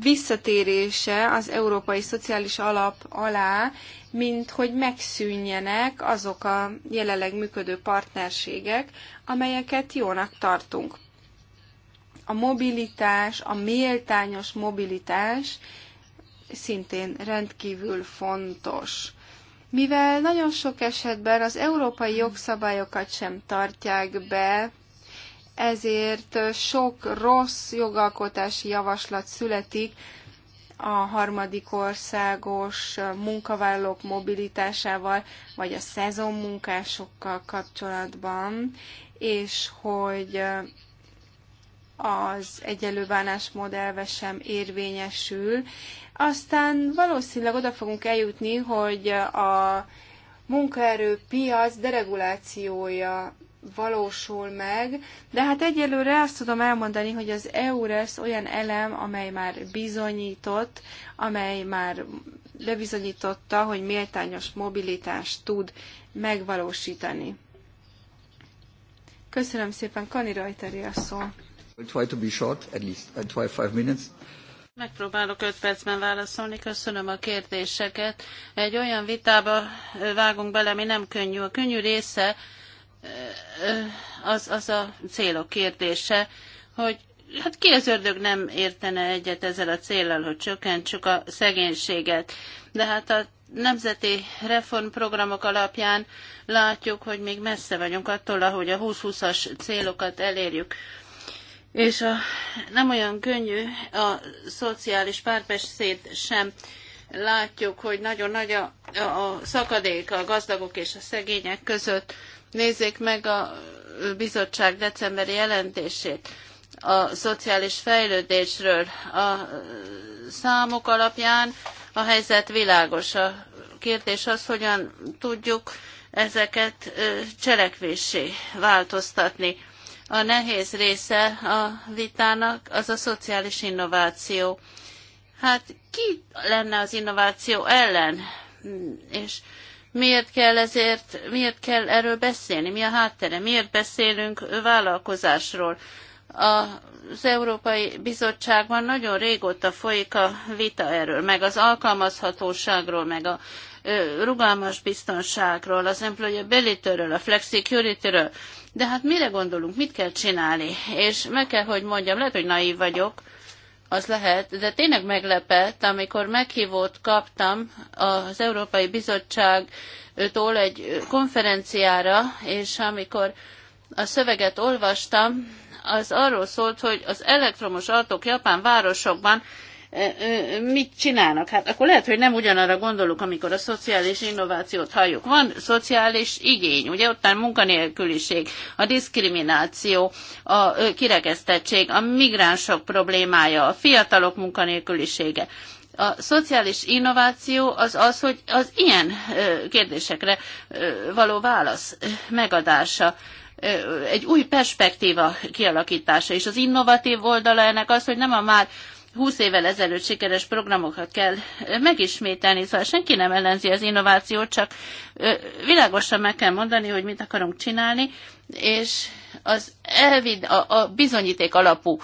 visszatérése az Európai Szociális Alap alá, mint hogy megszűnjenek azok a jelenleg működő partnerségek, amelyeket jónak tartunk. A mobilitás, a méltányos mobilitás szintén rendkívül fontos. Mivel nagyon sok esetben az európai jogszabályokat sem tartják be, ezért sok rossz jogalkotási javaslat születik a harmadik országos munkavállalók mobilitásával, vagy a szezonmunkásokkal kapcsolatban, és hogy az egyelő bánásmód elve sem érvényesül. Aztán valószínűleg oda fogunk eljutni, hogy a munkaerőpiac deregulációja valósul meg, de hát egyelőre azt tudom elmondani, hogy az EURES olyan elem, amely már bizonyított, amely már bebizonyította, hogy méltányos mobilitást tud megvalósítani. Köszönöm szépen, Kani Rajteri a szó. Megpróbálok öt percben válaszolni, köszönöm a kérdéseket. Egy olyan vitába vágunk bele, ami nem könnyű. A könnyű része az, az a célok kérdése, hogy hát ki az ördög nem értene egyet ezzel a célral, hogy csökkentsük a szegénységet. De hát a nemzeti reformprogramok alapján látjuk, hogy még messze vagyunk attól, ahogy a 20-20-as célokat elérjük. És a, nem olyan könnyű a szociális párbeszéd sem. Látjuk, hogy nagyon nagy a, a szakadék a gazdagok és a szegények között Nézzék meg a bizottság decemberi jelentését a szociális fejlődésről. A számok alapján a helyzet világos. A kérdés az, hogyan tudjuk ezeket cselekvésé változtatni. A nehéz része a vitának az a szociális innováció. Hát ki lenne az innováció ellen? Hm, és miért kell ezért, miért kell erről beszélni, mi a háttere, miért beszélünk vállalkozásról. Az Európai Bizottságban nagyon régóta folyik a vita erről, meg az alkalmazhatóságról, meg a rugalmas biztonságról, az employability-ről, a flexicurity-ről. De hát mire gondolunk, mit kell csinálni? És meg kell, hogy mondjam, lehet, hogy naív vagyok, az lehet, de tényleg meglepett, amikor meghívót kaptam az Európai Bizottságtól egy konferenciára, és amikor a szöveget olvastam, az arról szólt, hogy az elektromos autók japán városokban mit csinálnak? Hát akkor lehet, hogy nem ugyanarra gondolok, amikor a szociális innovációt halljuk. Van szociális igény, ugye ott a munkanélküliség, a diszkrimináció, a kirekesztettség, a migránsok problémája, a fiatalok munkanélkülisége. A szociális innováció az az, hogy az ilyen kérdésekre való válasz megadása egy új perspektíva kialakítása, és az innovatív oldala ennek az, hogy nem a már 20 évvel ezelőtt sikeres programokat kell megismételni, szóval senki nem ellenzi az innovációt, csak világosan meg kell mondani, hogy mit akarunk csinálni, és az elvid, a, a bizonyíték alapú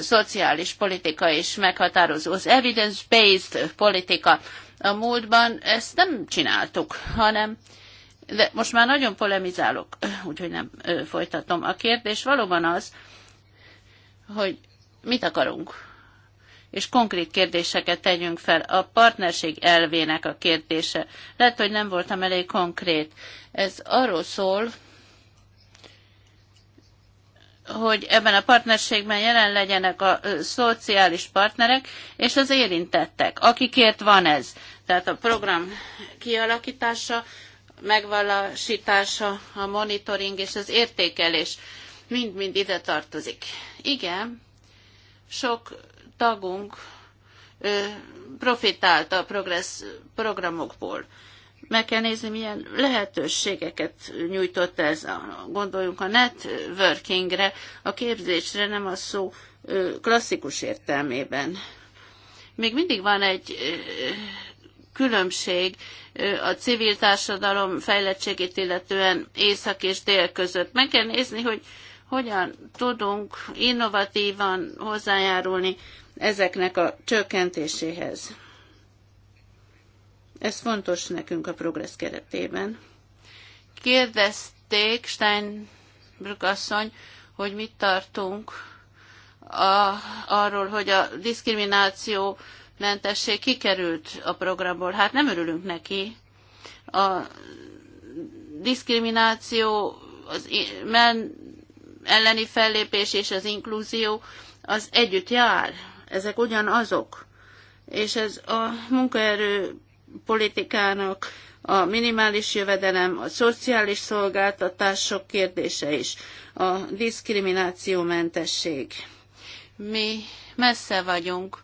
szociális politika is meghatározó. Az evidence-based politika a múltban ezt nem csináltuk, hanem de most már nagyon polemizálok, úgyhogy nem folytatom. A kérdés valóban az, hogy mit akarunk és konkrét kérdéseket tegyünk fel. A partnerség elvének a kérdése. Lehet, hogy nem voltam elég konkrét. Ez arról szól, hogy ebben a partnerségben jelen legyenek a szociális partnerek és az érintettek, akikért van ez. Tehát a program kialakítása, megvalósítása, a monitoring és az értékelés mind-mind ide tartozik. Igen, sok tagunk profitált a progress programokból. Meg kell nézni, milyen lehetőségeket nyújtott ez. A, gondoljunk a networkingre, a képzésre, nem a szó klasszikus értelmében. Még mindig van egy különbség a civil társadalom fejlettségét illetően észak és dél között. Meg kell nézni, hogy hogyan tudunk innovatívan hozzájárulni ezeknek a csökkentéséhez. Ez fontos nekünk a progressz keretében. Kérdezték Steinbrück asszony, hogy mit tartunk a, arról, hogy a diszkrimináció mentesség kikerült a programból. Hát nem örülünk neki. A diszkrimináció, az men, elleni fellépés és az inkluzió az együtt jár ezek ugyanazok, és ez a munkaerő politikának a minimális jövedelem, a szociális szolgáltatások kérdése is, a diszkriminációmentesség. Mi messze vagyunk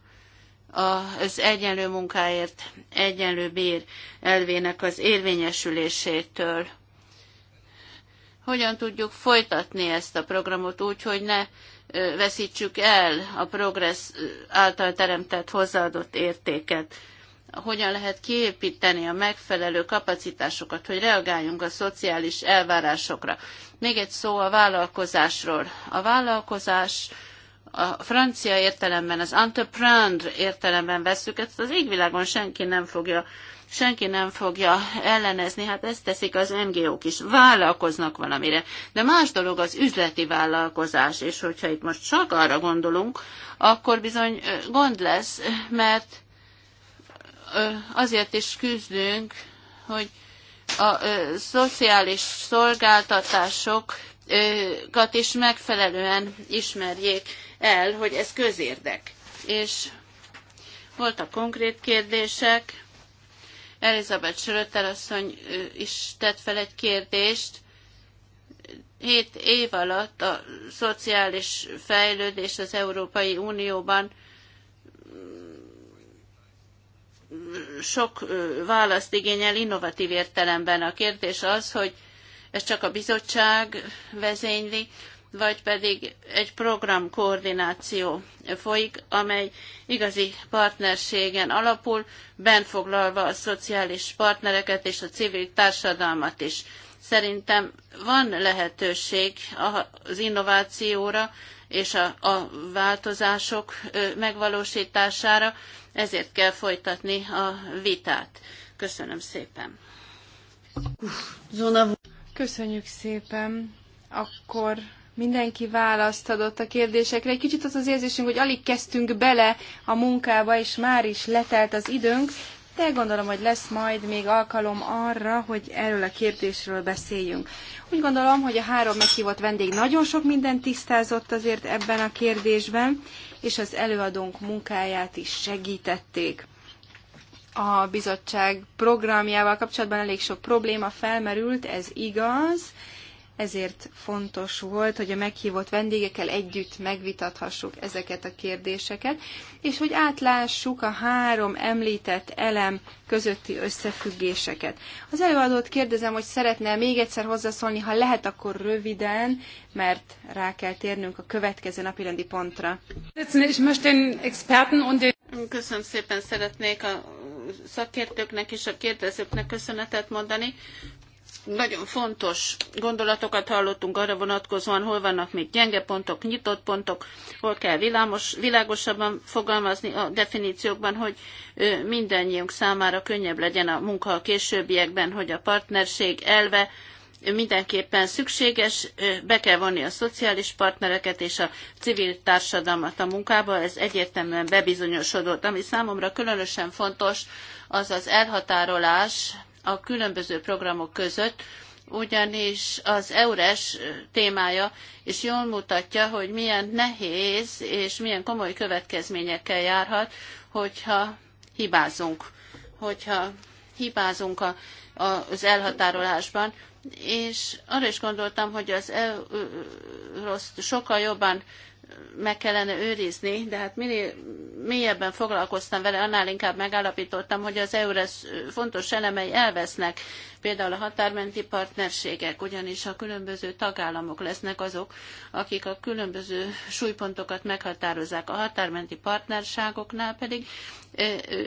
az egyenlő munkáért, egyenlő bér elvének az érvényesülésétől. Hogyan tudjuk folytatni ezt a programot úgy, hogy ne veszítsük el a progress által teremtett hozzáadott értéket. Hogyan lehet kiépíteni a megfelelő kapacitásokat, hogy reagáljunk a szociális elvárásokra. Még egy szó a vállalkozásról. A vállalkozás a francia értelemben, az entreprendre értelemben veszük, ezt az égvilágon senki nem fogja senki nem fogja ellenezni, hát ezt teszik az NGO-k is, vállalkoznak valamire. De más dolog az üzleti vállalkozás, és hogyha itt most csak arra gondolunk, akkor bizony gond lesz, mert azért is küzdünk, hogy a szociális szolgáltatásokat is megfelelően ismerjék el, hogy ez közérdek. És voltak konkrét kérdések, Elizabeth Schröter asszony is tett fel egy kérdést. Hét év alatt a szociális fejlődés az Európai Unióban mm, sok választ igényel innovatív értelemben. A kérdés az, hogy ez csak a bizottság vezényli, vagy pedig egy programkoordináció folyik, amely igazi partnerségen alapul, benfoglalva a szociális partnereket és a civil társadalmat is. Szerintem van lehetőség az innovációra és a, a változások megvalósítására, ezért kell folytatni a vitát. Köszönöm szépen. Köszönjük szépen. Akkor mindenki választ adott a kérdésekre. Egy kicsit az az érzésünk, hogy alig kezdtünk bele a munkába, és már is letelt az időnk, de gondolom, hogy lesz majd még alkalom arra, hogy erről a kérdésről beszéljünk. Úgy gondolom, hogy a három meghívott vendég nagyon sok mindent tisztázott azért ebben a kérdésben, és az előadónk munkáját is segítették. A bizottság programjával kapcsolatban elég sok probléma felmerült, ez igaz, ezért fontos volt, hogy a meghívott vendégekkel együtt megvitathassuk ezeket a kérdéseket, és hogy átlássuk a három említett elem közötti összefüggéseket. Az előadót kérdezem, hogy szeretne még egyszer hozzászólni, ha lehet, akkor röviden, mert rá kell térnünk a következő napirendi pontra. Köszönöm szépen, szeretnék a szakértőknek és a kérdezőknek köszönetet mondani nagyon fontos gondolatokat hallottunk arra vonatkozóan, hol vannak még gyenge pontok, nyitott pontok, hol kell világos, világosabban fogalmazni a definíciókban, hogy mindannyiunk számára könnyebb legyen a munka a későbbiekben, hogy a partnerség elve mindenképpen szükséges, be kell vonni a szociális partnereket és a civil társadalmat a munkába, ez egyértelműen bebizonyosodott. Ami számomra különösen fontos, az az elhatárolás, a különböző programok között, ugyanis az EURES témája is jól mutatja, hogy milyen nehéz és milyen komoly következményekkel járhat, hogyha hibázunk, hogyha hibázunk a, a, az elhatárolásban, és arra is gondoltam, hogy az Euroszt sokkal jobban meg kellene őrizni, de hát minél mélyebben foglalkoztam vele, annál inkább megállapítottam, hogy az EURES fontos elemei elvesznek, például a határmenti partnerségek, ugyanis a különböző tagállamok lesznek azok, akik a különböző súlypontokat meghatározzák. A határmenti partnerságoknál pedig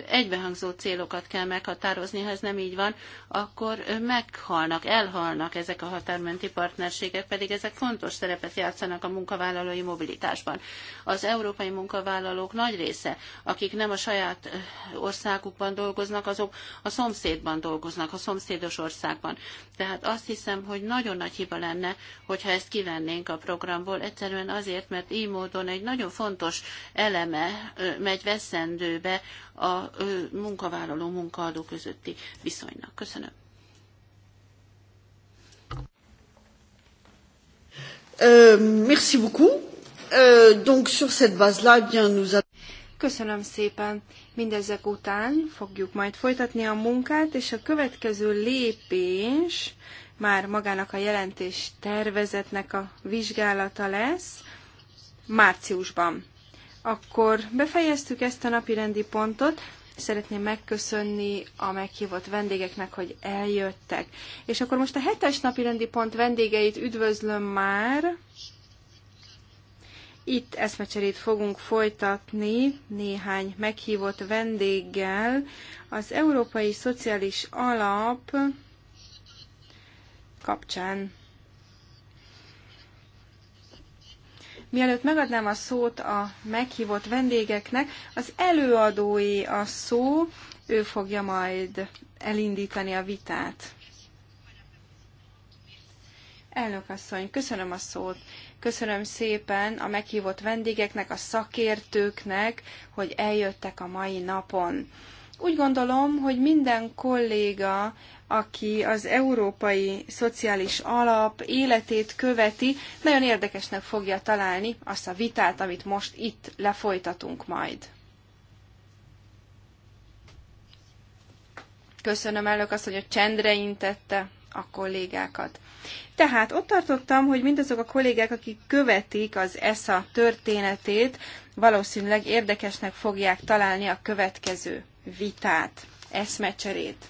egybehangzó célokat kell meghatározni, ha ez nem így van, akkor meghalnak, elhalnak ezek a határmenti partnerségek, pedig ezek fontos szerepet játszanak a munkavállalói mobilitásban. Az európai munkavállalók nagy része, akik nem a saját országukban dolgoznak, azok a szomszédban dolgoznak, a szomszédos országban. Tehát azt hiszem, hogy nagyon nagy hiba lenne, hogyha ezt kivennénk a programból, egyszerűen azért, mert így módon egy nagyon fontos eleme megy veszendőbe a munkavállaló munkaadó közötti viszonynak. Köszönöm. Euh, merci beaucoup. Euh, donc sur cette base-là, eh bien nous Köszönöm szépen! Mindezek után fogjuk majd folytatni a munkát, és a következő lépés már magának a jelentés tervezetnek a vizsgálata lesz márciusban. Akkor befejeztük ezt a napi rendi pontot. Szeretném megköszönni a meghívott vendégeknek, hogy eljöttek. És akkor most a hetes napi rendi pont vendégeit üdvözlöm már. Itt eszmecserét fogunk folytatni néhány meghívott vendéggel. Az Európai Szociális Alap kapcsán. Mielőtt megadnám a szót a meghívott vendégeknek, az előadói a szó, ő fogja majd elindítani a vitát. Elnök asszony, köszönöm a szót. Köszönöm szépen a meghívott vendégeknek, a szakértőknek, hogy eljöttek a mai napon. Úgy gondolom, hogy minden kolléga, aki az európai szociális alap életét követi, nagyon érdekesnek fogja találni azt a vitát, amit most itt lefolytatunk majd. Köszönöm elnök azt, hogy a csendre intette a kollégákat. Tehát ott tartottam, hogy mindazok a kollégák, akik követik az ESA történetét, valószínűleg érdekesnek fogják találni a következő vitát, eszmecserét.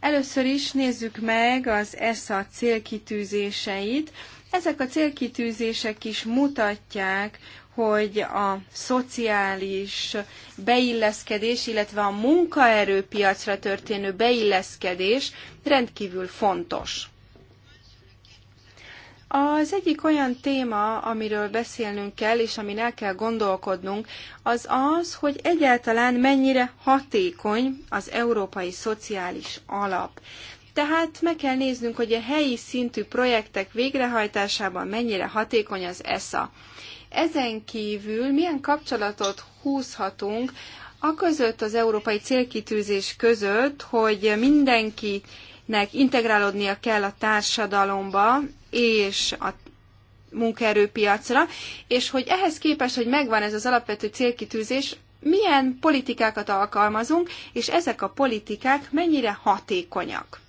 Először is nézzük meg az ESZA célkitűzéseit. Ezek a célkitűzések is mutatják, hogy a szociális beilleszkedés, illetve a munkaerőpiacra történő beilleszkedés rendkívül fontos. Az egyik olyan téma, amiről beszélnünk kell, és amin el kell gondolkodnunk, az az, hogy egyáltalán mennyire hatékony az európai szociális alap. Tehát meg kell néznünk, hogy a helyi szintű projektek végrehajtásában mennyire hatékony az ESA. Ezen kívül milyen kapcsolatot húzhatunk a között az európai célkitűzés között, hogy mindenki akiknek integrálódnia kell a társadalomba és a munkaerőpiacra, és hogy ehhez képest, hogy megvan ez az alapvető célkitűzés, milyen politikákat alkalmazunk, és ezek a politikák mennyire hatékonyak.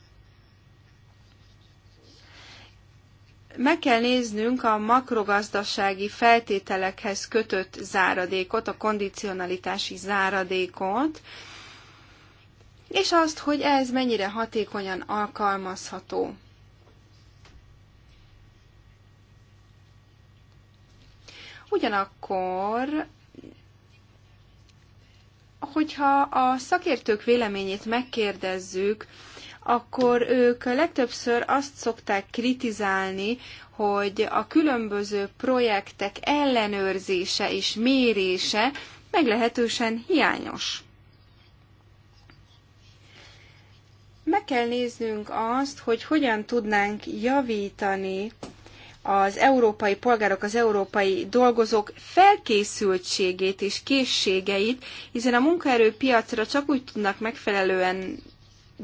meg kell néznünk a makrogazdasági feltételekhez kötött záradékot, a kondicionalitási záradékot, és azt, hogy ez mennyire hatékonyan alkalmazható. Ugyanakkor hogyha a szakértők véleményét megkérdezzük, akkor ők legtöbbször azt szokták kritizálni, hogy a különböző projektek ellenőrzése és mérése meglehetősen hiányos. Meg kell néznünk azt, hogy hogyan tudnánk javítani az európai polgárok, az európai dolgozók felkészültségét és készségeit, hiszen a munkaerőpiacra csak úgy tudnak megfelelően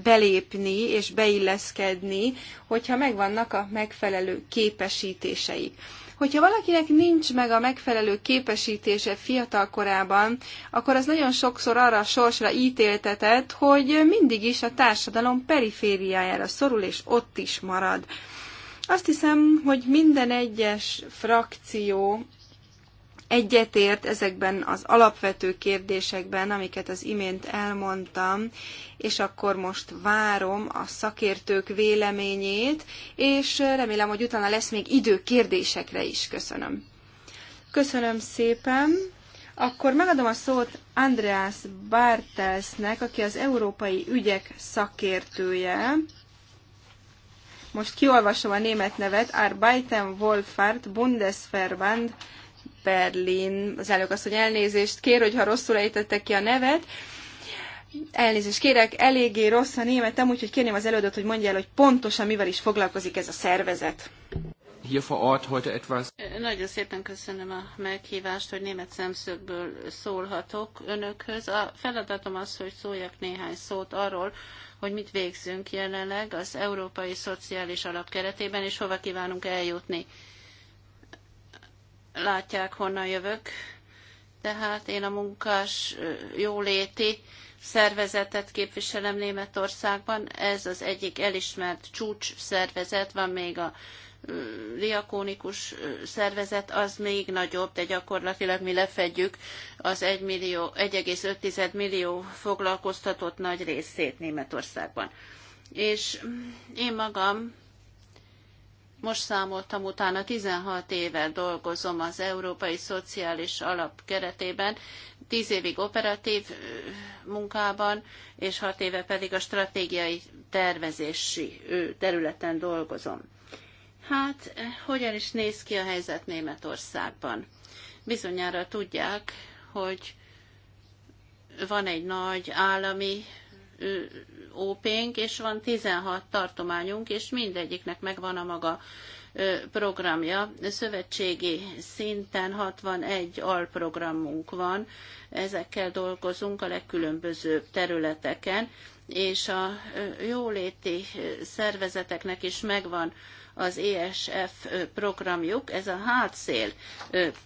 belépni és beilleszkedni, hogyha megvannak a megfelelő képesítéseik. Hogyha valakinek nincs meg a megfelelő képesítése fiatal korában, akkor az nagyon sokszor arra a sorsra ítéltetett, hogy mindig is a társadalom perifériájára szorul, és ott is marad. Azt hiszem, hogy minden egyes frakció egyetért ezekben az alapvető kérdésekben, amiket az imént elmondtam, és akkor most várom a szakértők véleményét, és remélem, hogy utána lesz még idő kérdésekre is. Köszönöm. Köszönöm szépen. Akkor megadom a szót Andreas Bartelsnek, aki az európai ügyek szakértője. Most kiolvasom a német nevet, Arbeiten Wolfart Bundesverband Berlin, az elnök hogy elnézést kér, hogyha rosszul ejtette ki a nevet. Elnézést kérek, eléggé rossz a németem, úgyhogy kérném az előadót, hogy mondja el, hogy pontosan mivel is foglalkozik ez a szervezet. Hier vor Ort heute etwas. Nagyon szépen köszönöm a meghívást, hogy német szemszögből szólhatok önökhöz. A feladatom az, hogy szóljak néhány szót arról, hogy mit végzünk jelenleg az Európai Szociális Alap keretében, és hova kívánunk eljutni látják, honnan jövök. Tehát én a munkás jóléti szervezetet képviselem Németországban. Ez az egyik elismert csúcs szervezet, van még a diakónikus szervezet az még nagyobb, de gyakorlatilag mi lefedjük az 1 millió, 1,5 millió foglalkoztatott nagy részét Németországban. És én magam most számoltam utána, 16 éve dolgozom az Európai Szociális Alap keretében, 10 évig operatív munkában, és 6 éve pedig a stratégiai tervezési területen dolgozom. Hát, eh, hogyan is néz ki a helyzet Németországban? Bizonyára tudják, hogy van egy nagy állami ópénk, és van 16 tartományunk, és mindegyiknek megvan a maga programja. Szövetségi szinten 61 alprogramunk van, ezekkel dolgozunk a legkülönbözőbb területeken, és a jóléti szervezeteknek is megvan az ESF programjuk, ez a hátszél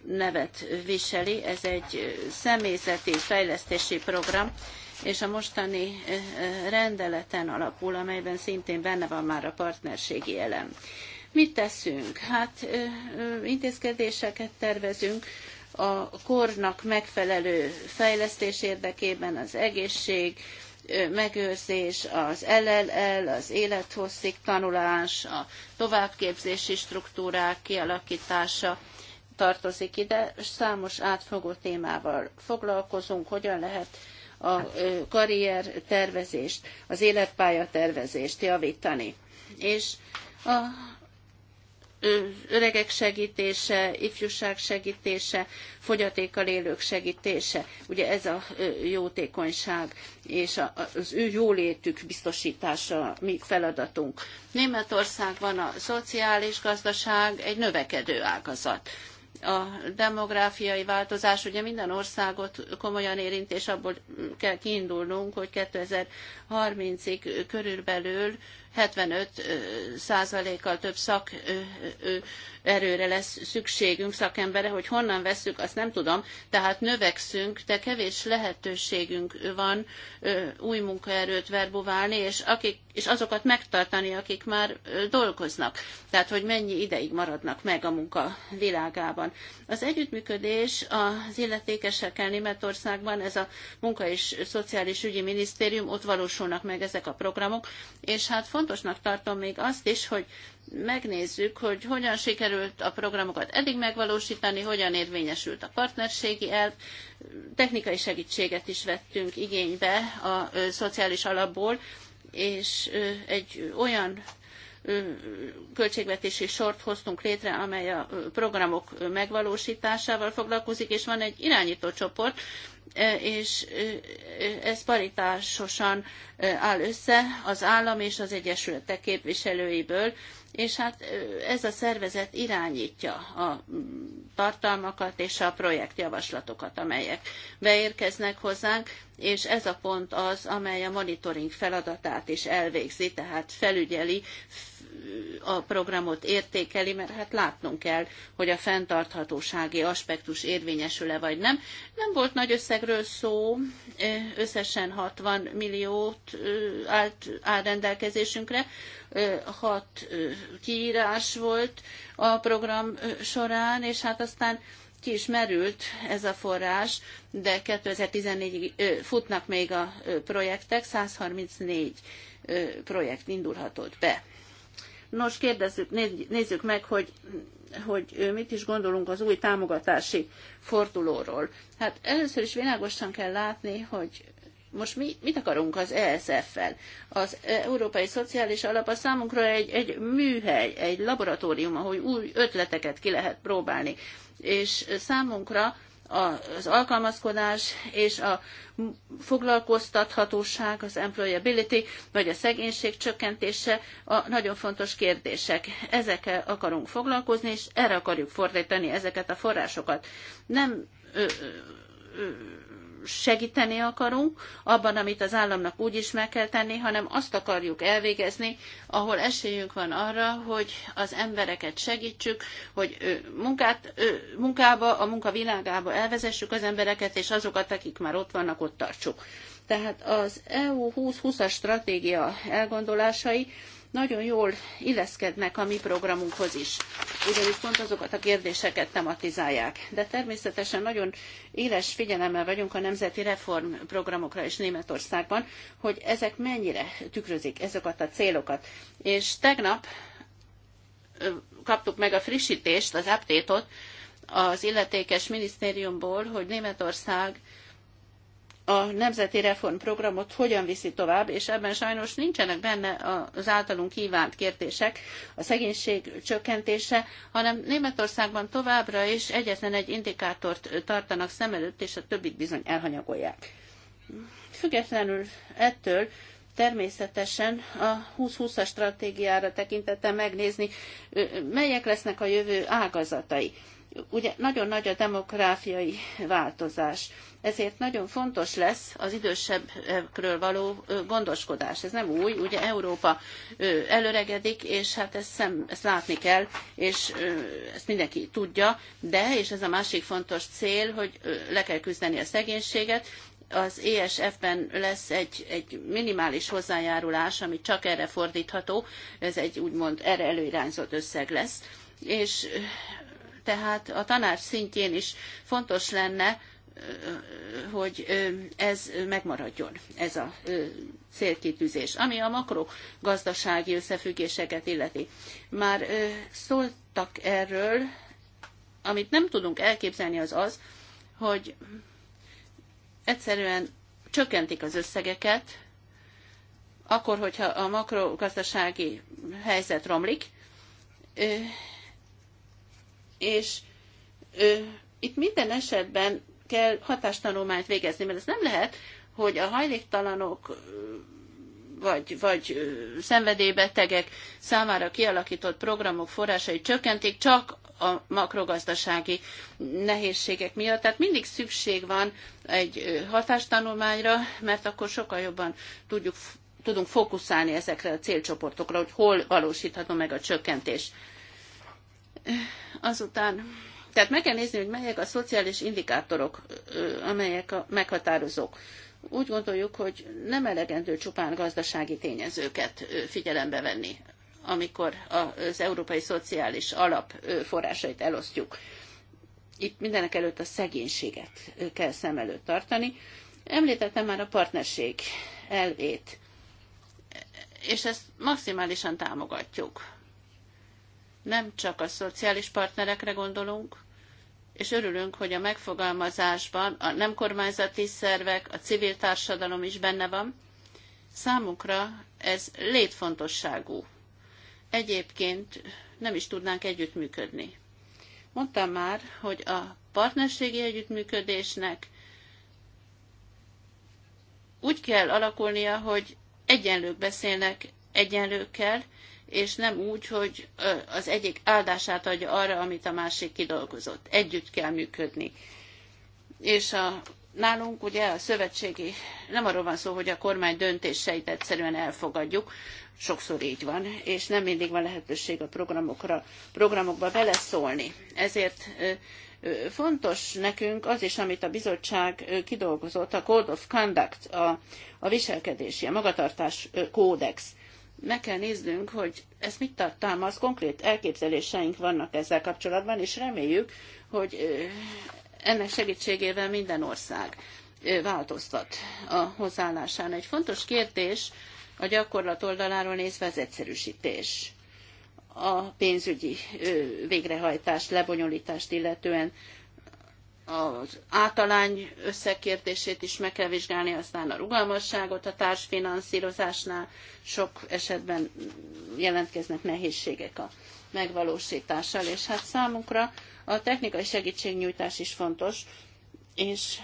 nevet viseli, ez egy személyzeti fejlesztési program, és a mostani eh, eh, rendeleten alapul, amelyben szintén benne van már a partnerségi elem. Mit teszünk? Hát eh, intézkedéseket tervezünk, a kornak megfelelő fejlesztés érdekében az egészség, megőrzés, az LLL, az élethosszig tanulás, a továbbképzési struktúrák kialakítása tartozik ide, számos átfogó témával foglalkozunk, hogyan lehet a karrier tervezést, az életpálya tervezést javítani. És a öregek segítése, ifjúság segítése, fogyatékkal élők segítése. Ugye ez a jótékonyság és az ő jólétük biztosítása a mi feladatunk. Németországban a szociális gazdaság egy növekedő ágazat a demográfiai változás ugye minden országot komolyan érint, és abból kell kiindulnunk, hogy 2030-ig körülbelül 75 kal több szakerőre lesz szükségünk, szakembere, hogy honnan veszük, azt nem tudom, tehát növekszünk, de kevés lehetőségünk van új munkaerőt verbuválni, és, akik, és azokat megtartani, akik már dolgoznak. Tehát, hogy mennyi ideig maradnak meg a munka világában. Az együttműködés az illetékesekkel Németországban, ez a munka és szociális ügyi minisztérium, ott valósulnak meg ezek a programok, és hát fontos fontosnak tartom még azt is, hogy megnézzük, hogy hogyan sikerült a programokat eddig megvalósítani, hogyan érvényesült a partnerségi elv. Technikai segítséget is vettünk igénybe a szociális alapból, és egy olyan költségvetési sort hoztunk létre, amely a programok megvalósításával foglalkozik, és van egy irányító csoport, és ez paritásosan áll össze az állam és az egyesületek képviselőiből, és hát ez a szervezet irányítja a tartalmakat és a projektjavaslatokat, amelyek beérkeznek hozzánk, és ez a pont az, amely a monitoring feladatát is elvégzi, tehát felügyeli, a programot értékeli, mert hát látnunk kell, hogy a fenntarthatósági aspektus érvényesül-e vagy nem. Nem volt nagy összegről szó, összesen 60 milliót állt áll rendelkezésünkre, hat kiírás volt a program során, és hát aztán ki is merült ez a forrás, de 2014-ig futnak még a projektek, 134 projekt indulhatott be. Nos, kérdezzük, nézzük meg, hogy hogy mit is gondolunk az új támogatási fordulóról. Hát először is világosan kell látni, hogy most mi, mit akarunk az ESF-fel? Az Európai Szociális Alap a számunkra egy, egy műhely, egy laboratórium, ahol új ötleteket ki lehet próbálni. És számunkra az alkalmazkodás és a foglalkoztathatóság, az employability, vagy a szegénység csökkentése a nagyon fontos kérdések. Ezekkel akarunk foglalkozni, és erre akarjuk fordítani ezeket a forrásokat. Nem ö, ö, segíteni akarunk abban, amit az államnak úgy is meg kell tenni, hanem azt akarjuk elvégezni, ahol esélyünk van arra, hogy az embereket segítsük, hogy munkát, munkába, a munka világába elvezessük az embereket, és azokat, akik már ott vannak, ott tartsuk. Tehát az EU 2020-as stratégia elgondolásai nagyon jól illeszkednek a mi programunkhoz is, ugyanis pont azokat a kérdéseket tematizálják. De természetesen nagyon éles figyelemmel vagyunk a nemzeti reformprogramokra is Németországban, hogy ezek mennyire tükrözik ezeket a célokat. És tegnap kaptuk meg a frissítést, az update az illetékes minisztériumból, hogy Németország a nemzeti reformprogramot hogyan viszi tovább, és ebben sajnos nincsenek benne az általunk kívánt kértések, a szegénység csökkentése, hanem Németországban továbbra is egyetlen egy indikátort tartanak szem előtt, és a többit bizony elhanyagolják. Függetlenül ettől természetesen a 2020-as stratégiára tekintettel megnézni, melyek lesznek a jövő ágazatai Ugye nagyon nagy a demográfiai változás, ezért nagyon fontos lesz az idősebbekről való gondoskodás. Ez nem új, ugye Európa előregedik, és hát ezt, szem, ezt látni kell, és ezt mindenki tudja, de, és ez a másik fontos cél, hogy le kell küzdeni a szegénységet, az ESF-ben lesz egy, egy minimális hozzájárulás, ami csak erre fordítható, ez egy úgymond erre előirányzott összeg lesz, és tehát a tanács szintjén is fontos lenne, hogy ez megmaradjon, ez a célkitűzés. Ami a makrogazdasági összefüggéseket illeti. Már szóltak erről, amit nem tudunk elképzelni az az, hogy egyszerűen csökkentik az összegeket, akkor, hogyha a makrogazdasági helyzet romlik, és ö, itt minden esetben kell hatástanulmányt végezni, mert ez nem lehet, hogy a hajléktalanok vagy, vagy szenvedélybetegek számára kialakított programok forrásai csökkentik csak a makrogazdasági nehézségek miatt. Tehát mindig szükség van egy hatástanulmányra, mert akkor sokkal jobban tudjuk, tudunk fókuszálni ezekre a célcsoportokra, hogy hol valósítható meg a csökkentés. Azután, tehát meg kell nézni, hogy melyek a szociális indikátorok, amelyek a meghatározók. Úgy gondoljuk, hogy nem elegendő csupán gazdasági tényezőket figyelembe venni, amikor az európai szociális alap forrásait elosztjuk. Itt mindenek előtt a szegénységet kell szem előtt tartani. Említettem már a partnerség elvét, és ezt maximálisan támogatjuk nem csak a szociális partnerekre gondolunk, és örülünk, hogy a megfogalmazásban a nem kormányzati szervek, a civil társadalom is benne van. Számunkra ez létfontosságú. Egyébként nem is tudnánk együttműködni. Mondtam már, hogy a partnerségi együttműködésnek úgy kell alakulnia, hogy egyenlők beszélnek egyenlőkkel, és nem úgy, hogy az egyik áldását adja arra, amit a másik kidolgozott. Együtt kell működni. És a, nálunk ugye a szövetségi, nem arról van szó, hogy a kormány döntéseit egyszerűen elfogadjuk, sokszor így van, és nem mindig van lehetőség a programokra, programokba beleszólni. Ezért fontos nekünk az is, amit a bizottság kidolgozott, a Code of Conduct, a, a viselkedési, a magatartás kódex meg kell néznünk, hogy ez mit tartalmaz, konkrét elképzeléseink vannak ezzel kapcsolatban, és reméljük, hogy ennek segítségével minden ország változtat a hozzáállásán. Egy fontos kérdés a gyakorlat oldaláról nézve az egyszerűsítés a pénzügyi végrehajtást, lebonyolítást illetően az általány összekértését is meg kell vizsgálni, aztán a rugalmasságot a társfinanszírozásnál sok esetben jelentkeznek nehézségek a megvalósítással, és hát számunkra a technikai segítségnyújtás is fontos, és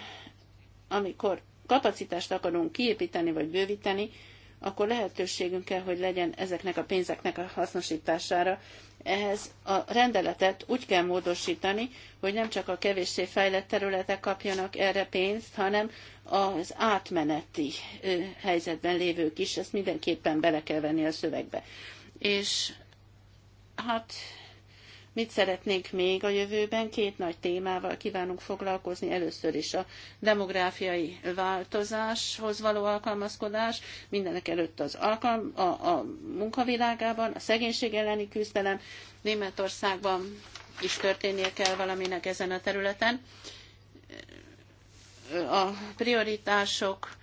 amikor kapacitást akarunk kiépíteni vagy bővíteni, akkor lehetőségünk kell, hogy legyen ezeknek a pénzeknek a hasznosítására, ehhez a rendeletet úgy kell módosítani, hogy nem csak a kevéssé fejlett területek kapjanak erre pénzt, hanem az átmeneti helyzetben lévők is, ezt mindenképpen bele kell venni a szövegbe. És hát Mit szeretnénk még a jövőben? Két nagy témával kívánunk foglalkozni. Először is a demográfiai változáshoz való alkalmazkodás, mindenek előtt az alkalm, a, a munkavilágában, a szegénység elleni küzdelem, Németországban is történnie kell valaminek ezen a területen. A prioritások,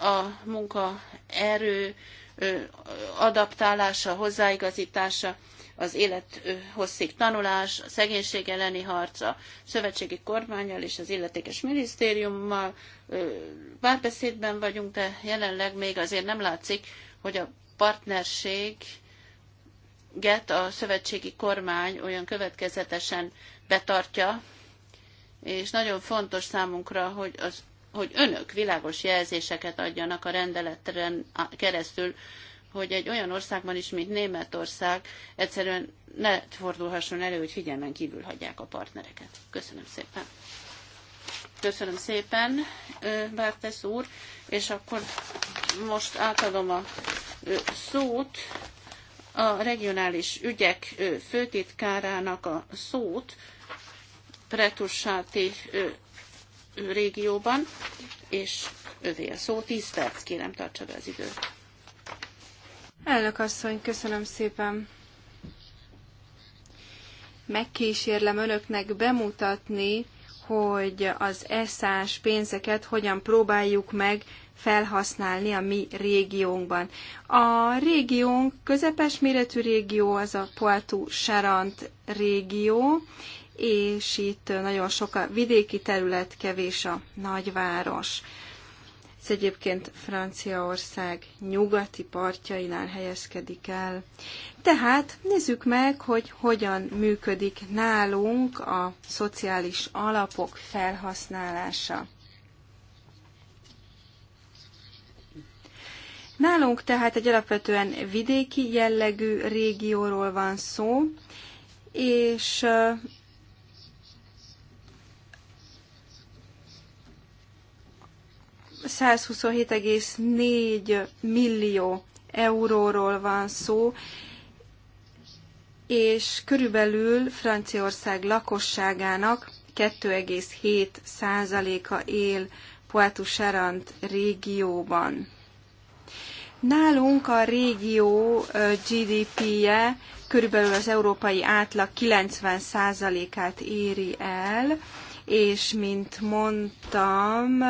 a munkaerő adaptálása, hozzáigazítása az élet tanulás, a szegénység elleni harc, a szövetségi kormányjal és az illetékes minisztériummal párbeszédben vagyunk, de jelenleg még azért nem látszik, hogy a partnerség get a szövetségi kormány olyan következetesen betartja, és nagyon fontos számunkra, hogy, az, hogy önök világos jelzéseket adjanak a rendeleten keresztül hogy egy olyan országban is, mint Németország, egyszerűen ne fordulhasson elő, hogy figyelmen kívül hagyják a partnereket. Köszönöm szépen. Köszönöm szépen, Bártesz úr, és akkor most átadom a szót a regionális ügyek főtitkárának a szót Pretussáti régióban, és övé a szó. 10 perc, kérem, tartsa be az időt. Elnök asszony, köszönöm szépen. Megkísérlem önöknek bemutatni, hogy az eszás pénzeket hogyan próbáljuk meg felhasználni a mi régiónkban. A régiónk közepes méretű régió, az a Poitou Charant régió, és itt nagyon sok a vidéki terület, kevés a nagyváros. Ez egyébként Franciaország nyugati partjainál helyezkedik el. Tehát nézzük meg, hogy hogyan működik nálunk a szociális alapok felhasználása. Nálunk tehát egy alapvetően vidéki jellegű régióról van szó, és 127,4 millió euróról van szó, és körülbelül Franciaország lakosságának 2,7 százaléka él Poitou Charant régióban. Nálunk a régió GDP-je körülbelül az európai átlag 90 százalékát éri el, és mint mondtam,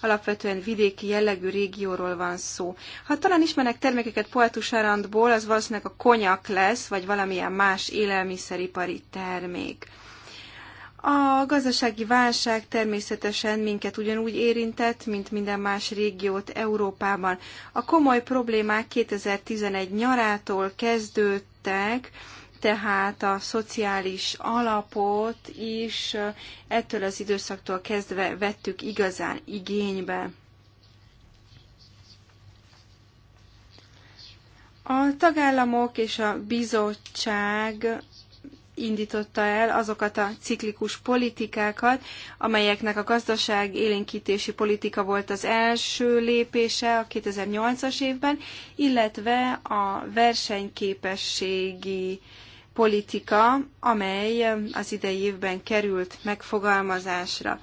alapvetően vidéki jellegű régióról van szó. Ha talán ismernek termékeket Arandból, az valószínűleg a konyak lesz, vagy valamilyen más élelmiszeripari termék. A gazdasági válság természetesen minket ugyanúgy érintett, mint minden más régiót Európában. A komoly problémák 2011 nyarától kezdődtek, tehát a szociális alapot is eh, ettől az időszaktól kezdve vettük igazán igénybe. A tagállamok és a bizottság indította el azokat a ciklikus politikákat, amelyeknek a gazdaság élénkítési politika volt az első lépése a 2008-as évben, illetve a versenyképességi politika, amely az idei évben került megfogalmazásra.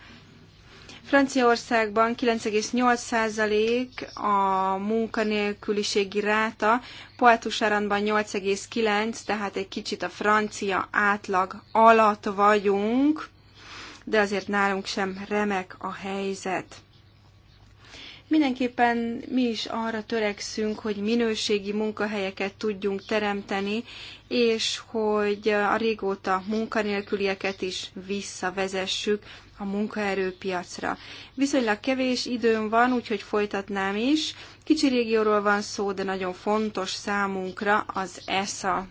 Franciaországban 9,8% a munkanélküliségi ráta, poitou 8,9%, tehát egy kicsit a francia átlag alatt vagyunk, de azért nálunk sem remek a helyzet. Mindenképpen mi is arra törekszünk, hogy minőségi munkahelyeket tudjunk teremteni, és hogy a régóta munkanélkülieket is visszavezessük a munkaerőpiacra. Viszonylag kevés időm van, úgyhogy folytatnám is. Kicsi régióról van szó, de nagyon fontos számunkra az ESA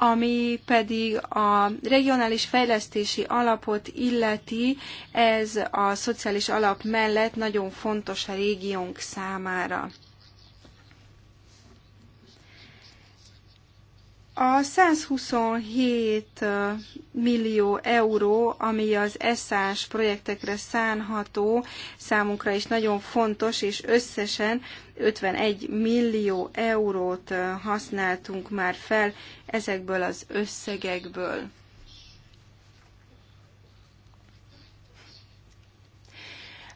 ami pedig a regionális fejlesztési alapot illeti, ez a szociális alap mellett nagyon fontos a régiónk számára. A 127 millió euró, ami az eszás projektekre szánható, számunkra is nagyon fontos, és összesen 51 millió eurót használtunk már fel ezekből az összegekből.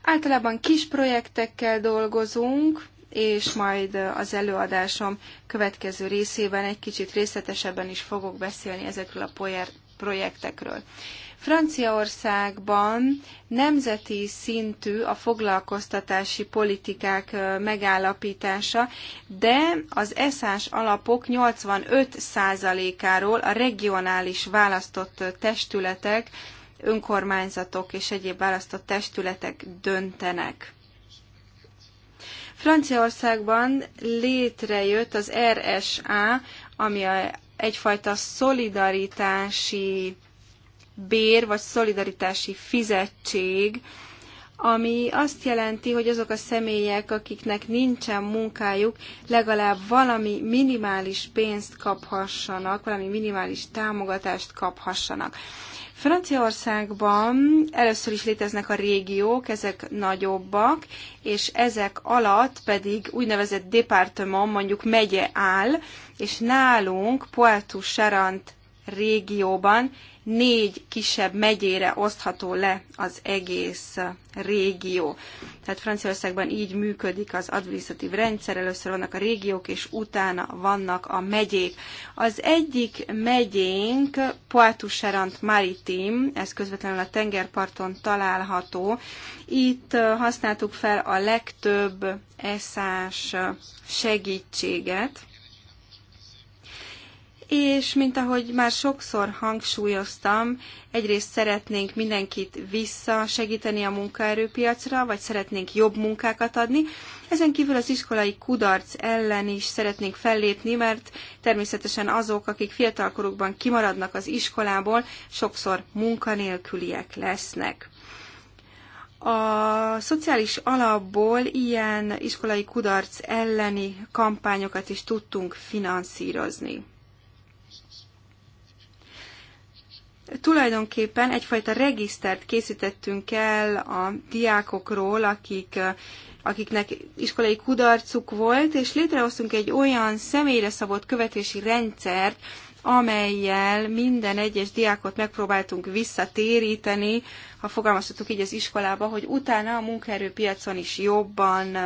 Általában kis projektekkel dolgozunk, és majd az előadásom következő részében egy kicsit részletesebben is fogok beszélni ezekről a projektekről. Franciaországban nemzeti szintű a foglalkoztatási politikák megállapítása, de az eszás alapok 85%-áról a regionális választott testületek, önkormányzatok és egyéb választott testületek döntenek. Franciaországban létrejött az RSA, ami egyfajta szolidaritási bér vagy szolidaritási fizetség, ami azt jelenti, hogy azok a személyek, akiknek nincsen munkájuk, legalább valami minimális pénzt kaphassanak, valami minimális támogatást kaphassanak. Franciaországban először is léteznek a régiók, ezek nagyobbak, és ezek alatt pedig úgynevezett département, mondjuk megye áll, és nálunk Poitou charente régióban négy kisebb megyére osztható le az egész régió. Tehát Franciaországban így működik az adminisztratív rendszer, először vannak a régiók, és utána vannak a megyék. Az egyik megyénk Poitou Charente Maritime, ez közvetlenül a tengerparton található. Itt használtuk fel a legtöbb eszás segítséget, és mint ahogy már sokszor hangsúlyoztam, egyrészt szeretnénk mindenkit vissza segíteni a munkaerőpiacra, vagy szeretnénk jobb munkákat adni. Ezen kívül az iskolai kudarc ellen is szeretnénk fellépni, mert természetesen azok, akik fiatalkorukban kimaradnak az iskolából, sokszor munkanélküliek lesznek. A szociális alapból ilyen iskolai kudarc elleni kampányokat is tudtunk finanszírozni. tulajdonképpen egyfajta regisztert készítettünk el a diákokról, akik akiknek iskolai kudarcuk volt, és létrehoztunk egy olyan személyre szabott követési rendszert, amelyel minden egyes diákot megpróbáltunk visszatéríteni, ha fogalmazhatunk így az iskolába, hogy utána a munkaerőpiacon is jobban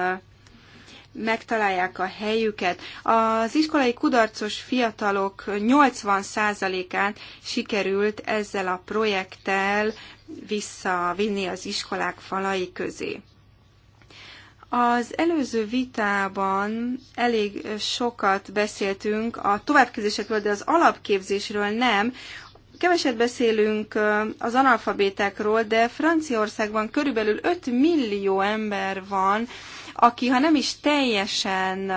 megtalálják a helyüket. Az iskolai kudarcos fiatalok 80%-át sikerült ezzel a projekttel visszavinni az iskolák falai közé. Az előző vitában elég sokat beszéltünk a továbbképzésekről, de az alapképzésről nem. Keveset beszélünk az analfabétákról, de Franciaországban körülbelül 5 millió ember van, aki ha nem is teljesen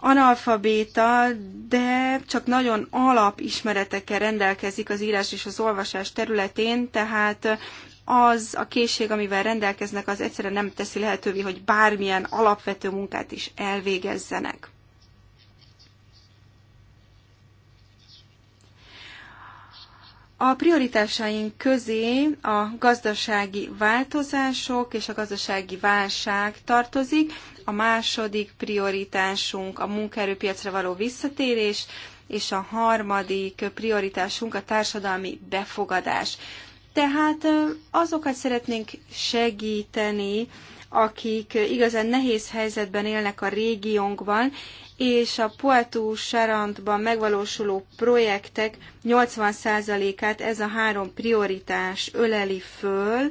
analfabéta, de csak nagyon alap ismeretekkel rendelkezik az írás és az olvasás területén, tehát az a készség, amivel rendelkeznek, az egyszerűen nem teszi lehetővé, hogy bármilyen alapvető munkát is elvégezzenek. A prioritásaink közé a gazdasági változások és a gazdasági válság tartozik, a második prioritásunk a munkaerőpiacra való visszatérés, és a harmadik prioritásunk a társadalmi befogadás. Tehát azokat szeretnénk segíteni, akik igazán nehéz helyzetben élnek a régiónkban, és a Poitou Charantban megvalósuló projektek 80%-át ez a három prioritás öleli föl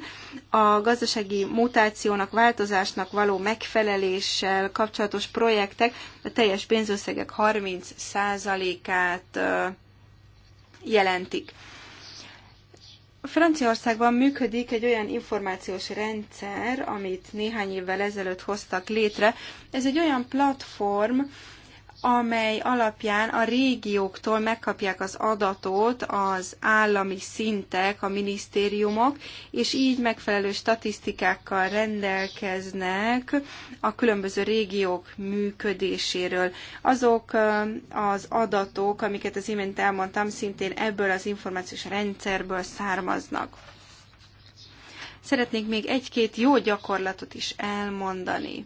a gazdasági mutációnak, változásnak való megfeleléssel kapcsolatos projektek a teljes pénzösszegek 30%-át jelentik. Franciaországban működik egy olyan információs rendszer, amit néhány évvel ezelőtt hoztak létre. Ez egy olyan platform, amely alapján a régióktól megkapják az adatot az állami szintek, a minisztériumok, és így megfelelő statisztikákkal rendelkeznek a különböző régiók működéséről. Azok az adatok, amiket az imént elmondtam, szintén ebből az információs rendszerből származnak. Szeretnék még egy-két jó gyakorlatot is elmondani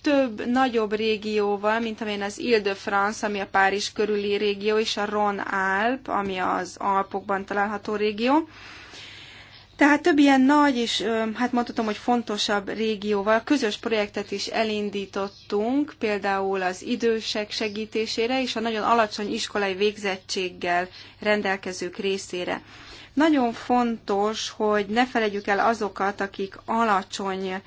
több nagyobb régióval, mint amilyen az Ile-de-France, ami a Párizs körüli régió, és a Rhône-Alp, ami az Alpokban található régió. Tehát több ilyen nagy és hát mondhatom, hogy fontosabb régióval közös projektet is elindítottunk, például az idősek segítésére és a nagyon alacsony iskolai végzettséggel rendelkezők részére. Nagyon fontos, hogy ne felejtjük el azokat, akik alacsony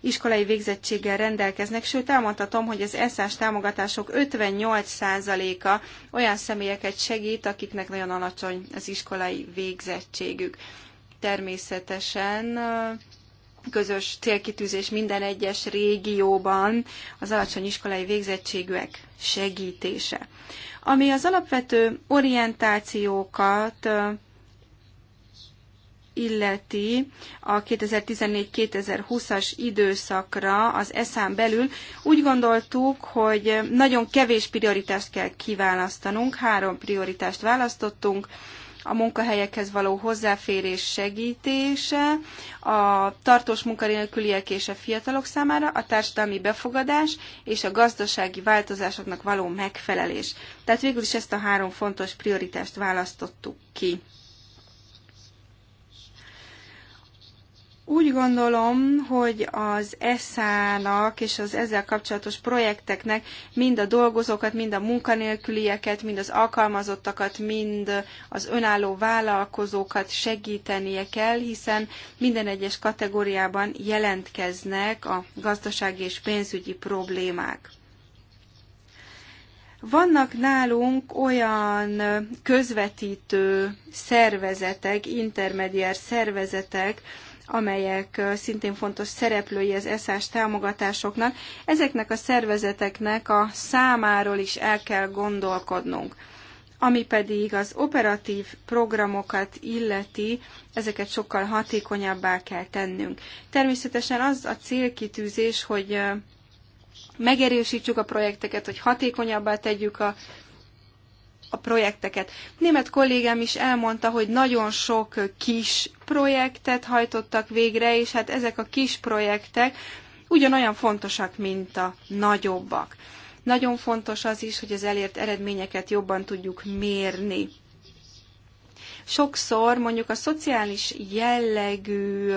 iskolai végzettséggel rendelkeznek, sőt elmondhatom, hogy az ESZÁS támogatások 58%-a olyan személyeket segít, akiknek nagyon alacsony az iskolai végzettségük. Természetesen közös célkitűzés minden egyes régióban az alacsony iskolai végzettségűek segítése. Ami az alapvető orientációkat illeti a 2014-2020-as időszakra az eszán belül, úgy gondoltuk, hogy nagyon kevés prioritást kell kiválasztanunk, három prioritást választottunk, a munkahelyekhez való hozzáférés segítése, a tartós munkanélküliek és a fiatalok számára, a társadalmi befogadás és a gazdasági változásoknak való megfelelés. Tehát végül is ezt a három fontos prioritást választottuk ki. Úgy gondolom, hogy az ESZÁ-nak és az ezzel kapcsolatos projekteknek mind a dolgozókat, mind a munkanélkülieket, mind az alkalmazottakat, mind az önálló vállalkozókat segítenie kell, hiszen minden egyes kategóriában jelentkeznek a gazdasági és pénzügyi problémák. Vannak nálunk olyan közvetítő szervezetek, intermediár szervezetek, amelyek szintén fontos szereplői az SZ-s támogatásoknak, ezeknek a szervezeteknek a számáról is el kell gondolkodnunk. Ami pedig az operatív programokat illeti, ezeket sokkal hatékonyabbá kell tennünk. Természetesen az a célkitűzés, hogy megerősítsük a projekteket, hogy hatékonyabbá tegyük a a projekteket. Német kollégám is elmondta, hogy nagyon sok kis projektet hajtottak végre, és hát ezek a kis projektek ugyanolyan fontosak, mint a nagyobbak. Nagyon fontos az is, hogy az elért eredményeket jobban tudjuk mérni sokszor mondjuk a szociális jellegű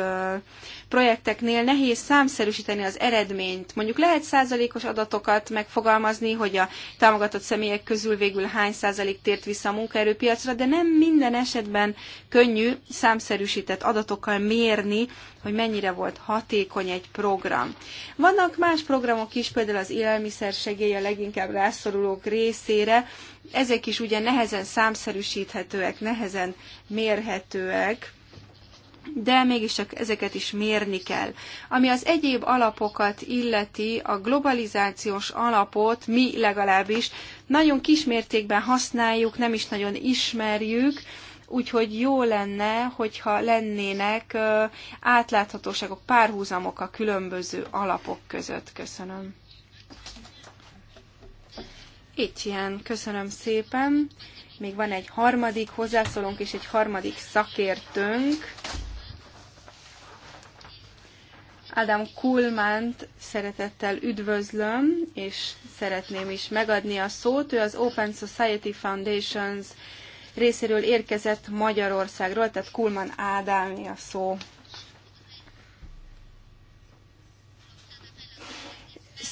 projekteknél nehéz számszerűsíteni az eredményt. Mondjuk lehet százalékos adatokat megfogalmazni, hogy a támogatott személyek közül végül hány százalék tért vissza a munkaerőpiacra, de nem minden esetben könnyű számszerűsített adatokkal mérni, hogy mennyire volt hatékony egy program. Vannak más programok is, például az élelmiszer segély a leginkább rászorulók részére, ezek is ugye nehezen számszerűsíthetőek, nehezen mérhetőek, de mégiscsak ezeket is mérni kell. Ami az egyéb alapokat illeti, a globalizációs alapot mi legalábbis nagyon kismértékben használjuk, nem is nagyon ismerjük, úgyhogy jó lenne, hogyha lennének átláthatóságok, párhuzamok a különböző alapok között. Köszönöm ilyen köszönöm szépen. Még van egy harmadik hozzászólónk és egy harmadik szakértőnk. Ádám Kulmánt szeretettel üdvözlöm, és szeretném is megadni a szót. Ő az Open Society Foundations részéről érkezett Magyarországról, tehát Kulman Ádámé a szó.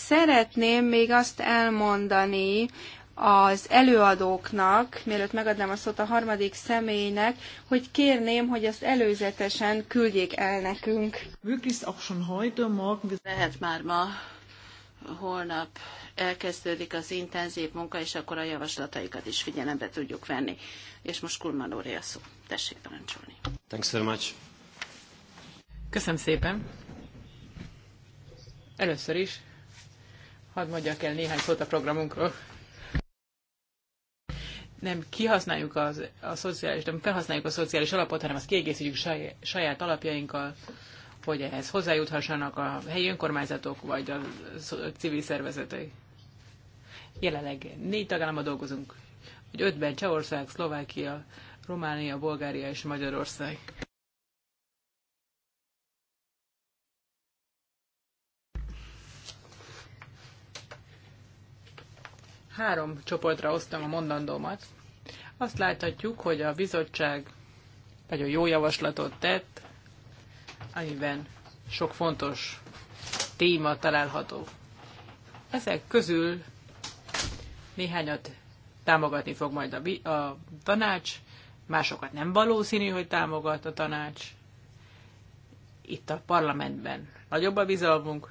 Szeretném még azt elmondani, az előadóknak, mielőtt megadnám a szót a harmadik személynek, hogy kérném, hogy ezt előzetesen küldjék el nekünk. Lehet már ma, holnap elkezdődik az intenzív munka, és akkor a javaslataikat is figyelembe tudjuk venni. És most Kulman úr a szó. Tessék parancsolni. Thanks very much. Köszönöm szépen. Először is Hadd mondjak el néhány szót a programunkról. Nem kihasználjuk az, a szociális, nem felhasználjuk a szociális alapot, hanem azt kiegészítjük saj, saját alapjainkkal, hogy ehhez hozzájuthassanak a helyi önkormányzatok vagy a civil szervezetek. Jelenleg négy tagállamban dolgozunk, hogy ötben Csehország, Szlovákia, Románia, Bulgária és Magyarország. Három csoportra osztom a mondandómat. Azt láthatjuk, hogy a bizottság nagyon jó javaslatot tett, amiben sok fontos téma található. Ezek közül néhányat támogatni fog majd a, a tanács, másokat nem valószínű, hogy támogat a tanács. Itt a parlamentben nagyobb a bizalmunk,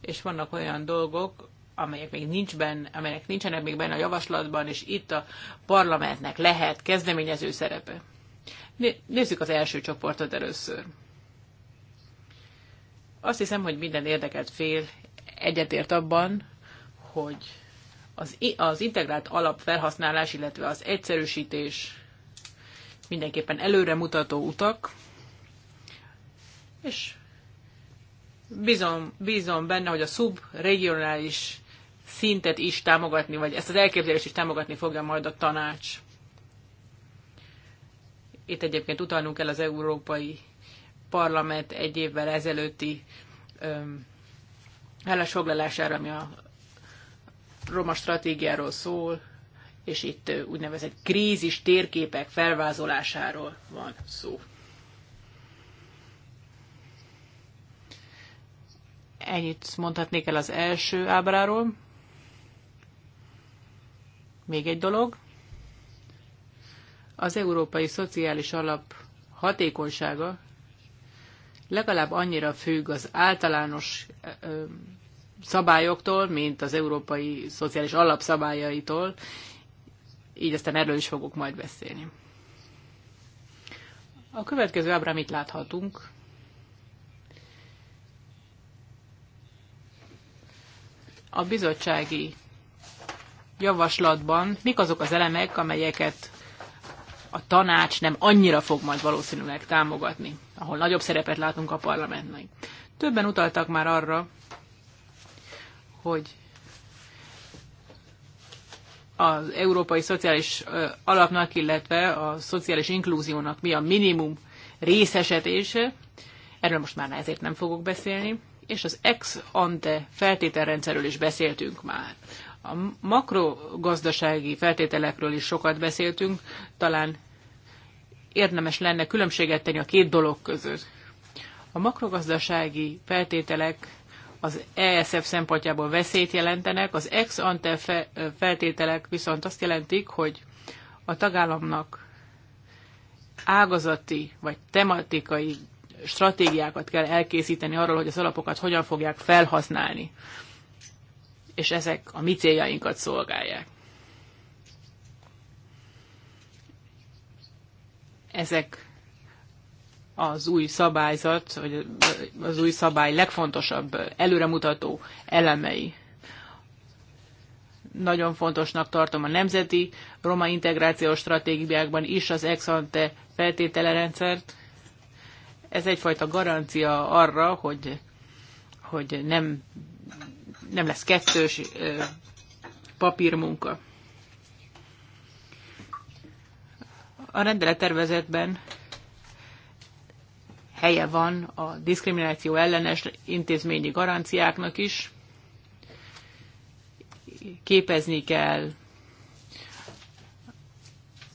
és vannak olyan dolgok, amelyek még nincs benne, amelyek nincsenek még benne a javaslatban, és itt a parlamentnek lehet kezdeményező szerepe. Nézzük az első csoportot először. Azt hiszem, hogy minden érdekelt fél egyetért abban, hogy az, az integrált alap felhasználás illetve az egyszerűsítés mindenképpen előremutató utak, és bízom, bízom benne, hogy a szubregionális szintet is támogatni, vagy ezt az elképzelést is támogatni fogja majd a tanács. Itt egyébként utalnunk kell az Európai Parlament egy évvel ezelőtti állásfoglalására, ami a roma stratégiáról szól, és itt úgynevezett krízis térképek felvázolásáról van szó. Ennyit mondhatnék el az első ábráról. Még egy dolog, az Európai Szociális Alap hatékonysága legalább annyira függ az általános szabályoktól, mint az Európai Szociális Alap így aztán erről is fogok majd beszélni. A következő ábrán mit láthatunk? A bizottsági javaslatban mik azok az elemek, amelyeket a tanács nem annyira fog majd valószínűleg támogatni, ahol nagyobb szerepet látunk a parlamentnek. Többen utaltak már arra, hogy az európai szociális alapnak, illetve a szociális inklúziónak mi a minimum részesedése, erről most már ezért nem fogok beszélni, és az ex ante feltételrendszerről is beszéltünk már. A makrogazdasági feltételekről is sokat beszéltünk, talán érdemes lenne különbséget tenni a két dolog között. A makrogazdasági feltételek az ESF szempontjából veszélyt jelentenek, az ex ante feltételek viszont azt jelentik, hogy a tagállamnak ágazati vagy tematikai stratégiákat kell elkészíteni arról, hogy az alapokat hogyan fogják felhasználni és ezek a mi céljainkat szolgálják. Ezek az új szabályzat, vagy az új szabály legfontosabb előremutató elemei. Nagyon fontosnak tartom a nemzeti roma integrációs stratégiákban is az ex ante feltételerendszert. Ez egyfajta garancia arra, hogy, hogy nem nem lesz kettős papírmunka. A rendelettervezetben helye van a diszkrimináció ellenes intézményi garanciáknak is. Képezni kell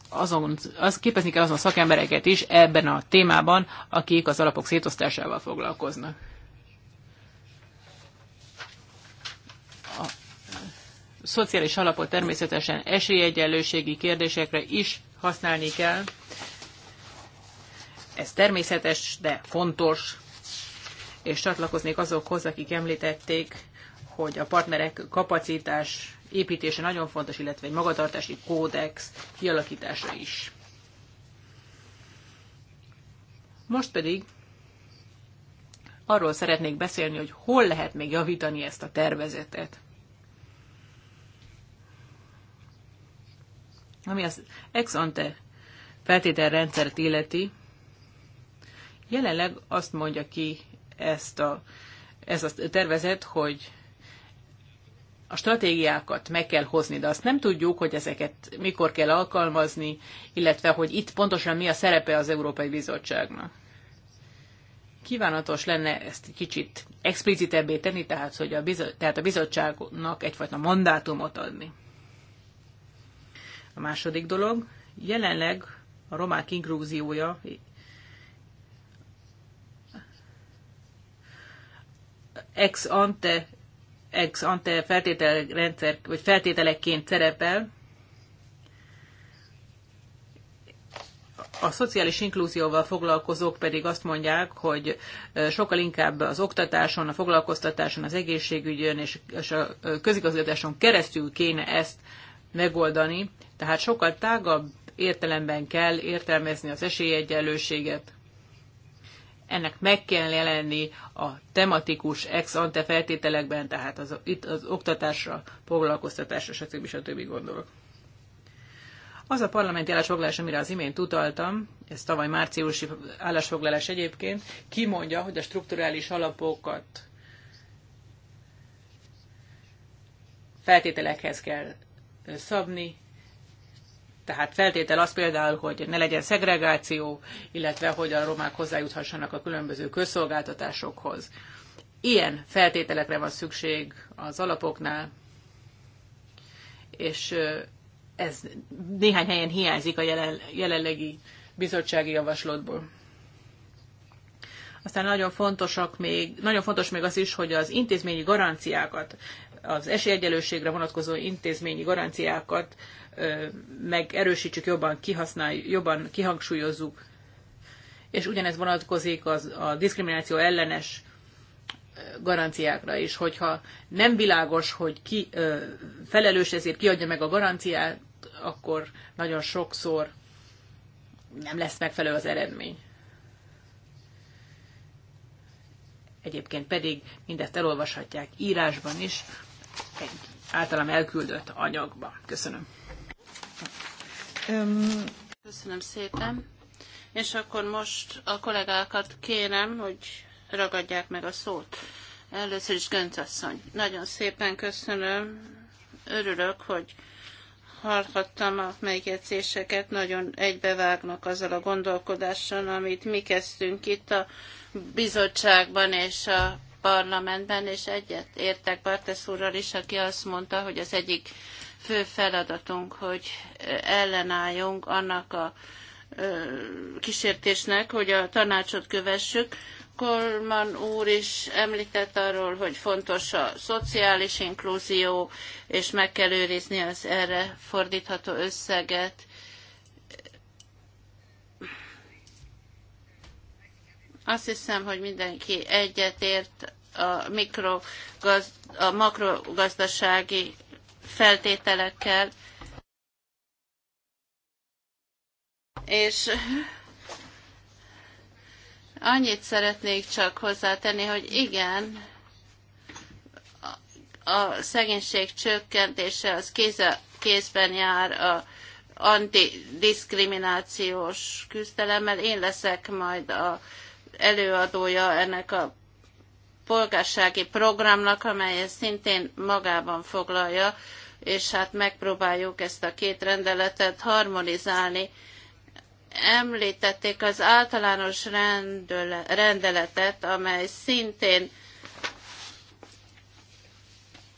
azon, az, képezni kell azon szakembereket is ebben a témában, akik az alapok szétosztásával foglalkoznak. szociális alapot természetesen esélyegyenlőségi kérdésekre is használni kell. Ez természetes, de fontos, és csatlakoznék azokhoz, akik említették, hogy a partnerek kapacitás építése nagyon fontos, illetve egy magatartási kódex kialakítása is. Most pedig arról szeretnék beszélni, hogy hol lehet még javítani ezt a tervezetet. Ami az ex ante feltételrendszert illeti, jelenleg azt mondja ki ezt a, ez a tervezet, hogy a stratégiákat meg kell hozni, de azt nem tudjuk, hogy ezeket mikor kell alkalmazni, illetve hogy itt pontosan mi a szerepe az Európai Bizottságnak. Kívánatos lenne ezt kicsit explicitebbé tenni, tehát, hogy a bizo- tehát a bizottságnak egyfajta mandátumot adni. A második dolog, jelenleg a romák inkluziója ex ante, ex ante feltételrendszer, vagy feltételekként szerepel, a szociális inklúzióval foglalkozók pedig azt mondják, hogy sokkal inkább az oktatáson, a foglalkoztatáson, az egészségügyön és a közigazgatáson keresztül kéne ezt megoldani, tehát sokkal tágabb értelemben kell értelmezni az esélyegyenlőséget. Ennek meg kell jelenni a tematikus ex ante feltételekben, tehát az, itt az oktatásra, foglalkoztatásra, stb. stb. gondolok. Az a parlamenti állásfoglalás, amire az imént utaltam, ez tavaly márciusi állásfoglalás egyébként, kimondja, hogy a strukturális alapokat feltételekhez kell szabni. Tehát feltétel az például, hogy ne legyen szegregáció, illetve hogy a romák hozzájuthassanak a különböző közszolgáltatásokhoz. Ilyen feltételekre van szükség az alapoknál, és ez néhány helyen hiányzik a jelen, jelenlegi bizottsági javaslatból. Aztán nagyon, fontosak még, nagyon fontos még az is, hogy az intézményi garanciákat az esélyegyelőségre vonatkozó intézményi garanciákat megerősítsük jobban, kihasználjuk, jobban kihangsúlyozzuk, és ugyanez vonatkozik az, a diszkrimináció ellenes garanciákra is, hogyha nem világos, hogy ki ö, felelős ezért, kiadja meg a garanciát, akkor nagyon sokszor nem lesz megfelelő az eredmény. Egyébként pedig mindezt elolvashatják írásban is egy általam elküldött anyagba. Köszönöm. Köszönöm szépen. És akkor most a kollégákat kérem, hogy ragadják meg a szót. Először is Gönc asszony. Nagyon szépen köszönöm. Örülök, hogy hallhattam a megjegyzéseket, nagyon egybevágnak azzal a gondolkodással, amit mi kezdtünk itt a bizottságban és a parlamentben, és egyet értek Bartesz úrral is, aki azt mondta, hogy az egyik fő feladatunk, hogy ellenálljunk annak a kísértésnek, hogy a tanácsot kövessük. Kolman úr is említett arról, hogy fontos a szociális inkluzió, és meg kell őrizni az erre fordítható összeget Azt hiszem, hogy mindenki egyetért a, mikrogaz, a makrogazdasági feltételekkel, és annyit szeretnék csak hozzátenni, hogy igen, a szegénység csökkentése az kéze, kézben jár a antidiskriminációs küzdelemmel. Én leszek majd a előadója ennek a polgársági programnak, amely szintén magában foglalja, és hát megpróbáljuk ezt a két rendeletet harmonizálni. Említették az általános rendeletet, amely szintén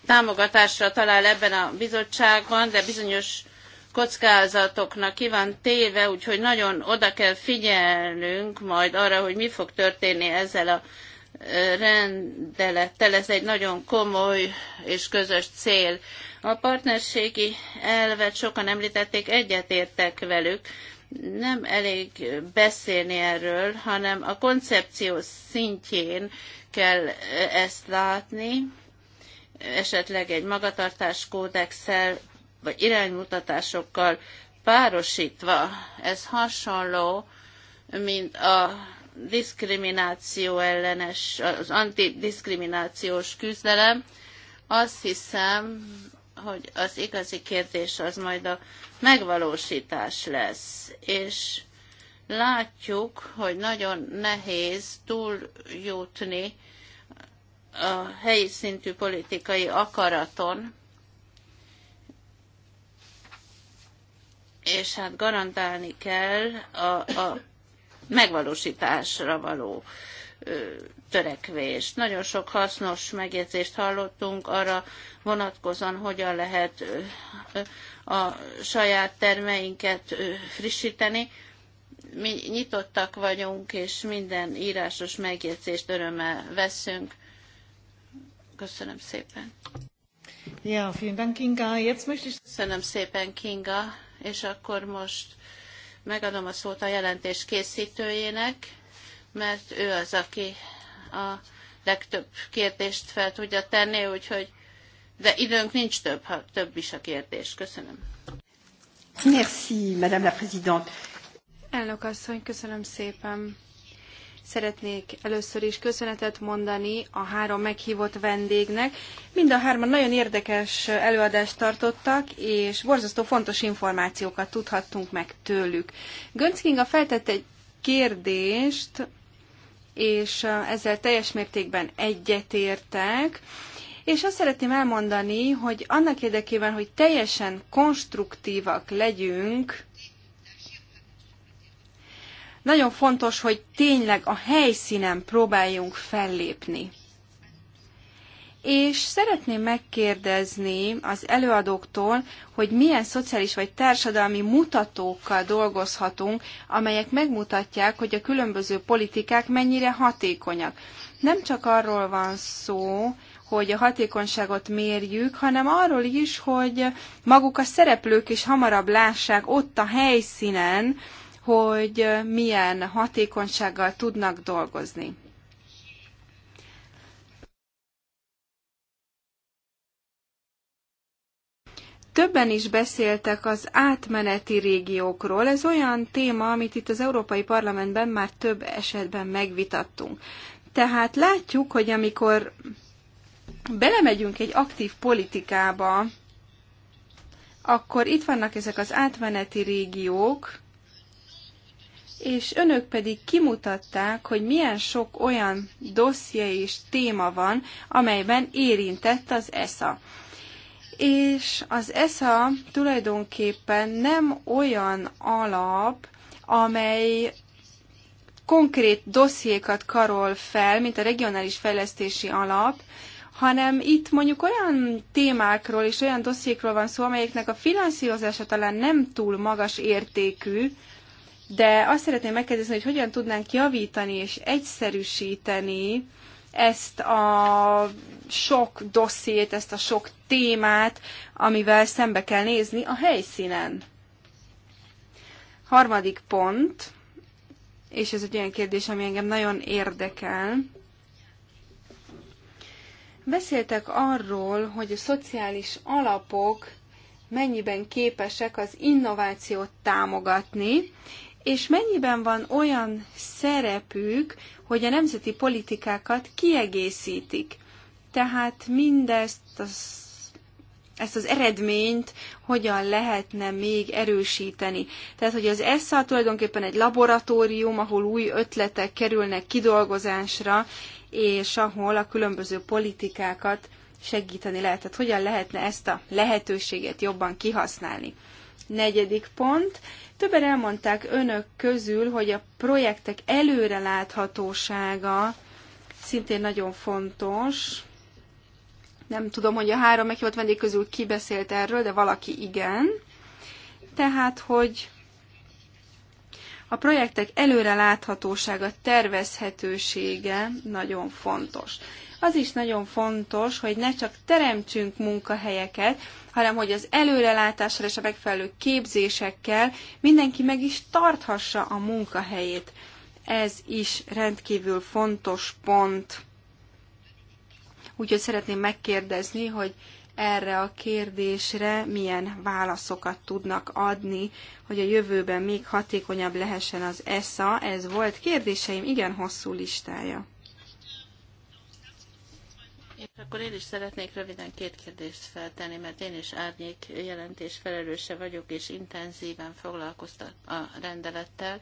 támogatásra talál ebben a bizottságban, de bizonyos kockázatoknak ki van téve, úgyhogy nagyon oda kell figyelnünk majd arra, hogy mi fog történni ezzel a rendelettel. Ez egy nagyon komoly és közös cél. A partnerségi elvet sokan említették, egyetértek velük. Nem elég beszélni erről, hanem a koncepció szintjén kell ezt látni, esetleg egy magatartás kódexsel vagy iránymutatásokkal párosítva. Ez hasonló, mint a diszkrimináció ellenes, az antidiszkriminációs küzdelem. Azt hiszem, hogy az igazi kérdés az majd a megvalósítás lesz. És látjuk, hogy nagyon nehéz túljutni a helyi szintű politikai akaraton, és hát garantálni kell a, a megvalósításra való törekvés. Nagyon sok hasznos megjegyzést hallottunk arra vonatkozóan, hogyan lehet a saját termeinket frissíteni. Mi nyitottak vagyunk, és minden írásos megjegyzést örömmel veszünk. Köszönöm szépen. Ja, vielen Dank, Kinga. Jetzt möchte ich... Köszönöm szépen, Kinga és akkor most megadom a szót a jelentés készítőjének, mert ő az, aki a legtöbb kérdést fel tudja tenni, úgyhogy de időnk nincs több, ha több is a kérdés. Köszönöm. Merci, Madame la Présidente. Elnök asszony, köszönöm szépen. Szeretnék először is köszönetet mondani a három meghívott vendégnek. Mind a hárman nagyon érdekes előadást tartottak, és borzasztó fontos információkat tudhattunk meg tőlük. Gönc Kinga feltett egy kérdést, és ezzel teljes mértékben egyetértek. És azt szeretném elmondani, hogy annak érdekében, hogy teljesen konstruktívak legyünk, nagyon fontos, hogy tényleg a helyszínen próbáljunk fellépni. És szeretném megkérdezni az előadóktól, hogy milyen szociális vagy társadalmi mutatókkal dolgozhatunk, amelyek megmutatják, hogy a különböző politikák mennyire hatékonyak. Nem csak arról van szó, hogy a hatékonyságot mérjük, hanem arról is, hogy maguk a szereplők is hamarabb lássák ott a helyszínen, hogy milyen hatékonysággal tudnak dolgozni. Többen is beszéltek az átmeneti régiókról. Ez olyan téma, amit itt az Európai Parlamentben már több esetben megvitattunk. Tehát látjuk, hogy amikor belemegyünk egy aktív politikába, akkor itt vannak ezek az átmeneti régiók, és önök pedig kimutatták, hogy milyen sok olyan dosszié és téma van, amelyben érintett az ESA. És az ESA tulajdonképpen nem olyan alap, amely konkrét dossziékat karol fel, mint a regionális fejlesztési alap, hanem itt mondjuk olyan témákról és olyan dossziékról van szó, amelyeknek a finanszírozása talán nem túl magas értékű, de azt szeretném megkérdezni, hogy hogyan tudnánk javítani és egyszerűsíteni ezt a sok dossziét, ezt a sok témát, amivel szembe kell nézni a helyszínen. Harmadik pont, és ez egy olyan kérdés, ami engem nagyon érdekel. Beszéltek arról, hogy a szociális alapok mennyiben képesek az innovációt támogatni, és mennyiben van olyan szerepük, hogy a nemzeti politikákat kiegészítik. Tehát mindezt az ezt az eredményt hogyan lehetne még erősíteni. Tehát, hogy az ESSA tulajdonképpen egy laboratórium, ahol új ötletek kerülnek kidolgozásra, és ahol a különböző politikákat segíteni lehet. Tehát hogyan lehetne ezt a lehetőséget jobban kihasználni. Negyedik pont, Többen elmondták önök közül, hogy a projektek előreláthatósága szintén nagyon fontos. Nem tudom, hogy a három meghívott vendég közül ki beszélt erről, de valaki igen. Tehát, hogy a projektek előreláthatósága, tervezhetősége nagyon fontos az is nagyon fontos, hogy ne csak teremtsünk munkahelyeket, hanem hogy az előrelátással és a megfelelő képzésekkel mindenki meg is tarthassa a munkahelyét. Ez is rendkívül fontos pont. Úgyhogy szeretném megkérdezni, hogy erre a kérdésre milyen válaszokat tudnak adni, hogy a jövőben még hatékonyabb lehessen az ESA. Ez volt kérdéseim igen hosszú listája. És akkor én is szeretnék röviden két kérdést feltenni, mert én is árnyék jelentés felelőse vagyok, és intenzíven foglalkoztat a rendelettel.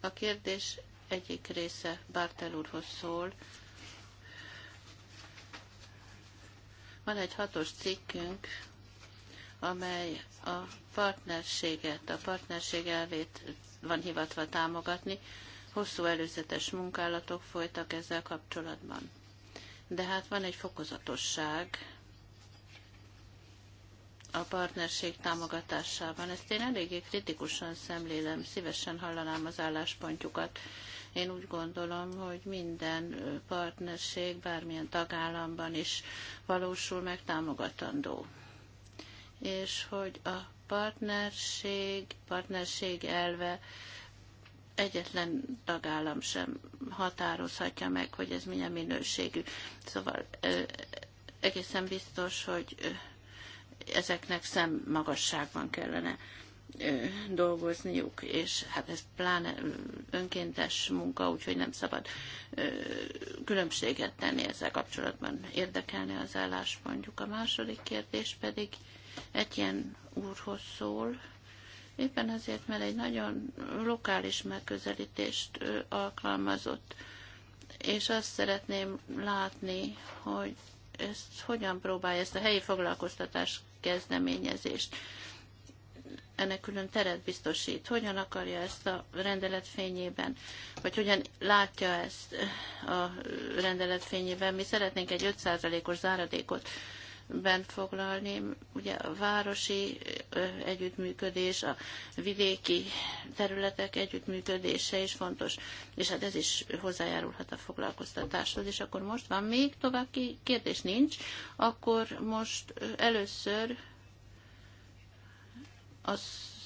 A kérdés egyik része Bartel úrhoz szól. Van egy hatos cikkünk, amely a partnerséget, a partnerség elvét van hivatva támogatni. Hosszú előzetes munkálatok folytak ezzel kapcsolatban de hát van egy fokozatosság a partnerség támogatásában. Ezt én eléggé kritikusan szemlélem, szívesen hallanám az álláspontjukat. Én úgy gondolom, hogy minden partnerség bármilyen tagállamban is valósul meg támogatandó. És hogy a partnerség, partnerség elve egyetlen tagállam sem határozhatja meg, hogy ez milyen minőségű. Szóval egészen biztos, hogy ezeknek szemmagasságban kellene dolgozniuk, és hát ez pláne önkéntes munka, úgyhogy nem szabad különbséget tenni ezzel kapcsolatban. Érdekelni az mondjuk A második kérdés pedig egy ilyen úrhoz szól, Éppen azért, mert egy nagyon lokális megközelítést alkalmazott, és azt szeretném látni, hogy ezt hogyan próbálja ezt a helyi foglalkoztatás kezdeményezést ennek külön teret biztosít, hogyan akarja ezt a rendelet fényében, vagy hogyan látja ezt a rendelet fényében. Mi szeretnénk egy 5%-os záradékot bent foglalni. Ugye a városi együttműködés, a vidéki területek együttműködése is fontos, és hát ez is hozzájárulhat a foglalkoztatáshoz. És akkor most van még további kérdés nincs, akkor most először a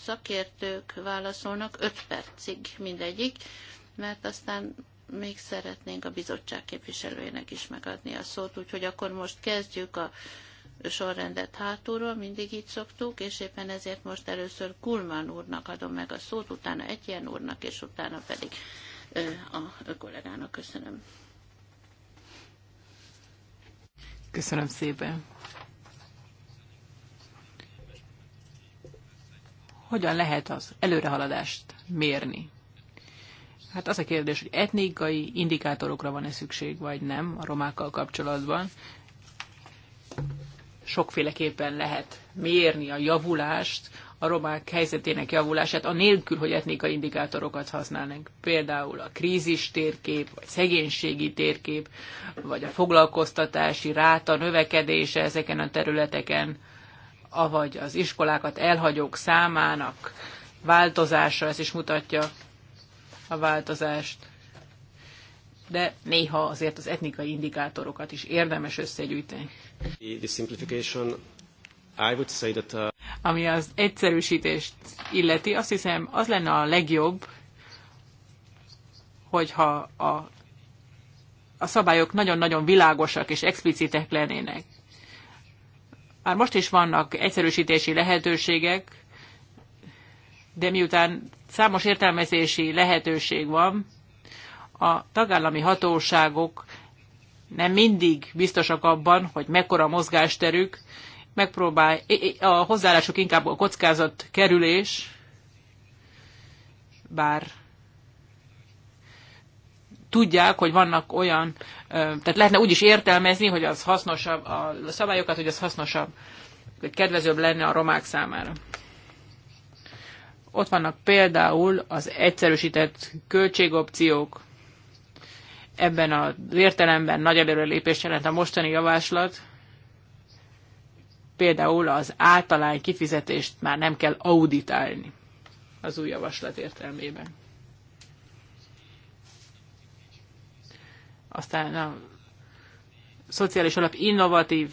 szakértők válaszolnak 5 percig mindegyik, mert aztán még szeretnénk a bizottság képviselőjének is megadni a szót, úgyhogy akkor most kezdjük a sorrendet hátulról, mindig így szoktuk, és éppen ezért most először Kulman úrnak adom meg a szót, utána Etjen úrnak, és utána pedig a kollégának köszönöm. Köszönöm szépen. Hogyan lehet az előrehaladást mérni? Hát az a kérdés, hogy etnikai indikátorokra van-e szükség, vagy nem a romákkal kapcsolatban sokféleképpen lehet mérni a javulást, a romák helyzetének javulását, anélkül, hogy etnikai indikátorokat használnánk. Például a krízis térkép, vagy szegénységi térkép, vagy a foglalkoztatási ráta növekedése ezeken a területeken, avagy az iskolákat elhagyók számának változása, ez is mutatja a változást de néha azért az etnikai indikátorokat is érdemes összegyűjteni. The simplification I would say that, uh... Ami az egyszerűsítést illeti, azt hiszem az lenne a legjobb, hogyha a, a szabályok nagyon-nagyon világosak és explicitek lennének. Már most is vannak egyszerűsítési lehetőségek, de miután számos értelmezési lehetőség van, a tagállami hatóságok nem mindig biztosak abban, hogy mekkora mozgásterük, megpróbál, a hozzáállásuk inkább a kockázat kerülés, bár tudják, hogy vannak olyan, tehát lehetne úgy is értelmezni, hogy az hasznosabb, a szabályokat, hogy az hasznosabb, hogy kedvezőbb lenne a romák számára. Ott vannak például az egyszerűsített költségopciók, Ebben az értelemben nagy előrelépés jelent a mostani javaslat. Például az általány kifizetést már nem kell auditálni az új javaslat értelmében. Aztán a szociális alap innovatív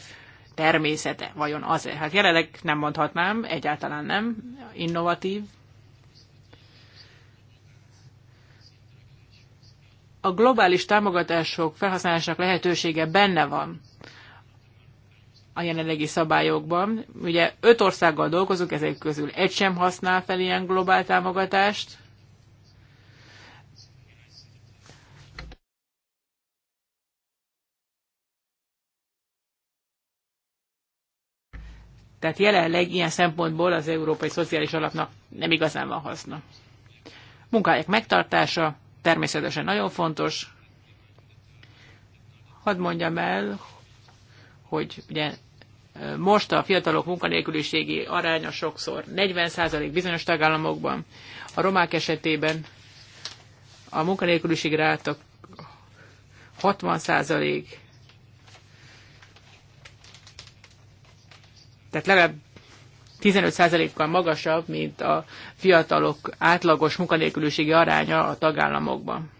természete vajon az-e? Hát jelenleg nem mondhatnám, egyáltalán nem innovatív, a globális támogatások felhasználásának lehetősége benne van a jelenlegi szabályokban. Ugye öt országgal dolgozunk, ezek közül egy sem használ fel ilyen globál támogatást. Tehát jelenleg ilyen szempontból az Európai Szociális Alapnak nem igazán van haszna. Munkáják megtartása, természetesen nagyon fontos. Hadd mondjam el, hogy ugye most a fiatalok munkanélküliségi aránya sokszor 40% bizonyos tagállamokban. A romák esetében a munkanélküliség ráta 60%, tehát legalább 15%-kal magasabb, mint a fiatalok átlagos munkanélküliségi aránya a tagállamokban.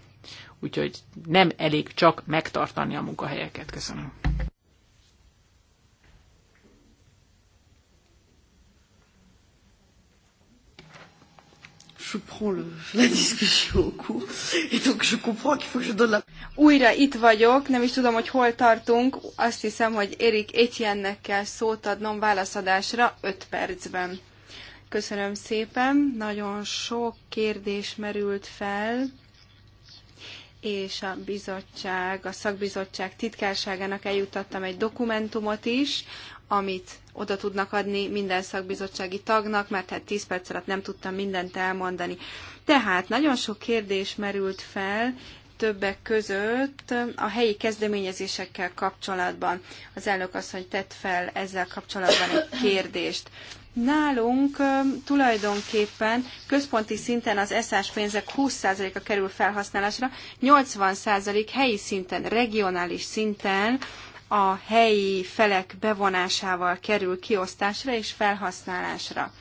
Úgyhogy nem elég csak megtartani a munkahelyeket. Köszönöm. je prends le, la discussion cours, et donc je comprends qu'il faut que je donne la... Újra itt vagyok, nem is tudom, hogy hol tartunk. Azt hiszem, hogy Erik Etiennek kell szót adnom válaszadásra 5 percben. Köszönöm szépen, nagyon sok kérdés merült fel és a bizottság, a szakbizottság titkárságának eljutattam egy dokumentumot is, amit oda tudnak adni minden szakbizottsági tagnak, mert hát 10 perc alatt nem tudtam mindent elmondani. Tehát nagyon sok kérdés merült fel, többek között a helyi kezdeményezésekkel kapcsolatban. Az elnök asszony tett fel ezzel kapcsolatban egy kérdést. Nálunk tulajdonképpen központi szinten az eszás pénzek 20%-a kerül felhasználásra, 80% helyi szinten, regionális szinten, a helyi felek bevonásával kerül kiosztásra és felhasználásra.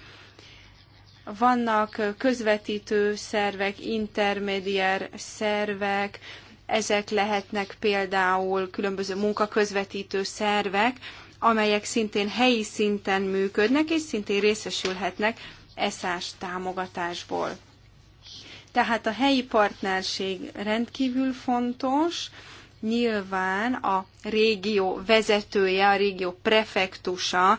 Vannak közvetítő szervek, intermediár szervek, ezek lehetnek például különböző munkaközvetítő szervek, amelyek szintén helyi szinten működnek, és szintén részesülhetnek eszás támogatásból. Tehát a helyi partnerség rendkívül fontos, nyilván a régió vezetője, a régió prefektusa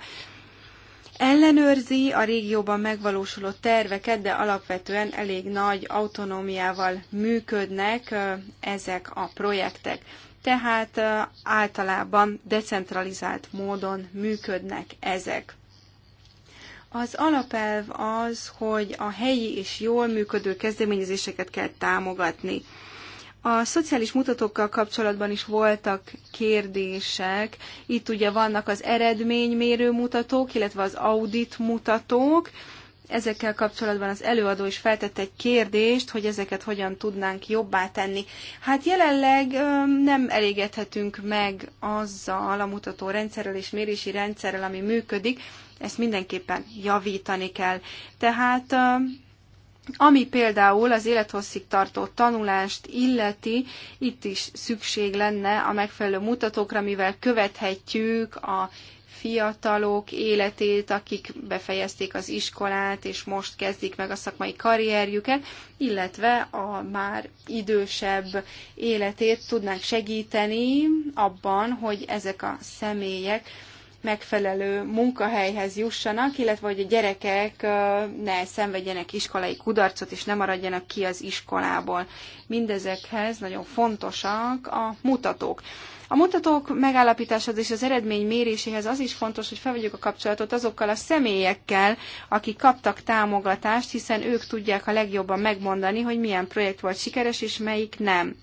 ellenőrzi a régióban megvalósuló terveket, de alapvetően elég nagy autonómiával működnek ezek a projektek. Tehát általában decentralizált módon működnek ezek. Az alapelv az, hogy a helyi és jól működő kezdeményezéseket kell támogatni. A szociális mutatókkal kapcsolatban is voltak kérdések. Itt ugye vannak az eredménymérő mutatók, illetve az audit mutatók. Ezekkel kapcsolatban az előadó is feltette egy kérdést, hogy ezeket hogyan tudnánk jobbá tenni. Hát jelenleg nem elégedhetünk meg azzal a rendszerrel és mérési rendszerrel, ami működik, ezt mindenképpen javítani kell. Tehát ami például az élethosszig tartó tanulást illeti, itt is szükség lenne a megfelelő mutatókra, mivel követhetjük a fiatalok életét, akik befejezték az iskolát, és most kezdik meg a szakmai karrierjüket, illetve a már idősebb életét tudnánk segíteni abban, hogy ezek a személyek megfelelő munkahelyhez jussanak, illetve hogy a gyerekek ne szenvedjenek iskolai kudarcot, és ne maradjanak ki az iskolából. Mindezekhez nagyon fontosak a mutatók. A mutatók megállapításához és az eredmény méréséhez az is fontos, hogy felvegyük a kapcsolatot azokkal a személyekkel, akik kaptak támogatást, hiszen ők tudják a legjobban megmondani, hogy milyen projekt volt sikeres és melyik nem.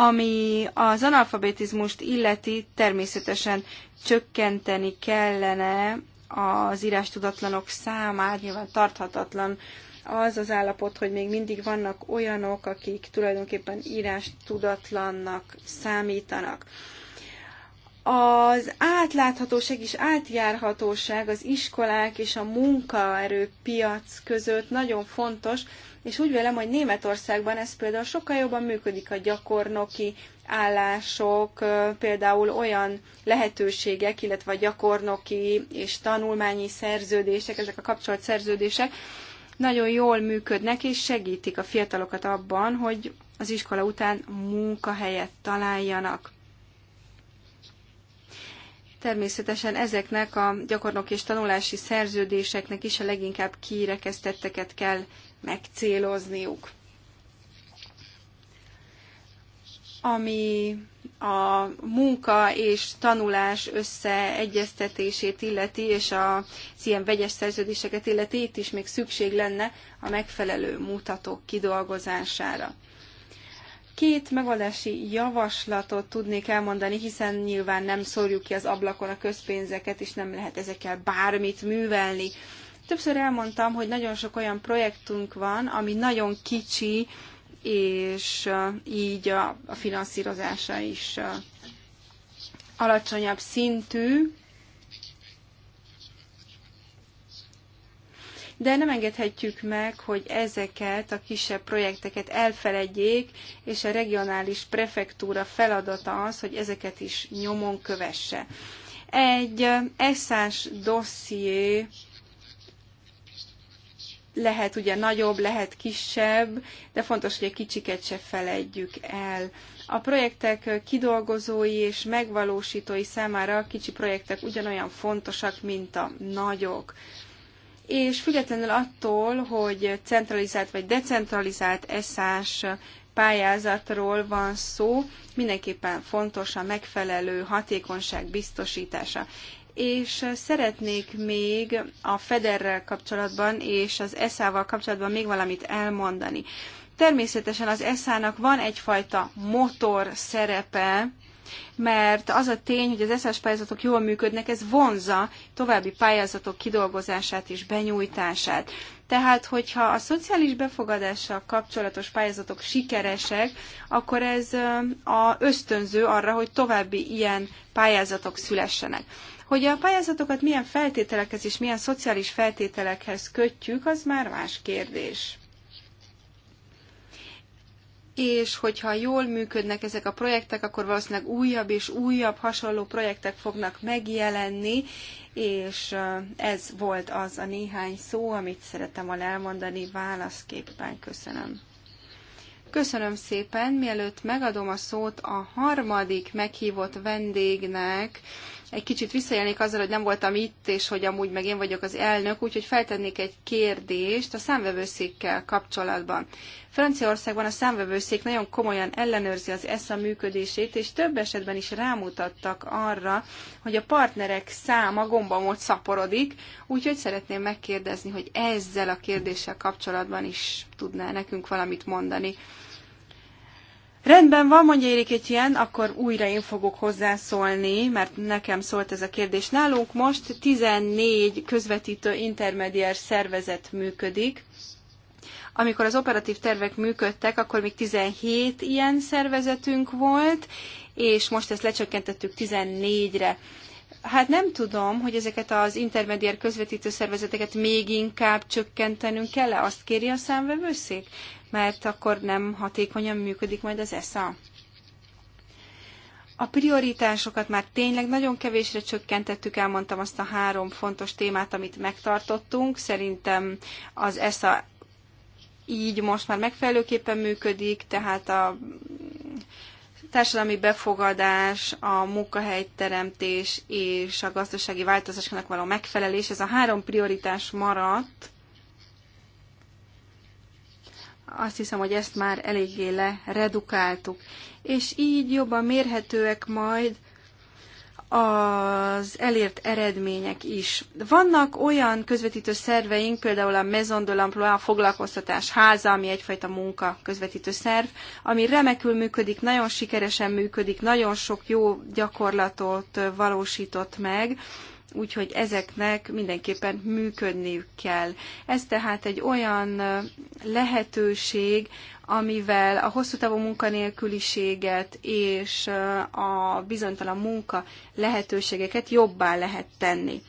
Ami az analfabetizmust illeti, természetesen csökkenteni kellene az írástudatlanok számát, nyilván tarthatatlan az az állapot, hogy még mindig vannak olyanok, akik tulajdonképpen írástudatlannak számítanak. Az átláthatóság és átjárhatóság az iskolák és a munkaerőpiac között nagyon fontos, és úgy vélem, hogy Németországban ez például sokkal jobban működik a gyakornoki állások, például olyan lehetőségek, illetve a gyakornoki és tanulmányi szerződések, ezek a kapcsolat szerződések nagyon jól működnek, és segítik a fiatalokat abban, hogy az iskola után munkahelyet találjanak. Természetesen ezeknek a gyakornok és tanulási szerződéseknek is a leginkább kirekesztetteket kell megcélozniuk. Ami a munka és tanulás összeegyeztetését illeti, és a ilyen vegyes szerződéseket illeti, itt is még szükség lenne a megfelelő mutatók kidolgozására két megoldási javaslatot tudnék elmondani, hiszen nyilván nem szórjuk ki az ablakon a közpénzeket, és nem lehet ezekkel bármit művelni. Többször elmondtam, hogy nagyon sok olyan projektünk van, ami nagyon kicsi, és uh, így a, a finanszírozása is uh, alacsonyabb szintű, de nem engedhetjük meg, hogy ezeket a kisebb projekteket elfeledjék, és a regionális prefektúra feladata az, hogy ezeket is nyomon kövesse. Egy uh, eszás dosszié lehet ugye nagyobb, lehet kisebb, de fontos, hogy a kicsiket se feledjük el. A projektek kidolgozói és megvalósítói számára a kicsi projektek ugyanolyan fontosak, mint a nagyok. És függetlenül attól, hogy centralizált vagy decentralizált eszás pályázatról van szó, mindenképpen fontos a megfelelő hatékonyság biztosítása és eh, szeretnék még a Federrel kapcsolatban és az ESZ-val kapcsolatban még valamit elmondani. Természetesen az ESZ-nak van egyfajta motor szerepe, mert az a tény, hogy az eszás pályázatok jól működnek, ez vonza további pályázatok kidolgozását és benyújtását. Tehát, hogyha a szociális befogadással kapcsolatos pályázatok sikeresek, akkor ez eh, a ösztönző arra, hogy további ilyen pályázatok szülessenek. Hogy a pályázatokat milyen feltételekhez és milyen szociális feltételekhez kötjük, az már más kérdés és hogyha jól működnek ezek a projektek, akkor valószínűleg újabb és újabb hasonló projektek fognak megjelenni, és ez volt az a néhány szó, amit szerettem volna elmondani válaszképpen. Köszönöm. Köszönöm szépen, mielőtt megadom a szót a harmadik meghívott vendégnek, egy kicsit visszajelnék azzal, hogy nem voltam itt, és hogy amúgy meg én vagyok az elnök, úgyhogy feltennék egy kérdést a számvevőszékkel kapcsolatban. Franciaországban a számvevőszék nagyon komolyan ellenőrzi az ESZA működését, és több esetben is rámutattak arra, hogy a partnerek száma gombamot szaporodik, úgyhogy szeretném megkérdezni, hogy ezzel a kérdéssel kapcsolatban is tudná nekünk valamit mondani Rendben van, mondja Érik ilyen, akkor újra én fogok hozzászólni, mert nekem szólt ez a kérdés. Nálunk most 14 közvetítő intermediár szervezet működik. Amikor az operatív tervek működtek, akkor még 17 ilyen szervezetünk volt, és most ezt lecsökkentettük 14-re. Hát nem tudom, hogy ezeket az intermediár közvetítő szervezeteket még inkább csökkentenünk kell -e, azt kéri a számvevőszék mert akkor nem hatékonyan működik majd az ESA. A prioritásokat már tényleg nagyon kevésre csökkentettük, elmondtam azt a három fontos témát, amit megtartottunk. Szerintem az ESA így most már megfelelőképpen működik, tehát a társadalmi befogadás, a munkahelyteremtés és a gazdasági változásoknak való megfelelés, ez a három prioritás maradt, azt hiszem, hogy ezt már eléggé le redukáltuk. És így jobban mérhetőek majd az elért eredmények is. Vannak olyan közvetítő szerveink, például a Maison de l'Emploi, a foglalkoztatás háza, ami egyfajta munka közvetítő szerv, ami remekül működik, nagyon sikeresen működik, nagyon sok jó gyakorlatot valósított meg, úgyhogy ezeknek mindenképpen működniük kell. Ez tehát egy olyan lehetőség, amivel a hosszú távú munkanélküliséget és a bizonytalan munka lehetőségeket jobbá lehet tenni.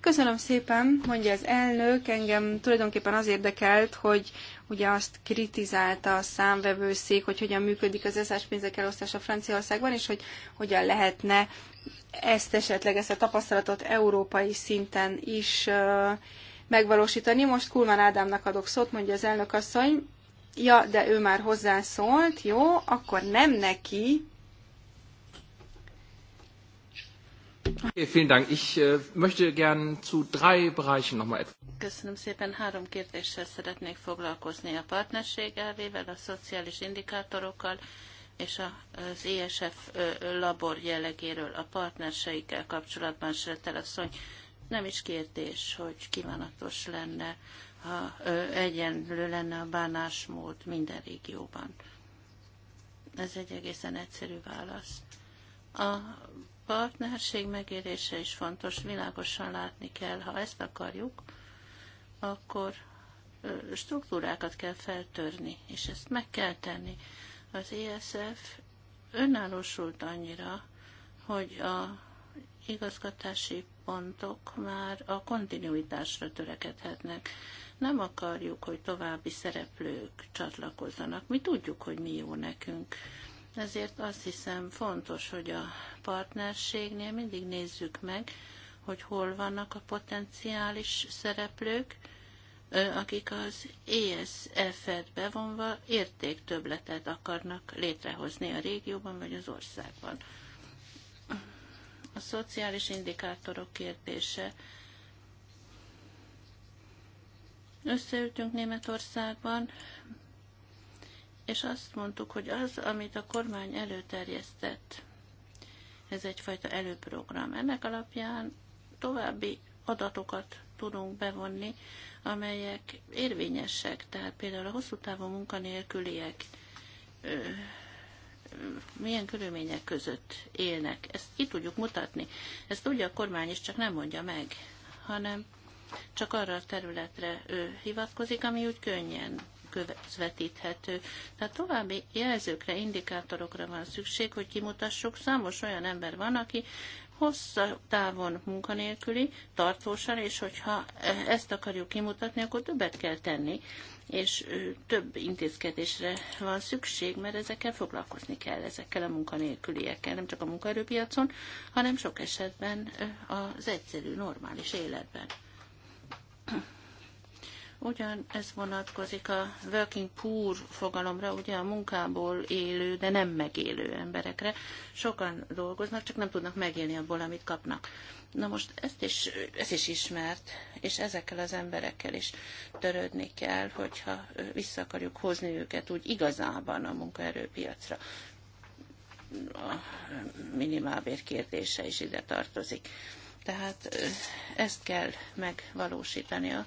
Köszönöm szépen, mondja az elnök. Engem tulajdonképpen az érdekelt, hogy ugye azt kritizálta a számvevőszék, hogy hogyan működik az eszás pénzek elosztása Franciaországban, és hogy hogyan lehetne ezt esetleg, ezt a tapasztalatot európai szinten is megvalósítani. Most Kulman Ádámnak adok szót, mondja az elnök asszony. Ja, de ő már hozzászólt, jó, akkor nem neki. Vielen Dank. Äh, möchte gern zu drei Bereichen nochmal etwas. Köszönöm szépen. Három kérdéssel szeretnék foglalkozni a partnerség elvével, a szociális indikátorokkal, és az ESF labor jellegéről a partnerseikkel kapcsolatban Sretel asszony nem is kérdés, hogy kívánatos lenne, ha egyenlő lenne a bánásmód minden régióban. Ez egy egészen egyszerű válasz. A partnerség megérése is fontos, világosan látni kell, ha ezt akarjuk, akkor struktúrákat kell feltörni, és ezt meg kell tenni az ESF önállósult annyira, hogy a igazgatási pontok már a kontinuitásra törekedhetnek. Nem akarjuk, hogy további szereplők csatlakozzanak. Mi tudjuk, hogy mi jó nekünk. Ezért azt hiszem fontos, hogy a partnerségnél mindig nézzük meg, hogy hol vannak a potenciális szereplők, akik az ESF-et bevonva értéktöbletet akarnak létrehozni a régióban vagy az országban. A szociális indikátorok kérdése. Összeültünk Németországban, és azt mondtuk, hogy az, amit a kormány előterjesztett, ez egyfajta előprogram. Ennek alapján további adatokat tudunk bevonni amelyek érvényesek, tehát például a hosszú távon munkanélküliek ö, ö, milyen körülmények között élnek. Ezt ki tudjuk mutatni. Ezt tudja a kormány is, csak nem mondja meg, hanem csak arra a területre ő hivatkozik, ami úgy könnyen közvetíthető. Tehát további jelzőkre, indikátorokra van szükség, hogy kimutassuk. Számos olyan ember van, aki hossza távon munkanélküli, tartósan, és hogyha e- ezt akarjuk kimutatni, akkor többet kell tenni, és több intézkedésre van szükség, mert ezekkel foglalkozni kell, ezekkel a munkanélküliekkel, nem csak a munkaerőpiacon, hanem sok esetben az egyszerű, normális életben. Ugyan ez vonatkozik a working poor fogalomra, ugye a munkából élő, de nem megélő emberekre. Sokan dolgoznak, csak nem tudnak megélni abból, amit kapnak. Na most ezt is, ez is ismert, és ezekkel az emberekkel is törődni kell, hogyha vissza akarjuk hozni őket úgy igazában a munkaerőpiacra. A minimálbér kérdése is ide tartozik. Tehát ezt kell megvalósítani a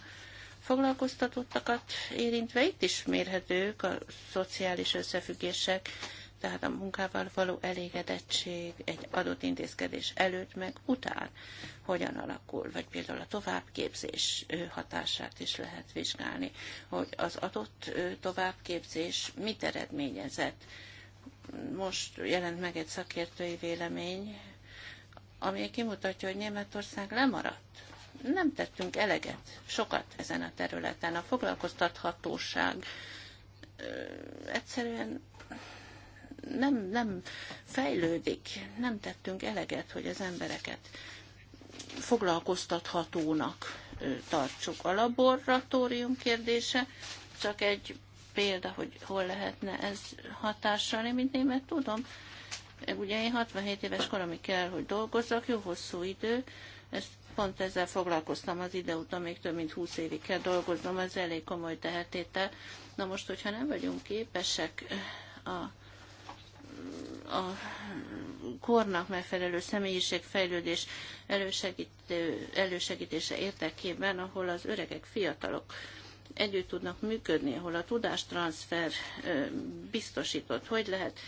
foglalkoztatottakat érintve itt is mérhetők a szociális összefüggések, tehát a munkával való elégedettség egy adott intézkedés előtt, meg után hogyan alakul, vagy például a továbbképzés hatását is lehet vizsgálni, hogy az adott továbbképzés mit eredményezett. Most jelent meg egy szakértői vélemény, ami kimutatja, hogy Németország lemaradt nem tettünk eleget, sokat ezen a területen. A foglalkoztathatóság egyszerűen nem, nem fejlődik, nem tettünk eleget, hogy az embereket foglalkoztathatónak tartsuk. A laboratórium kérdése csak egy példa, hogy hol lehetne ez hatással. Én, mint német, tudom, ugye én 67 éves koromig kell, hogy dolgozzak, jó hosszú idő, ezt pont ezzel foglalkoztam az ide után, még több mint 20 évig kell dolgoznom, ez elég komoly tehetétel. Na most, hogyha nem vagyunk képesek eh, a, a kornak megfelelő személyiségfejlődés elősegítése érdekében, ahol az öregek, fiatalok együtt tudnak működni, ahol a tudástranszfer biztosított, hogy lehet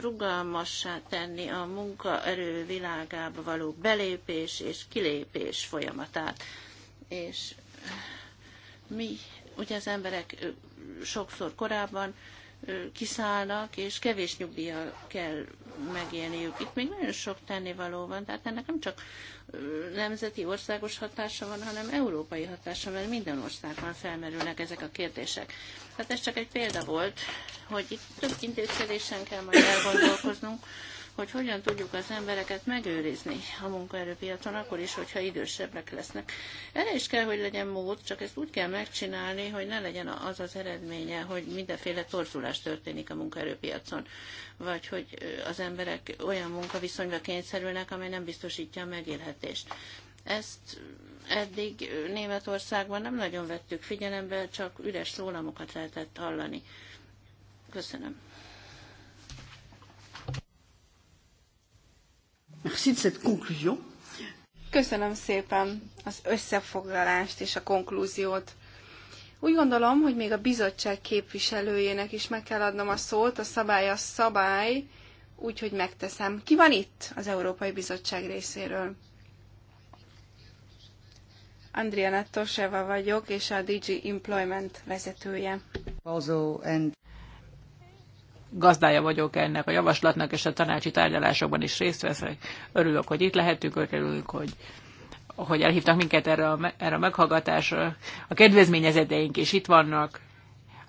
rugalmassá tenni a munkaerő világába való belépés és kilépés folyamatát. És mi, ugye az emberek sokszor korábban kiszállnak, és kevés nyugdíja kell megélniük. Itt még nagyon sok tennivaló van, tehát ennek nem csak nemzeti országos hatása van, hanem európai hatása, mert minden országban felmerülnek ezek a kérdések. Tehát ez csak egy példa volt, hogy itt több intézkedésen kell majd elgondolkoznunk, hogy hogyan tudjuk az embereket megőrizni a munkaerőpiacon, akkor is, hogyha idősebbek lesznek. Erre is kell, hogy legyen mód, csak ezt úgy kell megcsinálni, hogy ne legyen az az eredménye, hogy mindenféle torzulás történik a munkaerőpiacon, vagy hogy az emberek olyan munkaviszonyba kényszerülnek, amely nem biztosítja a megélhetést. Ezt eddig Németországban nem nagyon vettük figyelembe, csak üres szólamokat lehetett hallani. Köszönöm. Merci de cette conclusion. Köszönöm szépen az összefoglalást és a konklúziót. Úgy gondolom, hogy még a bizottság képviselőjének is meg kell adnom a szót, a szabály a szabály, úgyhogy megteszem. Ki van itt az Európai Bizottság részéről? Andrea Toseva vagyok, és a DG Employment vezetője gazdája vagyok ennek a javaslatnak, és a tanácsi tárgyalásokban is részt veszek. Örülök, hogy itt lehetünk, örülünk, hogy hogy elhívtak minket erre a, erre a meghallgatásra. A kedvezményezeteink is itt vannak,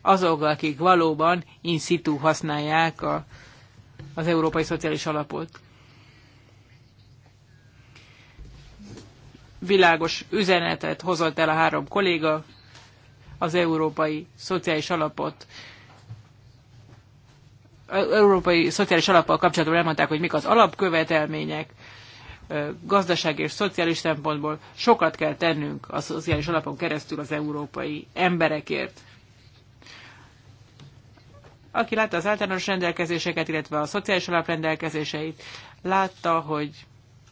azok, akik valóban in situ használják a, az Európai Szociális Alapot. Világos üzenetet hozott el a három kolléga, az Európai Szociális Alapot európai szociális alappal kapcsolatban elmondták, hogy mik az alapkövetelmények, gazdaság és szociális szempontból sokat kell tennünk a szociális alapon keresztül az európai emberekért. Aki látta az általános rendelkezéseket, illetve a szociális alap rendelkezéseit, látta, hogy,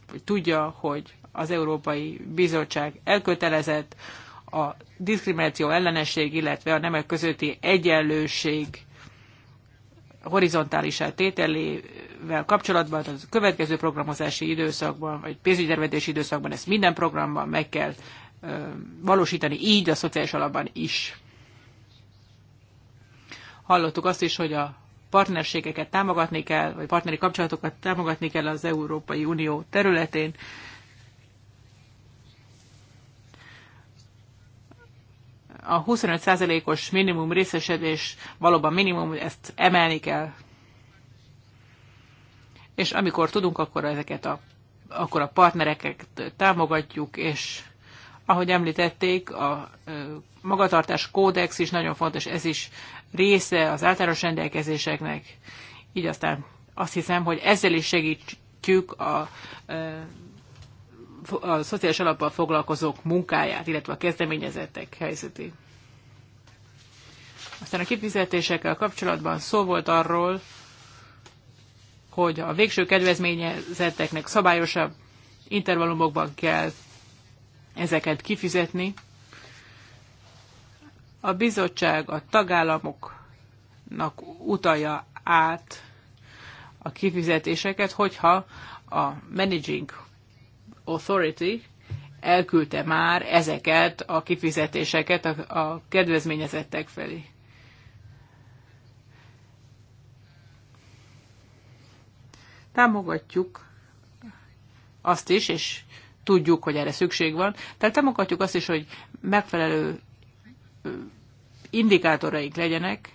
hogy tudja, hogy az Európai Bizottság elkötelezett a diszkrimináció ellenesség, illetve a nemek közötti egyenlőség horizontális eltételével kapcsolatban, tehát a következő programozási időszakban, vagy pénzügytervezési időszakban ezt minden programban meg kell valósítani, így a szociális alapban is. Hallottuk azt is, hogy a partnerségeket támogatni kell, vagy partneri kapcsolatokat támogatni kell az Európai Unió területén. a 25%-os minimum részesedés valóban minimum, ezt emelni kell. És amikor tudunk, akkor ezeket a, akkor a partnereket támogatjuk, és ahogy említették, a magatartás kódex is nagyon fontos, ez is része az általános rendelkezéseknek. Így aztán azt hiszem, hogy ezzel is segítjük a a szociális alappal foglalkozók munkáját, illetve a kezdeményezettek helyzetét. Aztán a kifizetésekkel kapcsolatban szó volt arról, hogy a végső kedvezményezetteknek szabályosabb intervallumokban kell ezeket kifizetni. A bizottság a tagállamoknak utalja át a kifizetéseket, hogyha a managing Authority elküldte már ezeket a kifizetéseket a, a kedvezményezettek felé. Támogatjuk azt is, és tudjuk, hogy erre szükség van. Tehát támogatjuk azt is, hogy megfelelő indikátoraink legyenek,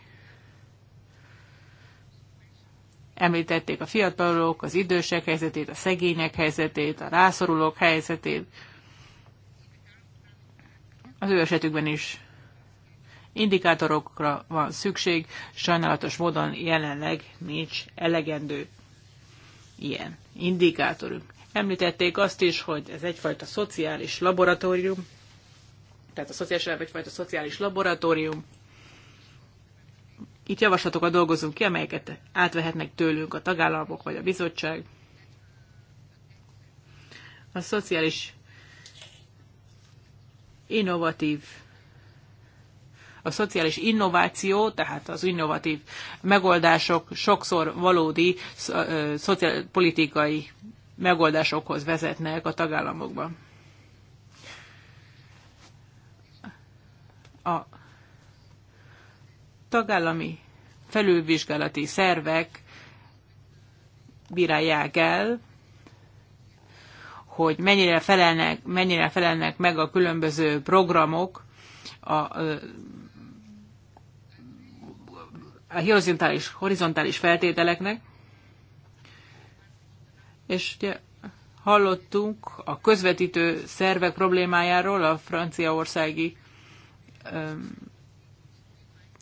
Említették a fiatalok, az idősek helyzetét, a szegények helyzetét, a rászorulók helyzetét. Az ő esetükben is indikátorokra van szükség, sajnálatos módon jelenleg nincs elegendő ilyen indikátorunk. Említették azt is, hogy ez egyfajta szociális laboratórium, tehát a szociális egyfajta szociális laboratórium, itt javaslatokat dolgozunk ki, amelyeket átvehetnek tőlünk a tagállamok vagy a bizottság. A szociális innovatív a szociális innováció, tehát az innovatív megoldások sokszor valódi szociálpolitikai megoldásokhoz vezetnek a tagállamokban. A tagállami felülvizsgálati szervek bírálják el, hogy mennyire felelnek, mennyire felelnek meg a különböző programok a, a horizontális, horizontális feltételeknek. És ugye hallottunk a közvetítő szervek problémájáról, a franciaországi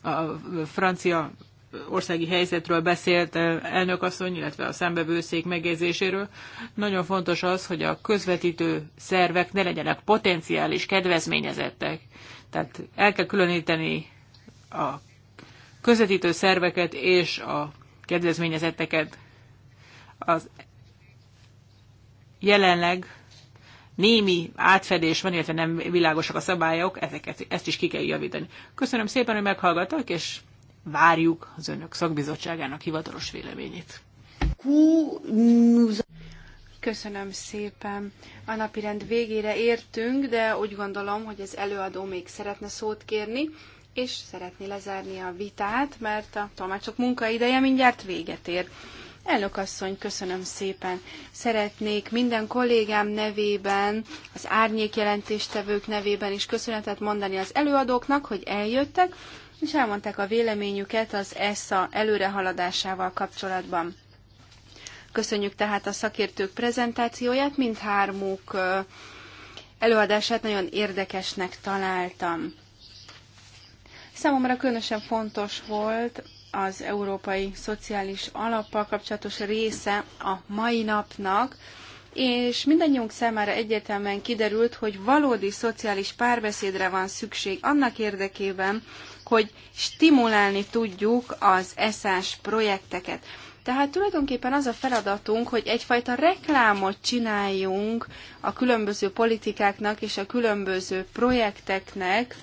a francia országi helyzetről beszélt eh, elnökasszony, illetve a szembevőszék megjegyzéséről. Nagyon fontos az, hogy a közvetítő szervek ne legyenek potenciális kedvezményezettek. Tehát el kell különíteni a közvetítő szerveket és a kedvezményezetteket. Az jelenleg némi átfedés van, illetve nem világosak a szabályok, ezeket, ezt is ki kell javítani. Köszönöm szépen, hogy meghallgattak, és várjuk az önök szakbizottságának hivatalos véleményét. Köszönöm szépen. A napirend végére értünk, de úgy gondolom, hogy az előadó még szeretne szót kérni, és szeretné lezárni a vitát, mert a tolmácsok munkaideje mindjárt véget ér. Elnök asszony, köszönöm szépen. Szeretnék minden kollégám nevében, az árnyék jelentéstevők nevében is köszönetet mondani az előadóknak, hogy eljöttek, és elmondták a véleményüket az ESSA előrehaladásával kapcsolatban. Köszönjük tehát a szakértők prezentációját, mindhármuk előadását nagyon érdekesnek találtam. Számomra különösen fontos volt az Európai Szociális Alappal kapcsolatos része a mai napnak, és mindannyiunk számára egyértelműen kiderült, hogy valódi szociális párbeszédre van szükség annak érdekében, hogy stimulálni tudjuk az eszás projekteket. Tehát tulajdonképpen az a feladatunk, hogy egyfajta reklámot csináljunk a különböző politikáknak és a különböző projekteknek,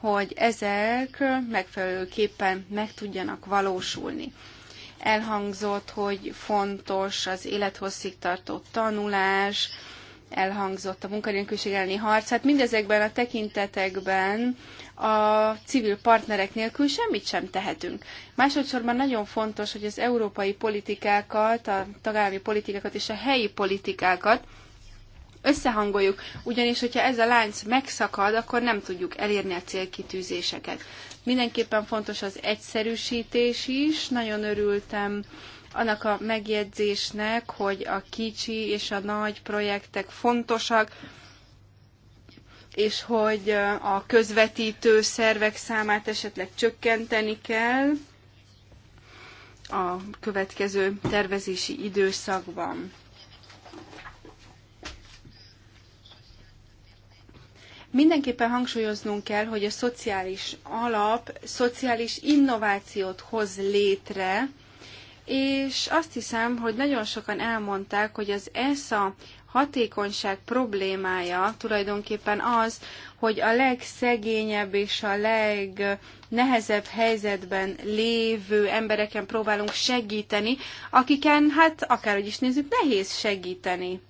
hogy ezek megfelelőképpen meg tudjanak valósulni. Elhangzott, hogy fontos az élethosszig tartott tanulás, elhangzott a munkanélküliség elleni harc. Hát mindezekben a tekintetekben a civil partnerek nélkül semmit sem tehetünk. Másodszorban nagyon fontos, hogy az európai politikákat, a tagállami politikákat és a helyi politikákat összehangoljuk, ugyanis, hogyha ez a lánc megszakad, akkor nem tudjuk elérni a célkitűzéseket. Mindenképpen fontos az egyszerűsítés is. Nagyon örültem annak a megjegyzésnek, hogy a kicsi és a nagy projektek fontosak, és hogy a közvetítő szervek számát esetleg csökkenteni kell a következő tervezési időszakban. Mindenképpen hangsúlyoznunk kell, hogy a szociális alap szociális innovációt hoz létre, és azt hiszem, hogy nagyon sokan elmondták, hogy az ESA hatékonyság problémája tulajdonképpen az, hogy a legszegényebb és a legnehezebb helyzetben lévő embereken próbálunk segíteni, akiken, hát akárhogy is nézzük, nehéz segíteni.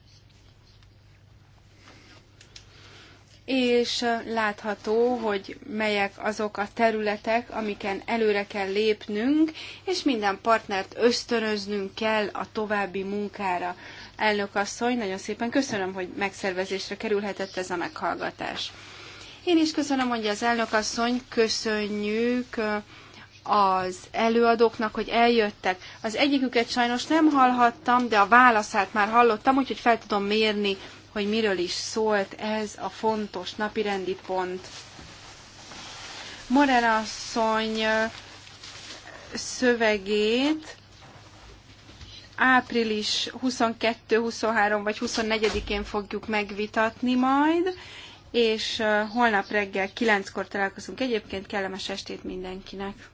és látható, hogy melyek azok a területek, amiken előre kell lépnünk, és minden partnert ösztönöznünk kell a további munkára. Elnök asszony, nagyon szépen köszönöm, hogy megszervezésre kerülhetett ez a meghallgatás. Én is köszönöm, hogy az elnök asszony, köszönjük az előadóknak, hogy eljöttek. Az egyiküket sajnos nem hallhattam, de a válaszát már hallottam, úgyhogy fel tudom mérni hogy miről is szólt ez a fontos napirendi pont. Morel asszony szövegét április 22, 23 vagy 24-én fogjuk megvitatni majd, és holnap reggel 9-kor találkozunk. Egyébként kellemes estét mindenkinek!